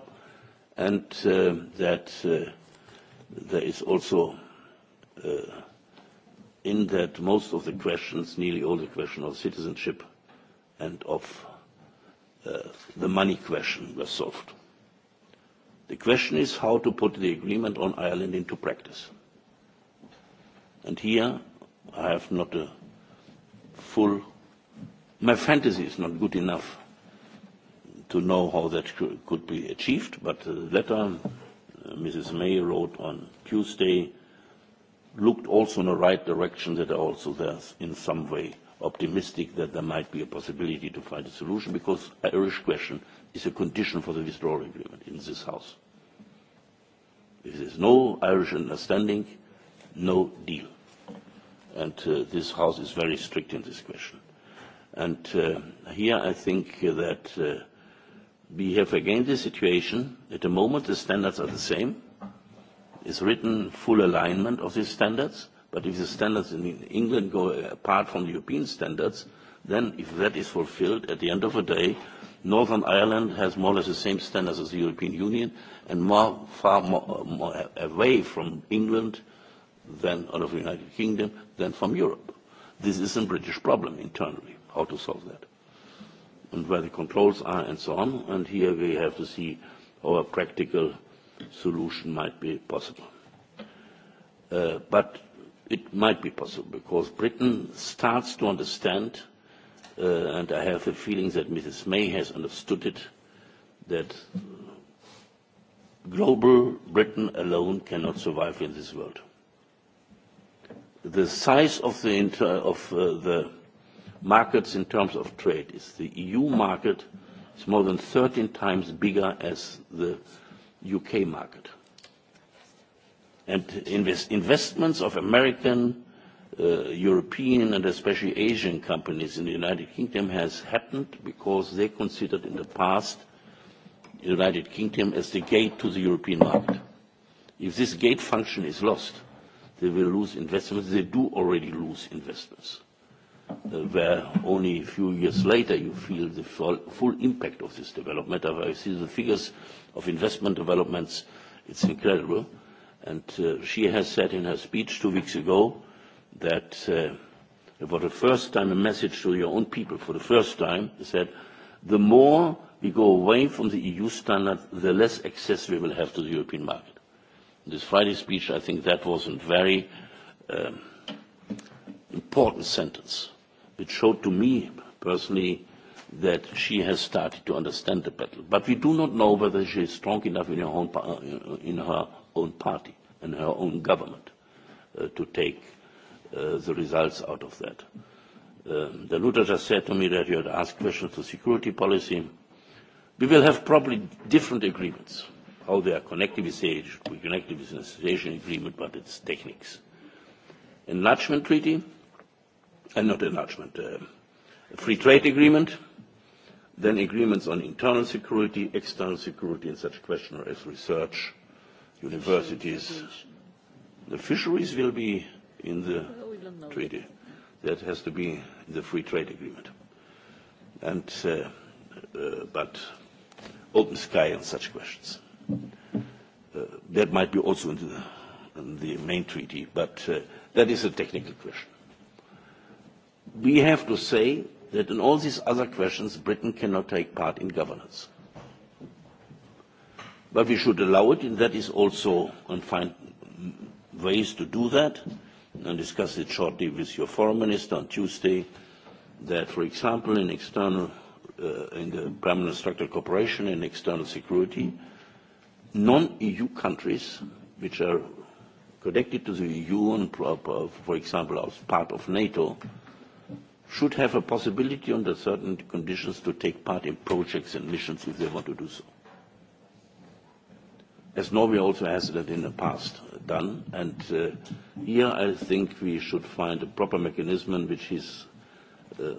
I: and uh, that uh, there is also uh, in that most of the questions, nearly all the questions of citizenship and of uh, the money question were solved. The question is how to put the agreement on Ireland into practice. And here I have not a full, my fantasy is not good enough to know how that could be achieved, but the letter Mrs. May wrote on Tuesday looked also in the right direction that also there's in some way optimistic that there might be a possibility to find a solution because the Irish question is a condition for the withdrawal agreement in this House. If there's no Irish understanding, no deal. And uh, this House is very strict in this question. And uh, here I think that uh, we have again the situation, at the moment the standards are the same, It's written full alignment of these standards, but if the standards in England go apart from the European standards, then if that is fulfilled, at the end of the day, Northern Ireland has more or less the same standards as the European Union and more, far more, more away from England than out of the United Kingdom than from Europe. This is a British problem internally, how to solve that and where the controls are and so on. And here we have to see how a practical solution might be possible. Uh, but it might be possible because Britain starts to understand, uh, and I have the feeling that Mrs. May has understood it, that global Britain alone cannot survive in this world. The size of the, inter- of, uh, the markets in terms of trade is the EU market is more than 13 times bigger as the UK market. And invest, investments of American, uh, European, and especially Asian companies in the United Kingdom has happened because they considered in the past the United Kingdom as the gate to the European market. If this gate function is lost, they will lose investments. They do already lose investments where only a few years later you feel the full full impact of this development. I see the figures of investment developments. It's incredible. And She has said in her speech two weeks ago that for the first time, a message to your own people, for the first time, said, "The more we go away from the EU standard, the less access we will have to the European market." In this Friday speech, I think that was a very important sentence which showed to me personally that she has started to understand the battle. But we do not know whether she is strong enough in her own, in her own party and her own government uh, to take uh, the results out of that. Um, the Luther just said to me that you had asked questions to security policy. We will have probably different agreements, how they are connected with age, connected with an association agreement, but it's techniques. Enlargement treaty, And not enlargement, uh, free trade agreement, then agreements on internal security, external security, and such questions as research, universities. The fisheries will be in the treaty. That has to be in the free trade agreement. And, uh, uh, but open sky and such questions. Uh, that might be also in the, in the main treaty, but uh, that is a technical question we have to say that in all these other questions, Britain cannot take part in governance. But we should allow it, and that is also, and find ways to do that, and discuss it shortly with your foreign minister on Tuesday, that, for example, in external, uh, in the permanent structural cooperation and external security, non-EU countries, which are connected to the EU and, for example, as part of NATO, should have a possibility under certain conditions to take part in projects and missions if they want to do so. As Norway also has that in the past done, and uh, here I think we should find a proper mechanism which is uh,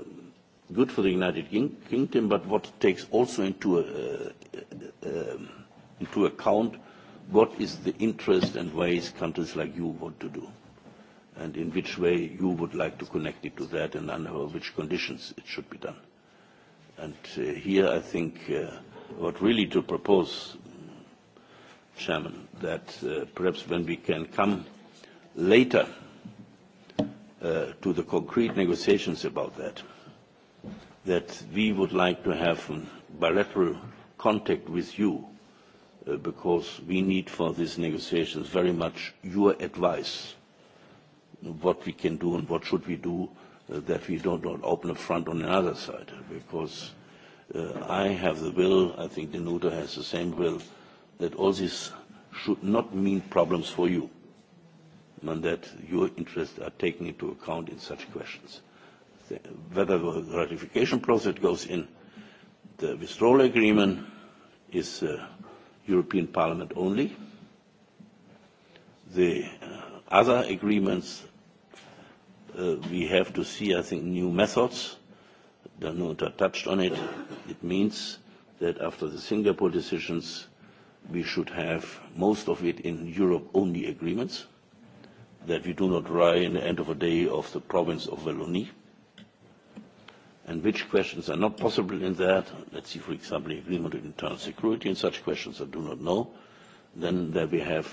I: good for the United King- Kingdom, but what takes also into, uh, uh, into account what is the interest and ways countries like you want to do and in which way you would like to connect it to that and under which conditions it should be done. And uh, here I think uh, what really to propose, Chairman, that uh, perhaps when we can come later uh, to the concrete negotiations about that, that we would like to have bilateral contact with you uh, because we need for these negotiations very much your advice what we can do and what should we do uh, that we don't, don't open a front on another side. Because uh, I have the will, I think Denuta has the same will, that all this should not mean problems for you, and that your interests are taken into account in such questions. Whether the ratification process goes in, the withdrawal agreement is uh, European Parliament only. The uh, other agreements uh, we have to see, I think, new methods. Danuta touched on it. It means that after the Singapore decisions, we should have most of it in Europe-only agreements, that we do not rely in the end of a day of the province of Wallonie, and which questions are not possible in that. Let's see, for example, the agreement on internal security and such questions I do not know. Then there we have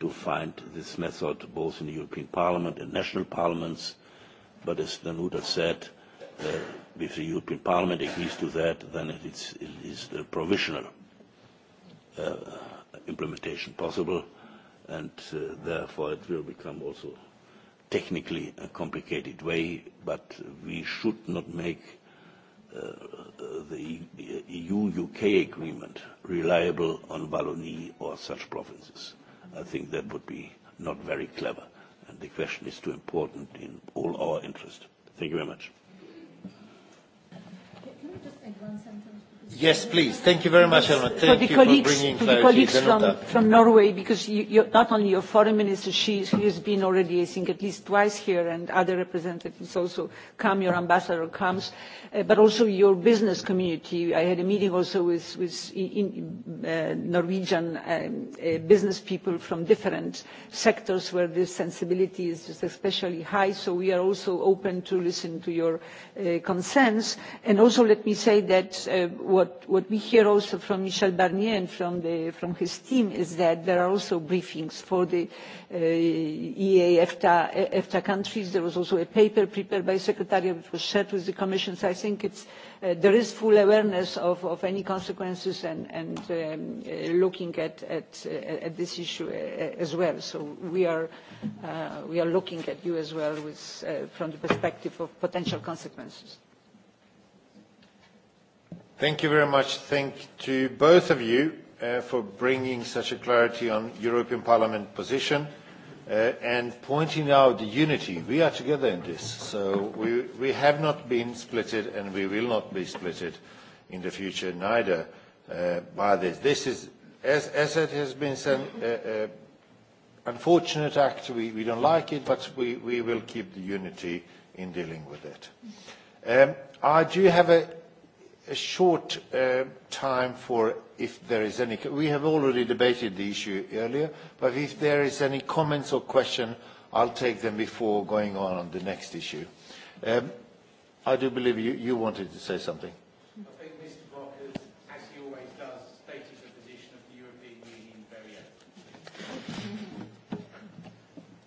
I: to find this method both in the European Parliament and national parliaments. But as Danuta said, uh, if the European Parliament agrees to that, then it is, it is the provisional uh, implementation possible, and uh, therefore it will become also technically a complicated way, but we should not make uh, the EU-UK agreement reliable on Wallonie or such provinces I think that would be not very clever. And the question is too important in all our interest. Thank you very much.
H: Can I just add one sentence?
A: Yes, please. Thank you very much, Helmut. Thank you for bringing clarity. To the colleagues from,
H: from Norway, because you, you, not only your foreign minister, she, she has been already, I think, at least twice here, and other representatives also come, your ambassador comes, uh, but also your business community. I had a meeting also with, with in, uh, Norwegian uh, business people from different sectors where this sensibility is just especially high, so we are also open to listen to your uh, concerns. And also let me say that what, what we hear also from Michel Barnier and from, the, from his team is that there are also briefings for the EAFTA EFTA, countries. There was also a paper prepared by Secretariat which was shared with the Commission. So I think it's, there is full awareness of, of any consequences and, and looking at, at, at this issue as well. So we are, uh, we are looking at you as well with, uh, from the perspective of potential consequences.
A: Thank you very much. Thank to both of you uh, for bringing such a clarity on European Parliament position uh, and pointing out the unity. We are together in this, so we, we have not been splitted and we will not be splitted in the future neither uh, by this. This is, as, as it has been said, uh, uh, unfortunate act. We, we don't like it, but we, we will keep the unity in dealing with it. Um, I do have a a short time for if there is any. We have already debated the issue earlier, but if there is any comments or question, I'll take them before going on on the next issue. I do believe you you wanted to say something.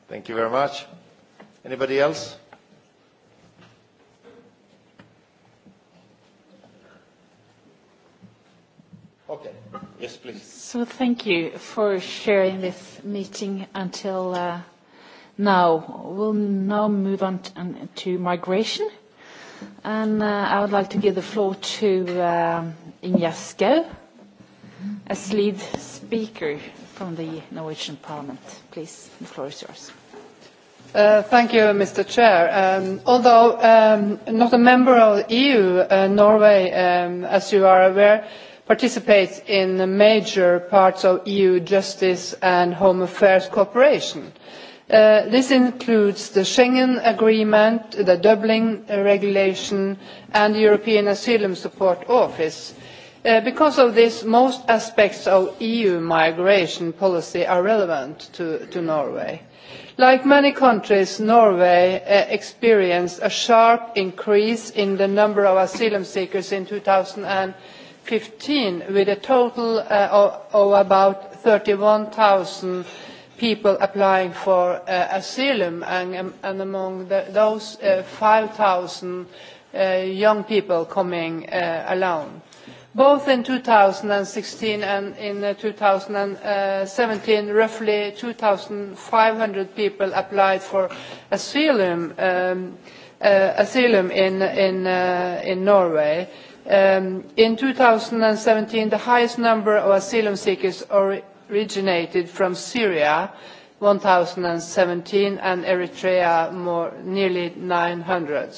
A: Thank you very much. Anybody else? Okay. Yes, please.
B: So thank you for sharing this meeting until uh, now. We'll now move on to migration. And uh, I would like to give the floor to um, Inyasko as lead speaker from the Norwegian Parliament. Please, the floor is yours. Mr Chair.
J: Um although um not a member of the EU, Norway, um as you are aware, participates in the major parts of EU justice and home affairs cooperation. this includes the Schengen Agreement, the Dublin Regulation and the European Asylum Support Office. because of this, most aspects of EU migration policy are relevant to, Norway. Like many countries, Norway experienced a sharp increase in the number of asylum seekers in two thousand 2015 with a total uh, of, of about 31,000 people applying for uh, asylum and, and among the, those uh, 5,000 uh, young people coming uh, alone. Both in 2016 and in 2017, roughly 2,500 people applied for asylum, um, uh, asylum in, in, uh, in Norway. Uh, Um, in 2017, the highest number of asylum seekers originated from Syria, 1,017, and Eritrea, more, nearly 900.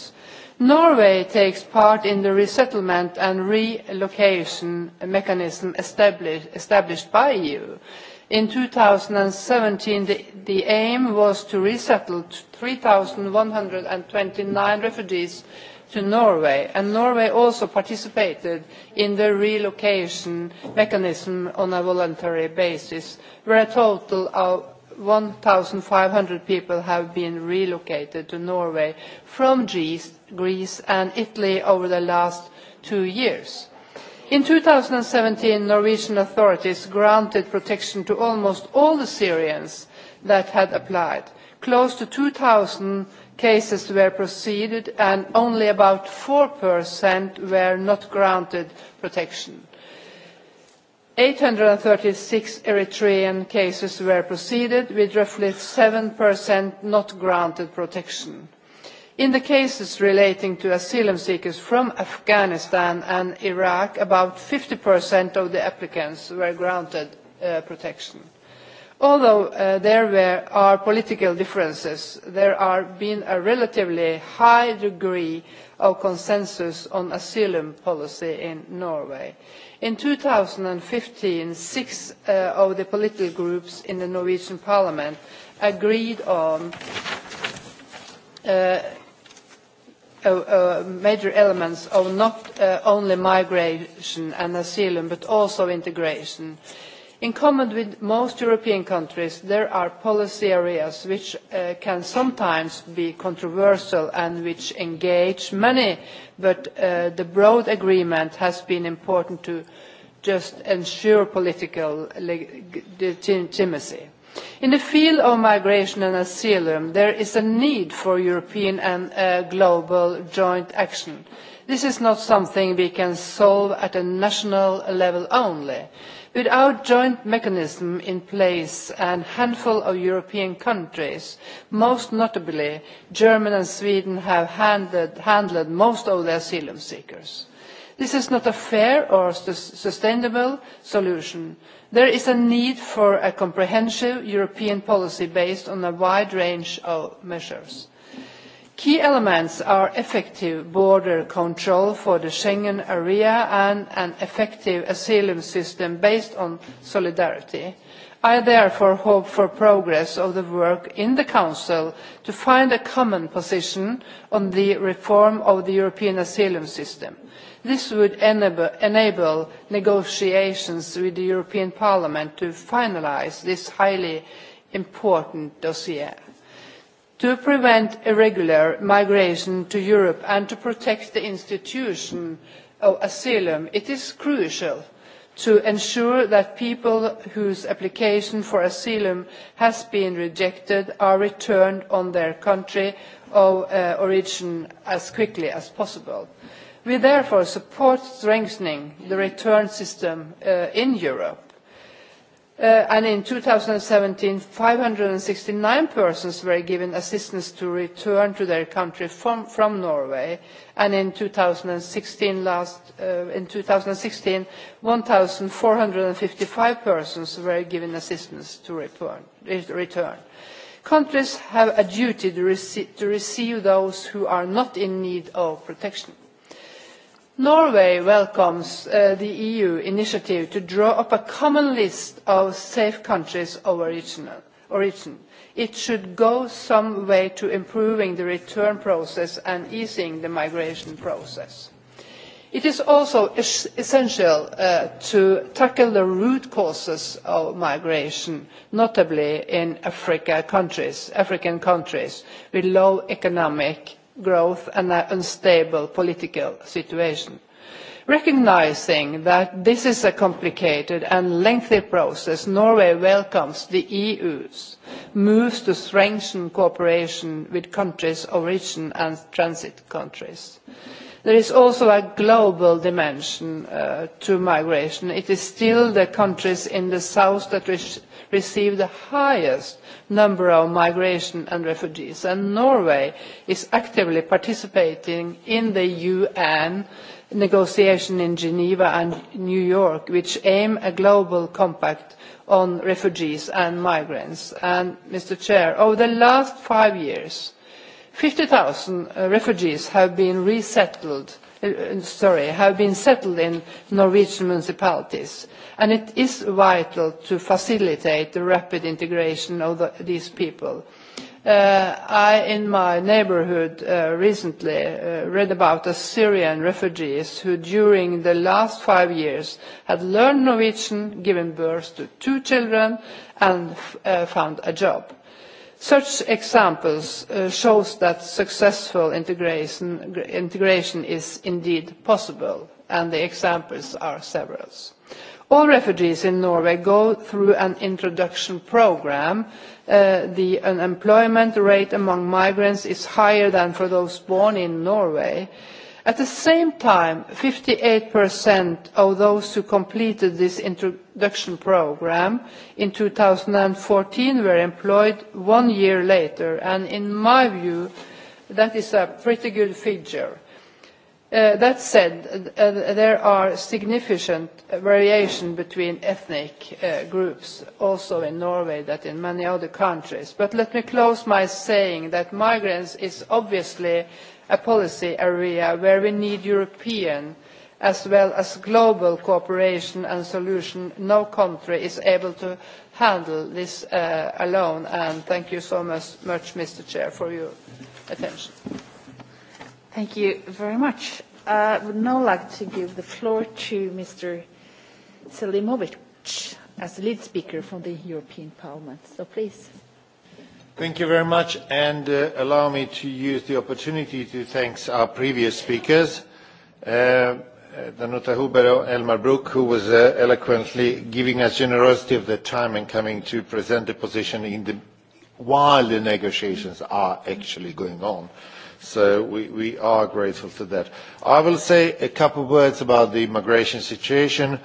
J: Norway takes part in the resettlement and relocation mechanism established by EU. In 2017, the, the aim was to resettle 3,129 refugees to Norway, and Norway also participated in the relocation mechanism on a voluntary basis, where a total of 1,500 people have been relocated to Norway from Greece and Italy over the last two years. In 2017, Norwegian authorities granted protection to almost all the Syrians that had applied. Close to 2,000 cases were proceeded and only about 4% were not granted protection. 836 Eritrean cases were proceeded, with roughly 7% not granted protection. In the cases relating to asylum seekers from Afghanistan and Iraq, about 50% of the applicants were granted protection. Although uh, there were, are political differences, there has been a relatively high degree of consensus on asylum policy in Norway. In fifteen six uh, of the political groups in the Norwegian parliament agreed on uh, major elements of not uh, only migration and asylum, but also integration. Uh, In common with most European countries, there are policy areas which can sometimes be controversial and which engage many, but the broad agreement has been important to just ensure political legitimacy. In the field of migration and asylum, there is a need for European and global joint action. This is not something we can solve at a national level only Without joint mechanism in place, a handful of European countries, most notably Germany and Sweden, have handled, most of the asylum seekers. This is not a fair or sustainable solution. There is a need for a comprehensive European policy based on a wide range of measures Key elements are effective border control for the Schengen area and an effective asylum system based on solidarity. I therefore hope for progress of the work in the Council to find a common position on the reform of the European asylum system. This would enable negotiations with the European Parliament to finalise this highly important dossier. To prevent irregular migration to Europe and to protect the institution of asylum, it is crucial to ensure that people whose application for asylum has been rejected are returned to their country of origin as quickly as possible. We therefore support strengthening the return system in Europe and in seventeen five hundred and sixty nine persons were given assistance to return to their country from, from Norway, and in one last, uh, in fifty five persons were given assistance to return. return. Countries have a duty to, rece to receive those who are not in need of protection Norway welcomes the EU initiative to draw up a common list of safe countries of origin. It should go some way to improving the return process and easing the migration process. It is also essential to tackle the root causes of migration, notably in African countries with low economic growth and an unstable political situation. Recognising that this is a complicated and lengthy process, Norway welcomes the EU's moves to strengthen cooperation with countries of origin and transit countries. There is also a global dimension to migration. It is still the countries in the south that receive the highest number of migration and refugees, and Norway is actively participating in the UN negotiation in Geneva and New York, which aim a global compact on refugees and migrants. And, Mr. Chair, over the last five years, Fifty thousand refugees have been resettled, sorry, have been settled in Norwegian municipalities, and it is vital to facilitate the rapid integration of these people. I, in my neighborhood, recently read about a Syrian refugees who, during the last five years, had learned Norwegian, given birth to two children, and found a job Such examples show that successful integration is indeed possible, and the examples are several. All refugees in Norway go through an introduction programme. The unemployment rate among migrants is higher than for those born in Norway, At the same time, 58% of those who completed this introduction program in 2014 were employed one year later, and in my view, that is a pretty good figure. That said, there are significant variation between ethnic groups, also in Norway that in many other countries. But Let me close by saying that migrants is obviously a policy area where we need European as well as global cooperation and solution. No country is able to handle this alone. And thank you so much, Mr. Chair, for your attention.
B: Thank you very much. I would now like to give the floor to Mr. Selimovic as the lead speaker from the European Parliament. So please.
A: Thank you very much, and uh, allow me to use the opportunity to thank our previous speakers, uh, Danuta Hubero, Elmar Brook, who was uh, eloquently giving us generosity of the time and coming to present the position in the, while the negotiations are actually going on. So we, we are grateful for that. I will say a couple of words about the immigration situation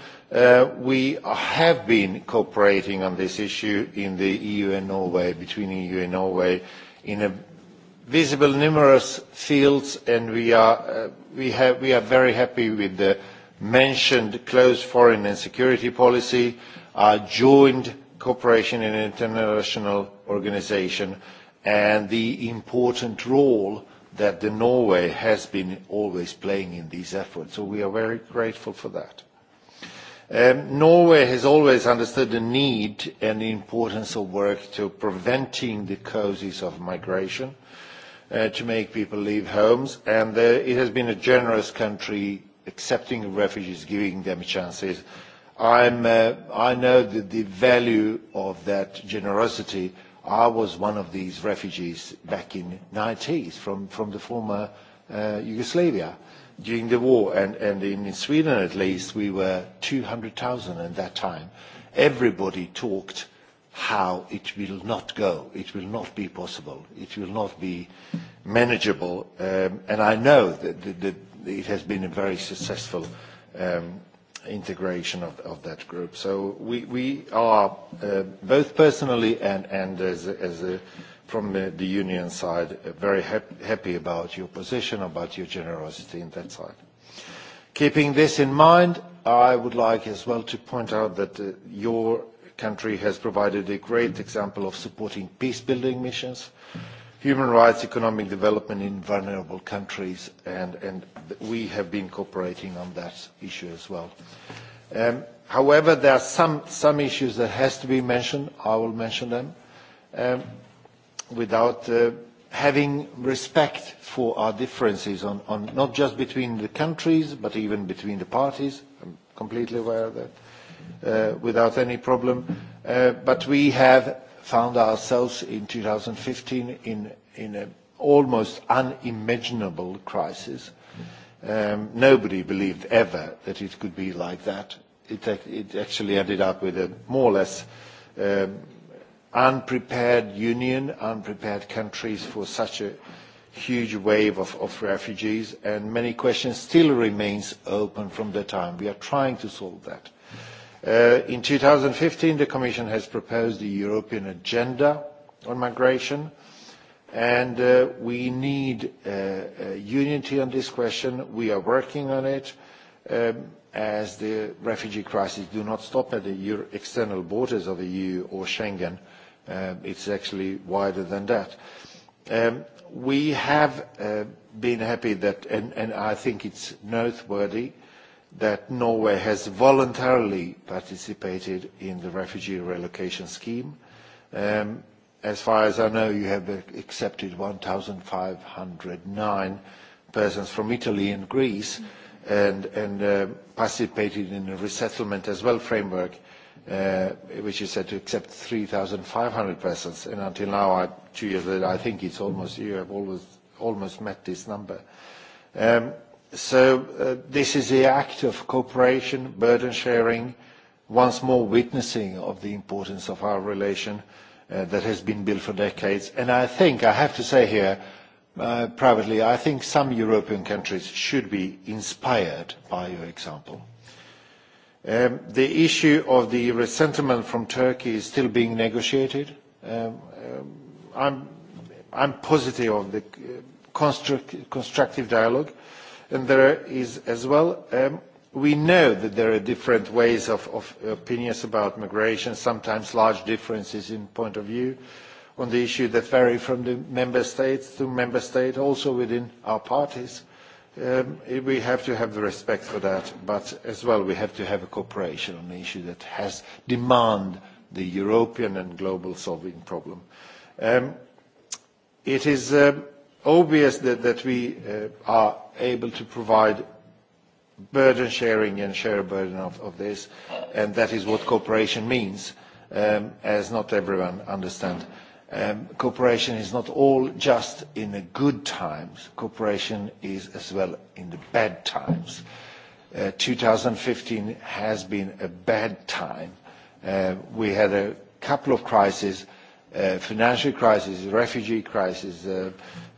A: We have been cooperating on this issue in the EU and Norway, between EU and Norway, in a visible numerous fields, and we are very happy with the mentioned close foreign and security policy, our joint cooperation in international organisation, and the important role that Norway has been always playing in these efforts. So we are very grateful for that. Norway has always understood the need and the importance of work to preventing the causes of migration, to make people leave homes, and it has been a generous country accepting refugees, giving them chances. I'm, uh, I know the, the value of that generosity. I was one of these refugees back in the 90s from, from the former uh, Yugoslavia during the war, and, and in Sweden at least, we were 200,000 at that time. Everybody talked how it will not go. It will not be possible. It will not be manageable. Um, and I know that, that, that it has been a very successful um, integration of, of that group. So we, we are, uh, both personally and, and as, a, as a from the, the union side very hap- happy about your position, about your generosity in that side. Keeping this in mind, I would like as well to point out that uh, your country has provided a great example of supporting peace-building missions, human rights, economic development in vulnerable countries, and, and we have been cooperating on that issue as well. Um, however, there are some, some issues that has to be mentioned. I will mention them. Um, without uh, having respect for our differences on, on not just between the countries but even between the parties. I'm completely aware of that. Uh, without any problem. Uh, but we have found ourselves in 2015 in, in an almost unimaginable crisis. Um, nobody believed ever that it could be like that. It, it actually ended up with a more or less um, unprepared union, unprepared countries for such a huge wave of, of refugees, and many questions still remains open from the time. We are trying to solve that. Uh, in 2015, the Commission has proposed the European agenda on migration, and uh, we need uh, uh, unity on this question. We are working on it. Um, as the refugee crisis do not stop at the external borders of the EU or Schengen, It's actually wider than that. We have been happy that, and I think it's noteworthy, that Norway has voluntarily participated in the refugee relocation scheme. As far as I know, you have accepted 1,509 persons from Italy and Greece and participated in the resettlement as well framework which is said to accept 3,500 vessels. and Until now, I two years later, I think it's almost, you have always almost met this number. So This is the act of cooperation, burden sharing, once more witnessing of the importance of our relation that has been built for decades. And I think, I have to say here, privately, I think some European countries should be inspired by your example. The issue of the resentment from Turkey is still being negotiated. I'm positive on the constructive dialogue, and there is as well, we know that there are different ways of opinions about migration, sometimes large differences in point of view on the issue that vary from the member states to member state, also within our parties Um, we have to have the respect for that, but as well we have to have a cooperation on the issue that has demand the European and global solving problem. Um, it is obvious that, that we uh, are able to provide burden sharing and share burden of, of this, and that is what cooperation means, um, as not everyone understands. Mm-hmm cooperation is not all just in the good times. Cooperation is as well in the bad times. Uh, 2015 has been a bad time. Uh, we had a couple of crises, uh, financial crisis, refugee crisis. Uh,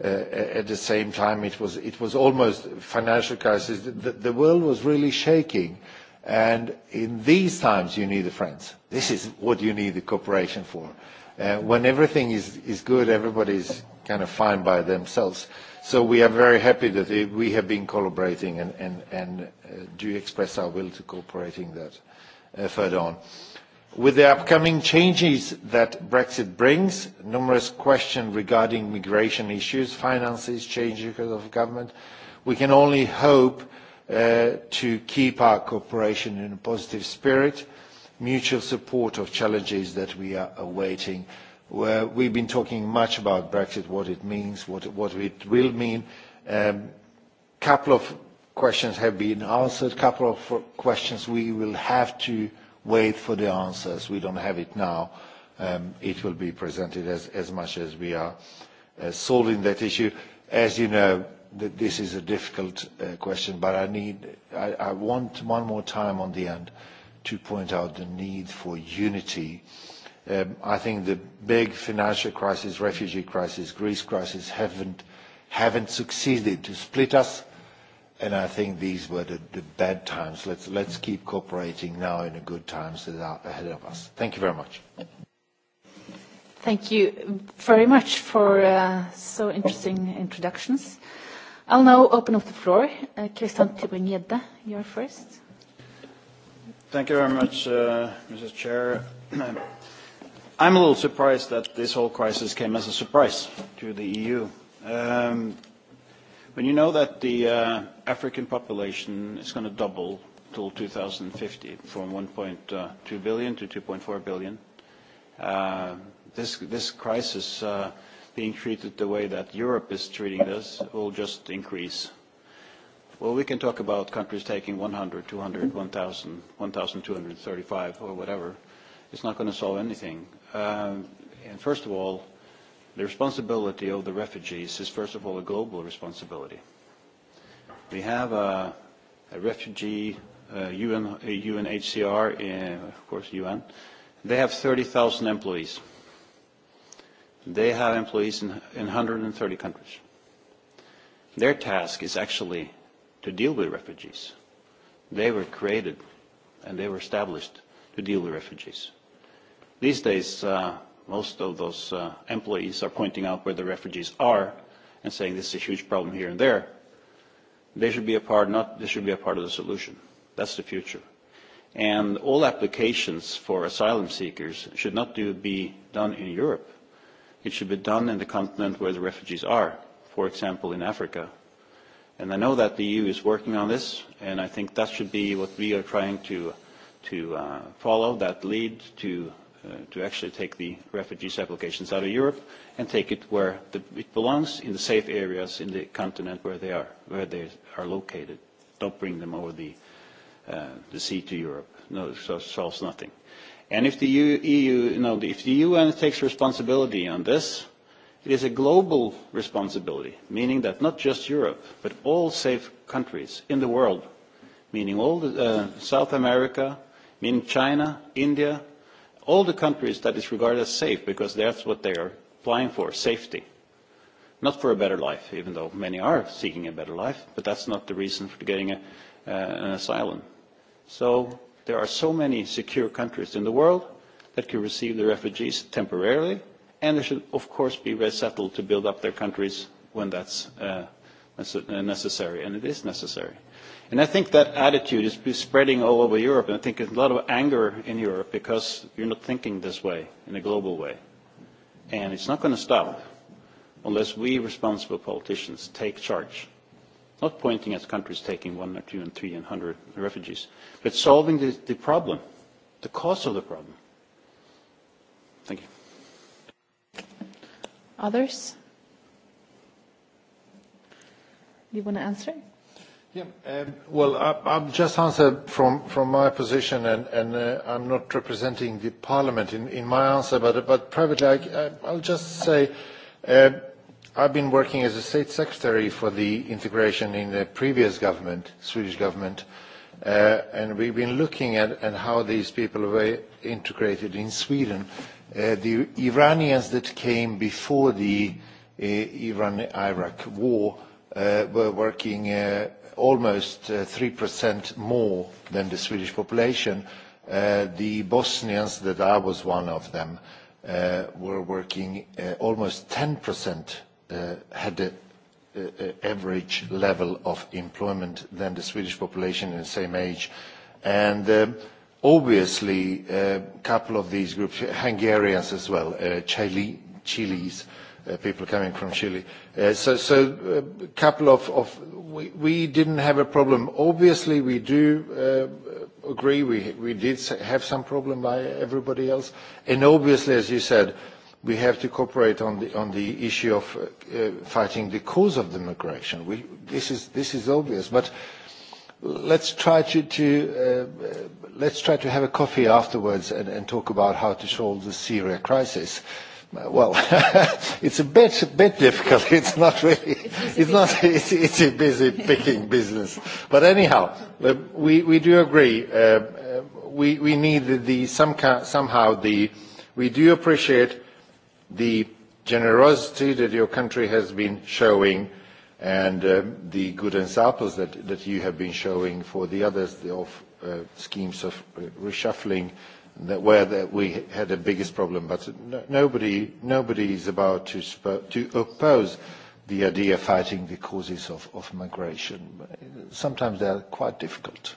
A: uh, at the same time, it was, it was almost financial crisis. The, the world was really shaking. And in these times, you need the friends. This is what you need the cooperation for Uh, when everything is, is good, everybody's kind of fine by themselves. So we are very happy that we have been collaborating and, and, and uh, do express our will to cooperating that uh, further on. With the upcoming changes that Brexit brings, numerous questions regarding migration issues, finances, changes of government, we can only hope uh, to keep our cooperation in a positive spirit mutual support of challenges that we are awaiting. Where we've been talking much about Brexit, what it means, what, what it will mean. A couple of questions have been answered. A couple of questions we will have to wait for the answers. We don't have it now. It will be presented as as much as we are solving that issue. As you know, this is a difficult question, but I want one more time on the end to point out the need for unity. Um, I think the big financial crisis, refugee crisis, Greece crisis haven't, haven't succeeded to split us. And I think these were the, the bad times. Let's, let's keep cooperating now in the good times that are ahead of us. Thank you very much.
B: Thank you very much for uh, so interesting introductions. I'll now open up the floor. Uh, Kirsten you're first.
E: Thank you very much, uh, Mrs. Chair. I'm a little surprised that this whole crisis came as a surprise to the EU. Um, when you know that the uh, African population is going to double till 2050 from 1.2 billion to 2.4 billion, uh, this, this crisis uh, being treated the way that Europe is treating this will just increase Well, we can talk about countries taking 100, 200, 1,000, 1,235 or whatever. It's not going to solve anything. Um, and first of all, the responsibility of the refugees is first of all a global responsibility. We have a, a refugee uh, UN, a UNHCR, uh, of course UN. They have 30,000 employees. They have employees in, in 130 countries. Their task is actually to deal with refugees. They were created and they were established to deal with refugees. These days, uh, most of those uh, employees are pointing out where the refugees are and saying this is a huge problem here and there. They should be a part, not this should be a part of the solution. That's the future. And all applications for asylum seekers should not do, be done in Europe. It should be done in the continent where the refugees are, for example, in Africa And I know that the EU is working on this, and I think that should be what we are trying to, to uh, follow, that lead to, uh, to actually take the refugees applications out of Europe and take it where the, it belongs, in the safe areas in the continent where they are, where they are located. Don't bring them over the, uh, the sea to Europe. No, so solves nothing. And if the EU, you know, if the UN takes responsibility on this, It is a global responsibility, meaning that not just Europe, but all safe countries in the world, meaning all the, uh, South America, meaning China, India, all the countries that is regarded as safe because that's what they are applying for, safety. Not for a better life, even though many are seeking a better life, but that's not the reason for getting an asylum. So there are so many secure countries in the world that can receive the refugees temporarily and they should, of course, be resettled to build up their countries when that's uh, necessary, and it is necessary. And I think that attitude is spreading all over Europe, and I think there's a lot of anger in Europe because you're not thinking this way, in a global way. And it's not going to stop unless we responsible politicians take charge. Not pointing at countries taking one or two and three and hundred refugees, but solving the, the problem, the cause of the problem. Thank you.
B: Others? Do you want to answer?
A: Yeah. Well, I'll just answer from from my position, and and uh I'm not representing the parliament in in my answer, but but privately, I I'll just say, uh I've been working as a state secretary for the integration in the previous government, Swedish government, uh and we've been looking at at how these people were integrated in Sweden the Iranians that came before the uh, Iran-Iraq war uh, were working uh, almost uh, 3% more than the Swedish population. Uh, the Bosnians, that I was one of them, uh, were working uh, almost 10% uh, had an average level of employment than the Swedish population in the same age. And uh, Obviously, a couple of these groups, Hungarians as well, uh, Chile, Chile's, uh, people coming from Chile. Uh, so, so a couple of, of we, we didn't have a problem. Obviously, we do uh, agree. We we did have some problem like everybody else, and obviously, as you said, we have to cooperate on the on the issue of uh, fighting the cause of the migration. We, this is this is obvious, but let's try to, to uh, let's try to have a coffee afterwards and, and talk about how to solve the Syria crisis. Well, it's a bit, a bit difficult. It's not really, it's, it's not, it's, it's a busy picking business. But anyhow, we, we do agree. Uh, we, we need the, the some, kind somehow the, we do appreciate the generosity that your country has been showing and the good examples that you have been showing for the others of schemes of reshuffling that where that we had the biggest problem. But nobody nobody is about to to oppose the idea of fighting the causes of of migration. Sometimes they are quite difficult,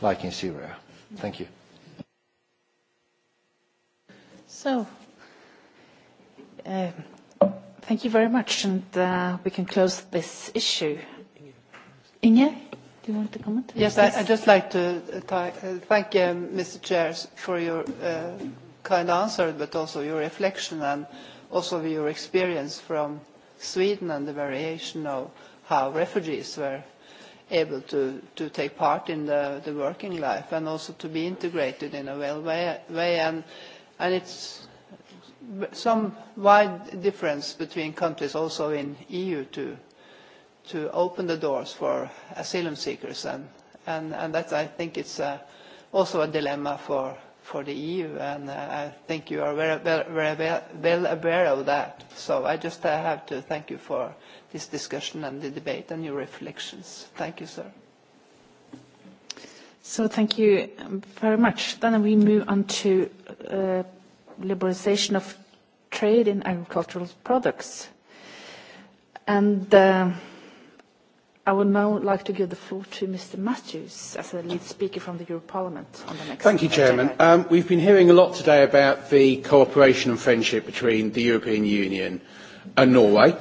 A: like in Syria. Thank you.
B: So, Thank you very much, and we can close this issue. Inge, do you want to comment? Yes, I, I'd
J: just like to uh, thank Mr. Chair for your uh, kind answer, but also your reflection and also your experience from Sweden and the variation of how refugees were able to, to take part in the, the working life and also to be integrated in a well way. way it's some wide difference between countries also in EU to to open the doors for asylum seekers and and, and that I think it's uh, also a dilemma for for the EU and uh, I think you are very, very, very well aware of that. So I just uh, have to thank you for this discussion and the debate and
B: your reflections. Thank you, sir. So thank you very much. Then we move on to uh, liberalization of trade in agricultural products. And uh, I would now like to give the floor to Mr. Matthews as the lead speaker from the European Parliament
F: on the next. Thank you, Chairman. Um, we've been hearing a lot today about the cooperation and friendship between the European Union and Norway.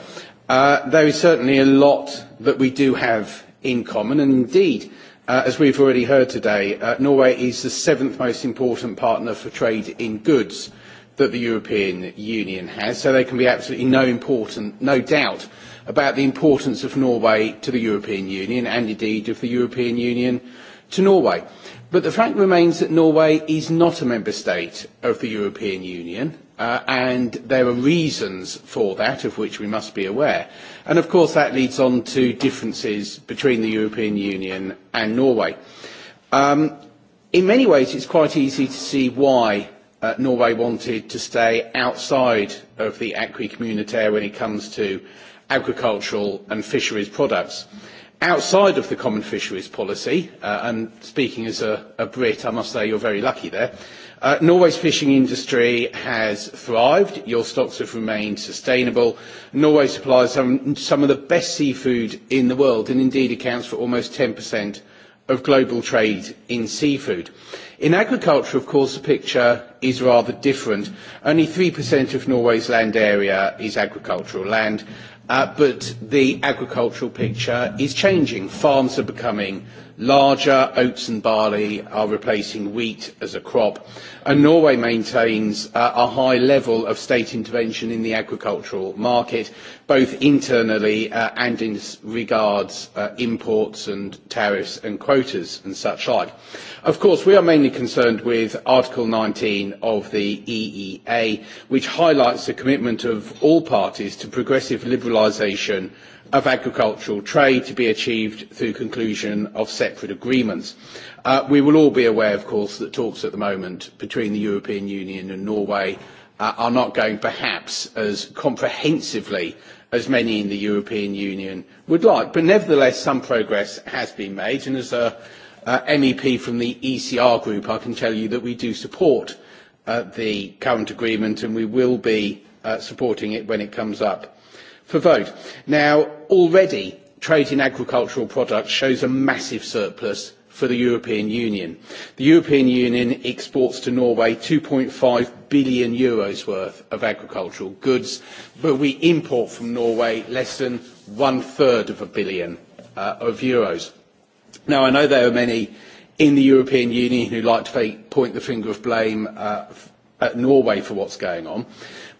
F: Uh, there is certainly a lot that we do have in common, and indeed, uh, as we've already heard today, uh, Norway is the seventh most important partner for trade in goods that the European Union has, so there can be absolutely no important, no doubt about the importance of Norway to the European Union and indeed of the European Union to Norway. But the fact remains that Norway is not a member state of the European Union, uh, and there are reasons for that of which we must be aware. And of course that leads on to differences between the European Union and Norway. Um, in many ways it's quite easy to see why Norway wanted to stay outside of the acquis communautaire when it comes to agricultural and fisheries products. Outside of the common fisheries policy, and speaking as a, Brit, I must say you're very lucky there, Norway's fishing industry has thrived. Your stocks have remained sustainable. Norway supplies some, some of the best seafood in the world and indeed accounts for almost 10% of global trade in seafood. In agriculture, of course, the picture is rather different. Only 3% of Norway's land area is agricultural land, uh, but the agricultural picture is changing. Farms are becoming Larger oats and barley are replacing wheat as a crop, and Norway maintains a high level of state intervention in the agricultural market, both internally and in regards imports and tariffs and quotas and such like. Of course, we are mainly concerned with Article 19 of the EEA, which highlights the commitment of all parties to progressive liberalisation of agricultural trade to be achieved through conclusion of separate agreements. Uh, we will all be aware, of course, that talks at the moment between the European Union and Norway uh, are not going perhaps as comprehensively as many in the European Union would like. But nevertheless, some progress has been made. And as a uh, MEP from the ECR group, I can tell you that we do support uh, the current agreement and we will be uh, supporting it when it comes up for vote. Now, already trade in agricultural products shows a massive surplus for the European Union. The European Union exports to Norway two five billion euros worth of agricultural goods, but we import from Norway less than one third of a billion of euros. Now, I know there are many in the European Union who like to point the finger of blame at Norway for what's going on,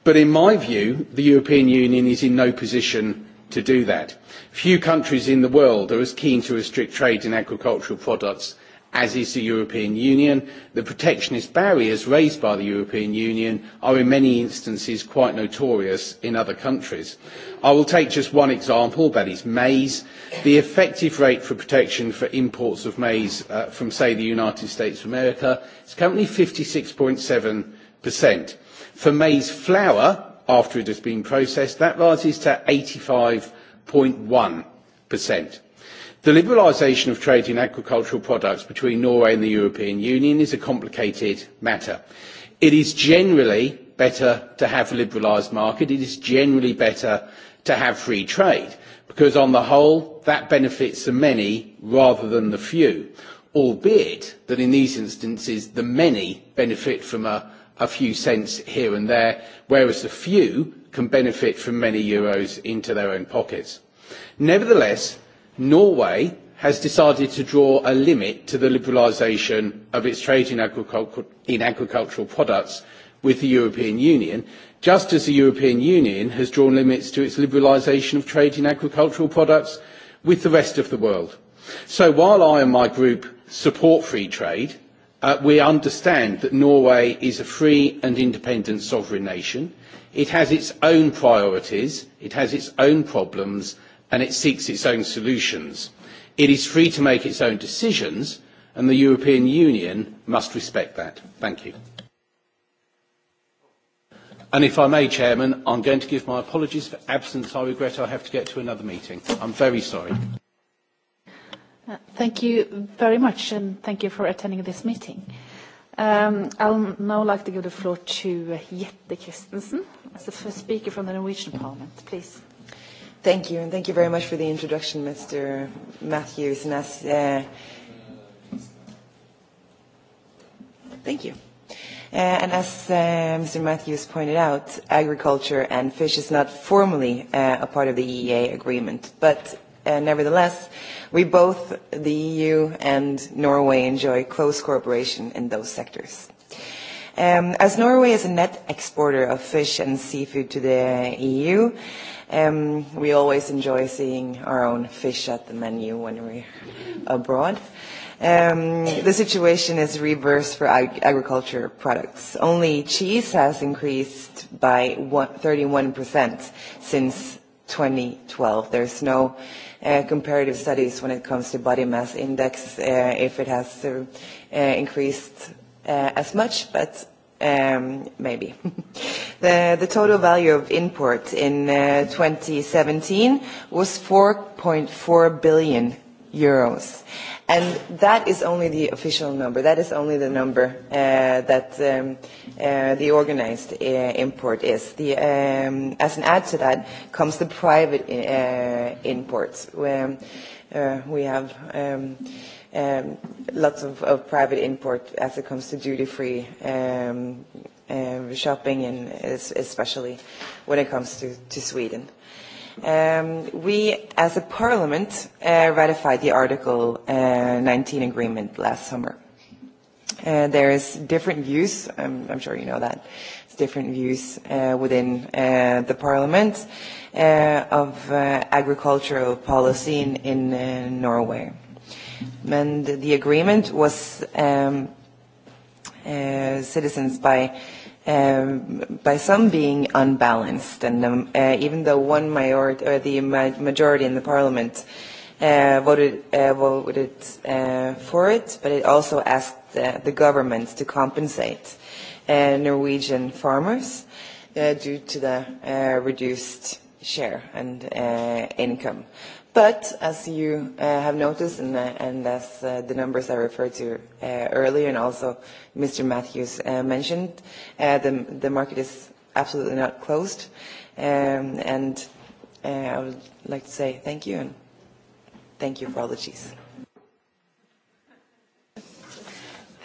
F: but in my view, the European Union is in no position to do that. Few countries in the world are as keen to restrict trade in agricultural products as is the European Union. The protectionist barriers raised by the European Union are in many instances quite notorious in other countries. I will take just one example, that is maize. The effective rate for protection for imports of maize from, say, the United States of America is currently fifty six seven. For maize flour, after it has been processed. That rises to 85.1%. The liberalisation of trade in agricultural products between Norway and the European Union is a complicated matter. It is generally better to have a liberalised market. It is generally better to have free trade because on the whole that benefits the many rather than the few, albeit that in these instances the many benefit from a a few cents here and there, whereas the few can benefit from many euros into their own pockets. Nevertheless, Norway has decided to draw a limit to the liberalisation of its trade in, agricultural products with the European Union, just as the European Union has drawn limits to its liberalisation of trade in agricultural products with the rest of the world. So while I and my group support free trade, we understand that Norway is a free and independent sovereign nation. It has its own priorities, it has its own problems, and it seeks its own solutions. It is free to make its own decisions, and the European Union must respect that. Thank you. And if I may, Chairman, I'm going to give my apologies for absence. I regret I have to get to another meeting. I'm very sorry.
B: Thank you very much, and thank you for attending this meeting.
K: I'll now like to give the floor to Jette Christensen as the first speaker from the Norwegian Parliament, please. Thank you, and thank you very much for the introduction, Mr. Matthews. as, thank you. as Mr. Matthews pointed out, agriculture and fish is not formally a part of the EEA agreement, but nevertheless, we both, the EU and Norway, enjoy close cooperation in those sectors. Um, as Norway is a net exporter of fish and seafood to the EU, um, we always enjoy seeing our own fish at the menu when we're abroad. Um, the situation is reverse for ag- agriculture products. Only cheese has increased by 31% since 2012. There's no uh, comparative studies when it comes to body mass index, uh, if it has uh, uh, increased uh, as much, but um, maybe. the, the total value of import in uh, 2017 was 4.4 billion euros And that is only the official number. That is only the number uh, that um, uh, the organized uh, import is. The, um, as an add to that comes the private uh, imports. Um, uh, we have um, um, lots of, of private import as it comes to duty-free um, uh, shopping, and especially when it comes to, to Sweden. Um, we, as a parliament, uh, ratified the Article uh, 19 agreement last summer. Uh, there is different views, I'm, I'm sure you know that, It's different views uh, within uh, the parliament uh, of uh, agricultural policy in, in uh, Norway. And the agreement was um, uh, citizens by um, by some being unbalanced. And um, uh, even though one majority, or the ma- majority in the parliament uh, voted, uh, voted uh, for it, but it also asked uh, the government to compensate uh, Norwegian farmers uh, due to the uh, reduced share and uh, income. Uh, But as you uh, have noticed, and, and as uh, the numbers I referred to uh, earlier, and also Mr. Matthews uh, mentioned, uh, the, market is absolutely not closed. Um, and uh, I would like to say thank you, and thank you for all the cheese.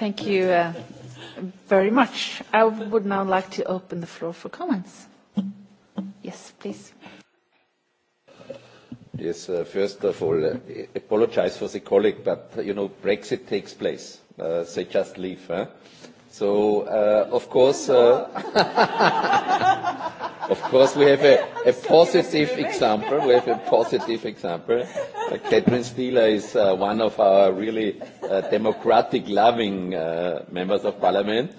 K: Thank you
B: very much. I would now like to open the floor for comments. Yes, please.
L: Yes, uh, first of all, I apologize for the colleague, but you know Brexit takes place. Uh, they just leave. Huh? So uh, of course, uh, of course, we have a, a positive example. We have a positive example. Uh, Catherine Steeler is uh, one of our really uh, democratic-loving uh, members of parliament.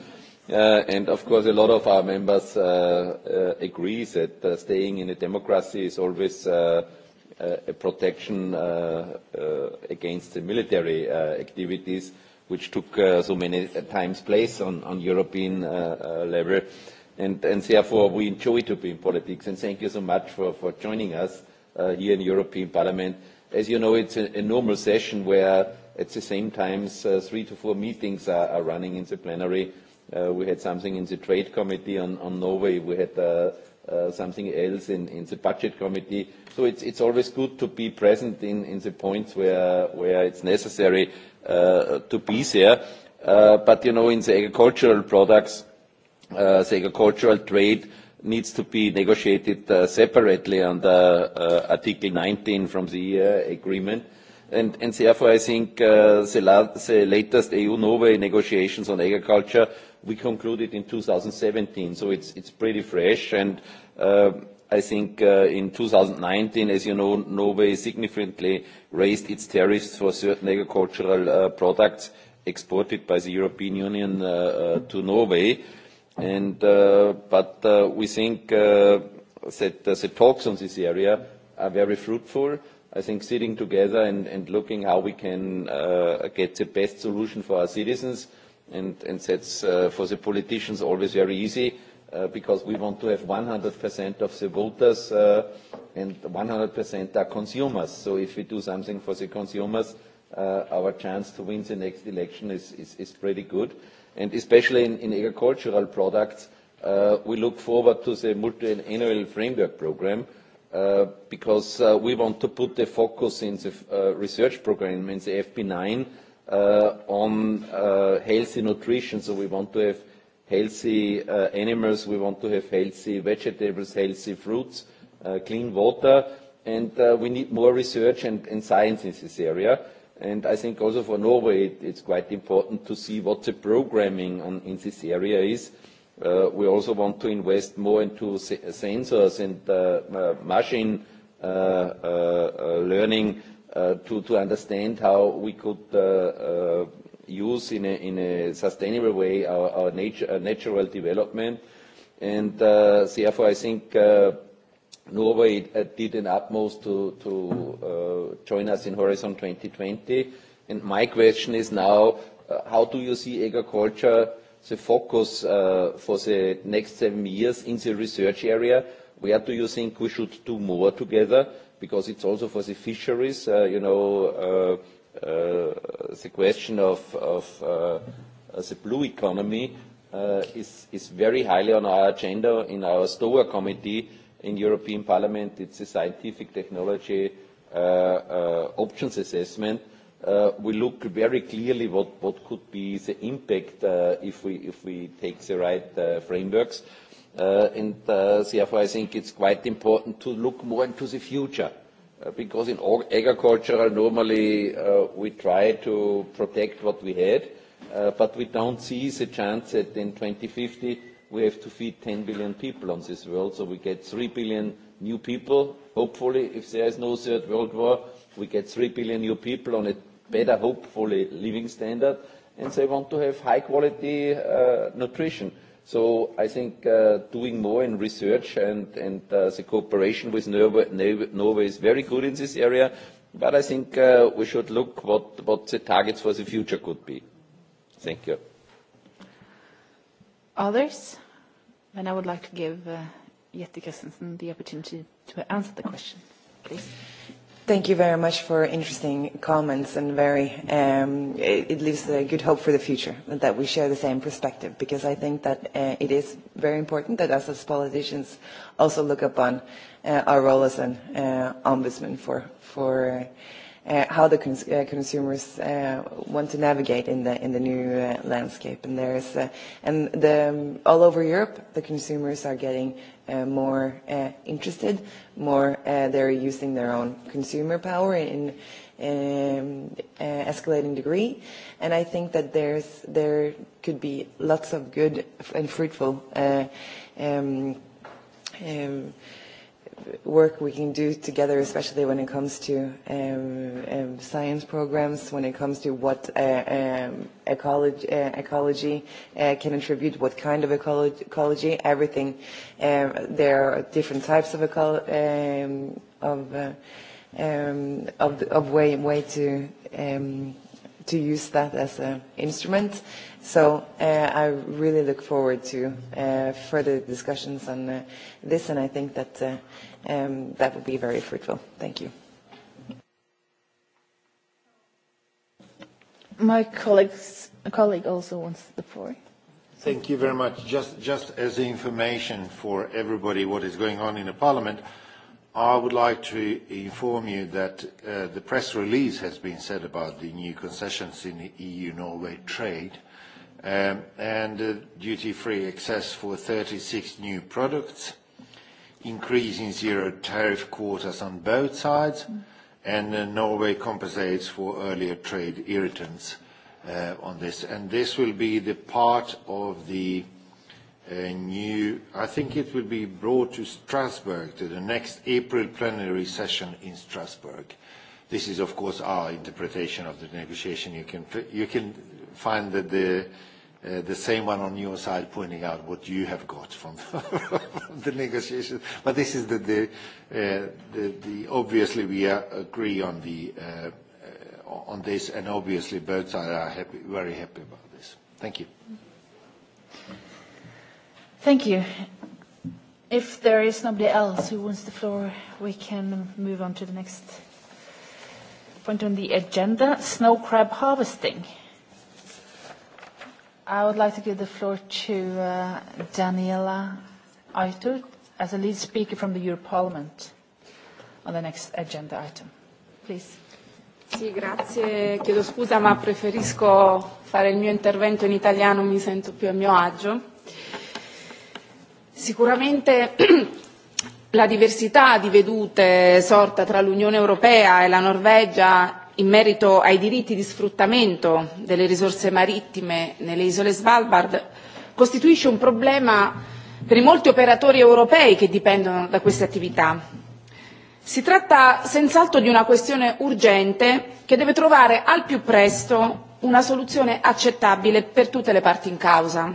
L: Uh, and of course, a lot of our members uh, uh, agree that uh, staying in a democracy is always uh, a protection against the military activities which took so many times place on, on European level. And, and therefore, we enjoy to be in politics. And thank you so much for, for joining us uh here in European Parliament. As you know, it's a, a normal session where at the same time uh, three to four meetings are, are running in the plenary. Uh, we had something in the Trade Committee on, on Norway. We had uh, uh, something else in, in the budget committee. So it's, it's always good to be present in, in the points where, where it's necessary uh, to be there. Uh, but, you know, in the agricultural products, uh, the agricultural trade needs to be negotiated uh, separately under uh, Article 19 from the uh, agreement. And, and therefore, I think uh, the, la- the latest EU-Norway negotiations on agriculture We concluded in 2017, so it's it's pretty fresh. and I think in 2019, as you know, Norway significantly raised its tariffs for certain agricultural products exported by the European Union to Norway. But we think that the talks on this area are very fruitful. I think sitting together and looking how we can get the best solution for our citizens and and that's uh, for the politicians always very easy uh, because we want to have 100% of the voters uh, and 100% are consumers. So if we do something for the consumers, uh, our chance to win the next election is, is, is pretty good. And especially in, in agricultural products, uh, we look forward to the multi-annual framework program uh, because uh, we want to put the focus in the uh, research program in the FP9 on healthy nutrition. So we want to have healthy animals, we want to have healthy vegetables, healthy fruits, clean water, and we need more research and, and science in this area. And I think also for Norway, it, it's quite important to see what the programming on, in this area is. Uh, we also want to invest more into sensors and uh, machine uh, uh, learning to, to understand how we could use in a, sustainable way our, our natural development. And therefore, I think Norway did an utmost to, join us in Horizon 2020. And my question is now, how do you see agriculture, the focus for the next seven years in the research area? Where do you think we should do more together? because it's also for the fisheries, uh, you know, uh, uh, the question of, of uh, the blue economy uh, is, is very highly on our agenda in our STOA committee in European Parliament. It's a scientific technology uh, uh, options assessment. Uh, we look very clearly what, what could be the impact uh, if, we, if we take the right uh, frameworks. Uh, And therefore, I think it's quite important to look more into the future, because in agriculture, normally, we try to protect what we had, but we don't see the chance that in 2050, we have to feed 10 billion people on this world, so we get 3 billion new people. Hopefully, if there is no third world war, we get 3 billion new people on a better, hopefully, living standard, and they want to have high quality uh, nutrition So I think uh, doing more in research and, and uh, the cooperation with Norway, Norway is very good in this area. But I think uh, we should look what, what the targets for the future could be. Thank you.
B: Others? And I would like to give uh, Jette Christensen the opportunity to answer the question,
K: please. Thank you very much for interesting comments and very, um, it, it leaves a good hope for the future that we share the same perspective because I think that uh, it is very important that us as politicians also look upon uh, our role as an uh, ombudsman for, for uh, uh, how the cons uh, consumers uh, want to navigate in the in the new uh, landscape. And there's uh, and the um, all over Europe, the consumers are getting uh, more uh, interested. More uh, they're using their own consumer power in. Um, uh, escalating degree, and I think that there's there could be lots of good and fruitful uh, um, um, work we can do together, especially when it comes to um, um, science programs, when it comes to what uh, um, ecology, uh, ecology uh, can attribute, what kind of ecology, ecology everything. Um, there are different types of eco- um, of, uh, um, of, of way, way to um, to use that as an instrument. So uh, I really look forward to uh, further discussions on uh, this, and I think that uh, um, that would be very fruitful. Thank you.
B: My colleagues, a colleague also wants the floor.
A: Thank you very much. Just, just as information for everybody what is going on in the Parliament, I would like to inform you that uh, the press release has been said about the new concessions in the EU-Norway trade um, and uh, duty-free access for 36 new products increasing zero tariff quotas on both sides, and Norway compensates for earlier trade irritants on this. And This will be the part of the new. I think it will be brought to Strasbourg, to the next April plenary session in Strasbourg. This is, of course, our interpretation of the negotiation. You can You can find that the the same one on your side pointing out what you have got from the negotiations. But this is the the the the obviously we agree on the uh on this, and obviously both sides are happy, very happy about this. Thank you.
B: Thank you. If there is nobody else who wants the floor, we can move on to the next point on the agenda, snow crab harvesting. I would like to give the floor to uh, Daniela Aitor as a lead speaker from the European Parliament on the next agenda item. Please.
M: Sì, grazie. Chiedo scusa, ma preferisco fare il mio intervento in italiano, mi sento più a mio agio. Sicuramente la diversità di vedute sorta tra l'Unione Europea e la Norvegia in merito ai diritti di sfruttamento delle risorse marittime nelle isole Svalbard costituisce un problema per i molti operatori europei che dipendono da queste attività. Si tratta senz'altro di una questione urgente che deve trovare al più presto una soluzione accettabile per tutte le parti in causa.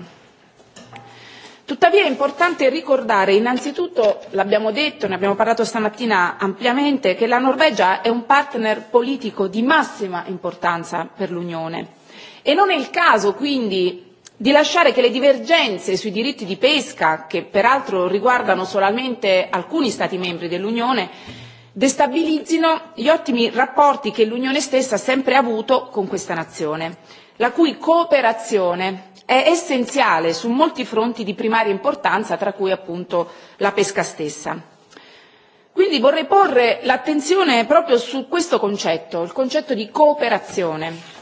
M: Tuttavia è importante ricordare innanzitutto, l'abbiamo detto, ne abbiamo parlato stamattina ampiamente, che la Norvegia è un partner politico di massima importanza per l'Unione e non è il caso quindi di lasciare che le divergenze sui diritti di pesca, che peraltro riguardano solamente alcuni Stati membri dell'Unione, destabilizzino gli ottimi rapporti che l'Unione stessa ha sempre avuto con questa nazione, la cui cooperazione è essenziale su molti fronti di primaria importanza, tra cui appunto la pesca stessa. Quindi vorrei porre l'attenzione proprio su questo concetto, il concetto di cooperazione.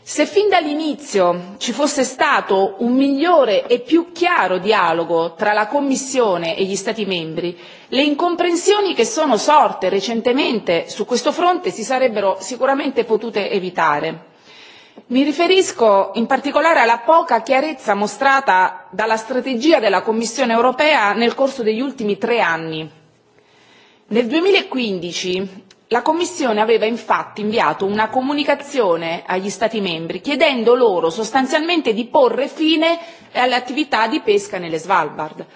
M: Se fin dall'inizio ci fosse stato un migliore e più chiaro dialogo tra la Commissione e gli Stati membri, le incomprensioni che sono sorte recentemente su questo fronte si sarebbero sicuramente potute evitare Mi riferisco in particolare alla poca chiarezza mostrata dalla strategia della Commissione europea nel corso degli ultimi tre anni. Nel duemilaquindici la Commissione aveva infatti inviato una comunicazione agli Stati membri chiedendo loro sostanzialmente di porre fine all'attività di pesca nelle Svalbard.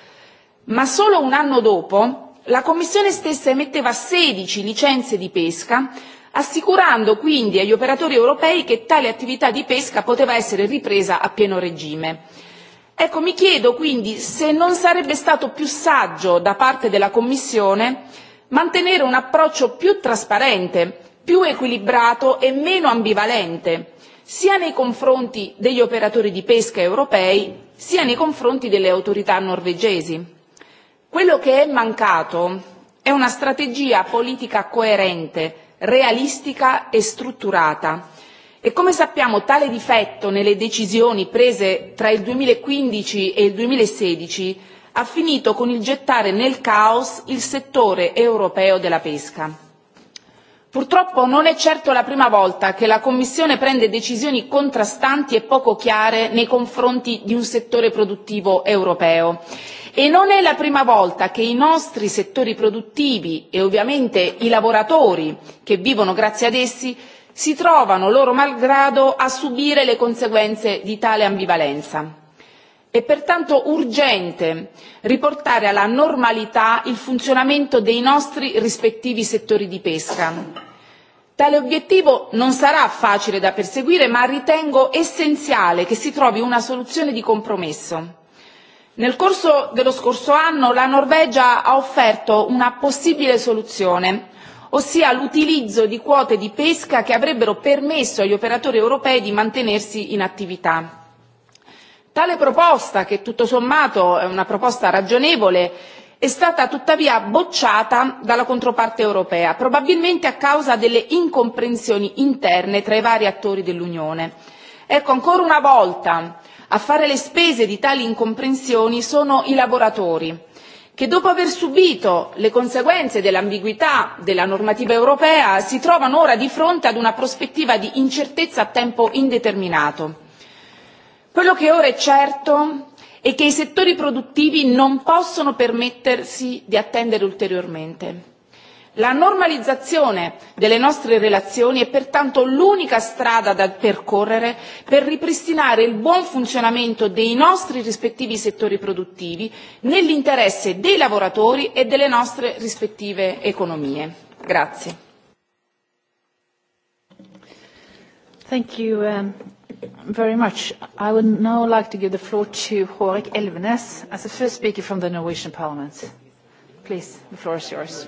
M: Ma solo un anno dopo la Commissione stessa emetteva sedici licenze di pesca assicurando quindi agli operatori europei che tale attività di pesca poteva essere ripresa a pieno regime. Ecco, mi chiedo quindi se non sarebbe stato più saggio da parte della Commissione mantenere un approccio più trasparente, più equilibrato e meno ambivalente, sia nei confronti degli operatori di pesca europei, sia nei confronti delle autorità norvegesi. Quello che è mancato è una strategia politica coerente realistica e strutturata. E come sappiamo tale difetto nelle decisioni prese tra il duemilaquindici e il duemilasedici ha finito con il gettare nel caos il settore europeo della pesca. Purtroppo non è certo la prima volta che la Commissione prende decisioni contrastanti e poco chiare nei confronti di un settore produttivo europeo E non è la prima volta che i nostri settori produttivi e ovviamente i lavoratori che vivono grazie ad essi si trovano loro malgrado a subire le conseguenze di tale ambivalenza. È pertanto urgente riportare alla normalità il funzionamento dei nostri rispettivi settori di pesca. Tale obiettivo non sarà facile da perseguire, ma ritengo essenziale che si trovi una soluzione di compromesso Nel corso dello scorso anno la Norvegia ha offerto una possibile soluzione, ossia l'utilizzo di quote di pesca che avrebbero permesso agli operatori europei di mantenersi in attività. Tale proposta, che tutto sommato è una proposta ragionevole, è stata tuttavia bocciata dalla controparte europea, probabilmente a causa delle incomprensioni interne tra i vari attori dell'Unione. Ecco, ancora una volta A fare le spese di tali incomprensioni sono i lavoratori che dopo aver subito le conseguenze dell'ambiguità della normativa europea si trovano ora di fronte ad una prospettiva di incertezza a tempo indeterminato. Quello che ora è certo è che i settori produttivi non possono permettersi di attendere ulteriormente La normalizzazione delle nostre relazioni è pertanto l'unica strada da percorrere per ripristinare il buon funzionamento dei nostri rispettivi settori produttivi nell'interesse dei lavoratori e delle nostre rispettive economie. Grazie.
B: Thank you um, very much. I would now like to give the floor to Elvenes as the first speaker from the Norwegian Parliament. Please, the floor is yours.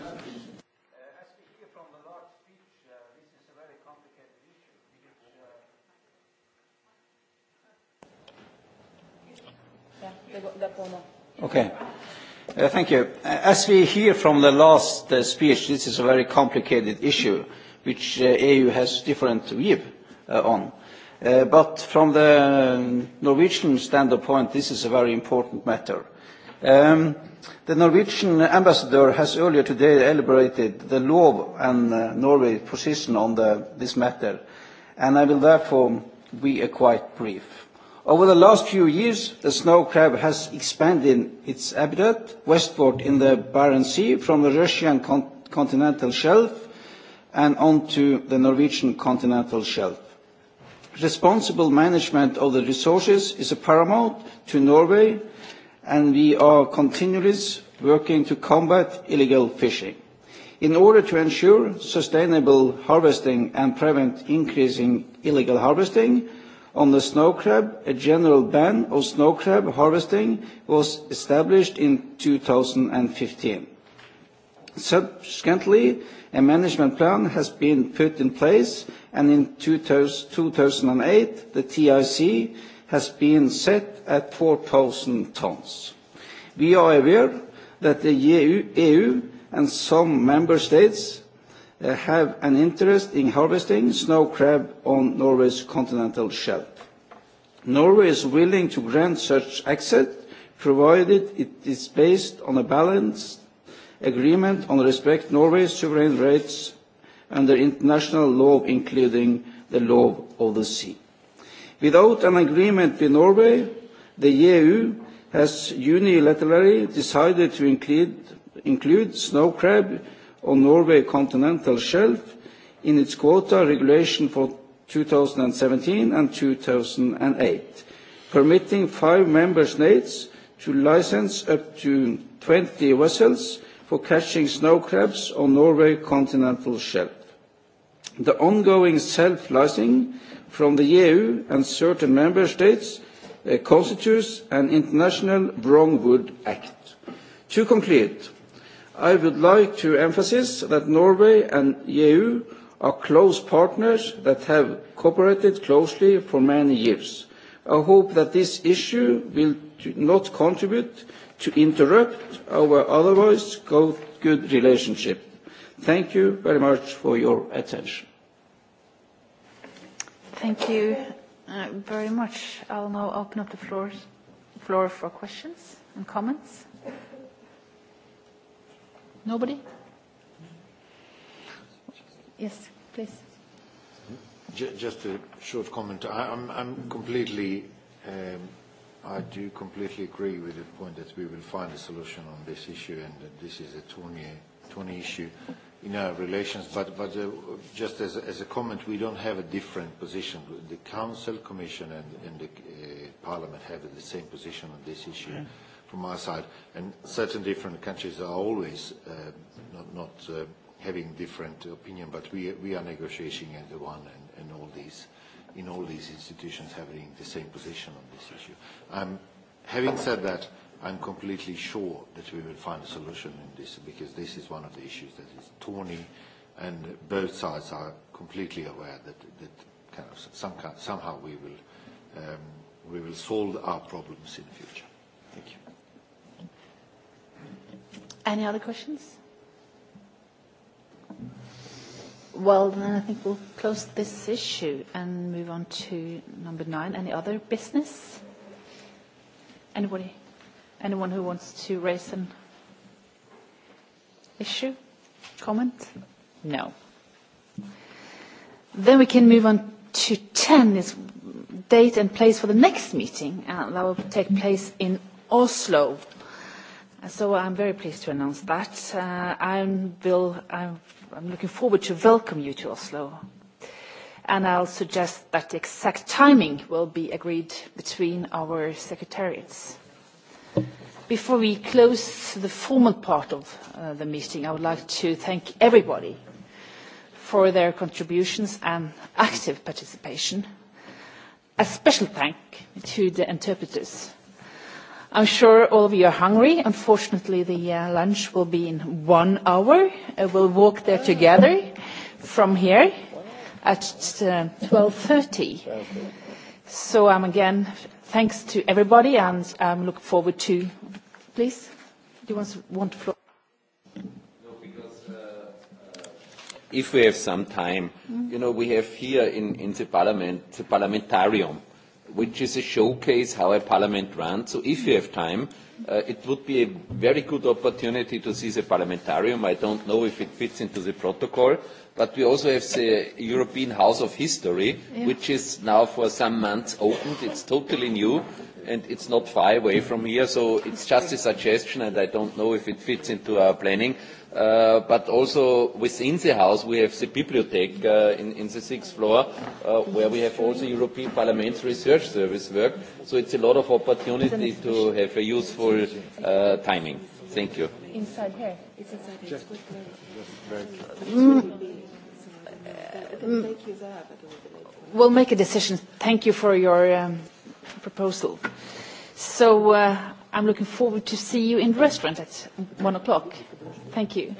N: Okay. Uh, thank you. As we hear from the last uh, speech, this is a very complicated issue, which uh, EU has different view uh, on. Uh, but from the Norwegian standpoint, this is a very important matter. Um, the Norwegian ambassador has earlier today elaborated the law and uh, Norway's position on the, this matter, and I will therefore be uh, quite brief. Over the last few years, the snow crab has expanded its habitat westward in the Barents Sea from the Russian continental shelf and onto the Norwegian continental shelf. Responsible management of the resources is a paramount to Norway, and we are continually working to combat illegal fishing. In order to ensure sustainable harvesting and prevent increasing illegal harvesting, on the snow crab, a general ban on snow crab harvesting was established in 2015. Subsequently, a management plan has been put in place, and in 2008, the TIC has been set at 4,000 tons. We are aware that the EU and some member states have an interest in harvesting snow crab on Norway's continental shelf. Norway is willing to grant such access, provided it is based on a balanced agreement on respect Norway's sovereign rights under international law, including the law of the sea. Without an agreement with Norway, the EU has unilaterally decided to include, include snow crab on Norway continental shelf in its quota regulation for 2017 and 2008, permitting five member states to license up to 20 vessels for catching snow crabs on Norway continental shelf. The ongoing self-licensing from the EU and certain member states constitutes an international wrongwood act. To conclude, I would like to emphasize that Norway and EU are close partners that have cooperated closely for many years. I hope that this issue will not contribute to interrupt our otherwise good relationship. Thank you very much for your attention.
B: Thank you very much. I'll now open up the floor for questions and comments. Nobody? Yes, please.
A: Just a short comment. I I'm I'm completely, um I do completely agree with the point that we will find a solution on this issue, and that this is a thorny issue in our relations. But but uh Just as as a comment, we don't have a different position. The Council, Commission, and and the uh Parliament have the same position on this issue. Yeah from my side. And certain different countries are always uh, not, not uh, having different opinion, but we, we are negotiating at the one and, and all these, in all these institutions having the same position on this issue. Um, having said that, I'm completely sure that we will find a solution in this because this is one of the issues that is tawny and both sides are completely aware that, that kind of some kind, somehow we will, um, we will solve our problems in the future. Thank you.
B: Any other questions? Well, then I think we'll close this issue and move on to number nine. Any other business? Anybody? Anyone who wants to raise an issue? Comment? No. Then we can move on to 10 is date and place for the next meeting. Uh, that will take place in Oslo So I'm very pleased to announce that. I'm looking forward to welcome you to Oslo, and I'll suggest that the exact timing will be agreed between our secretariats. Before we close the formal part of the meeting, I would like to thank everybody for their contributions and active participation. A special thank to the interpreters I'm sure all of you are hungry. Unfortunately, the uh, lunch will be in one hour. we'll walk there together from here at uh, thirty. So again, thanks to everybody and am look forward to, please, do you want, want the floor? No because
L: If we have some time, you know, we have here in, in the parliament, the parliamentarium, which is a showcase how a parliament runs. So if you have time, uh, it would be a very good opportunity to see the parliamentarium. I don't know if it fits into the protocol, but we also have the European House of History, yeah. which is now for some months opened. It's totally new and it's not far away from here, so it's just a suggestion, and I don't know if it fits into our planning. Uh, but also within the house, we have the bibliothèque uh, in, in the sixth floor, uh, where we have also European Parliament's research service work. So it's a lot of opportunity to have a useful uh, timing. Thank you.
B: Inside here,
C: it's inside here. Just, just
B: we'll make a decision. Thank you for your. Um, proposal. So uh, I'm looking forward to see you in the restaurant at one o'clock. Thank you.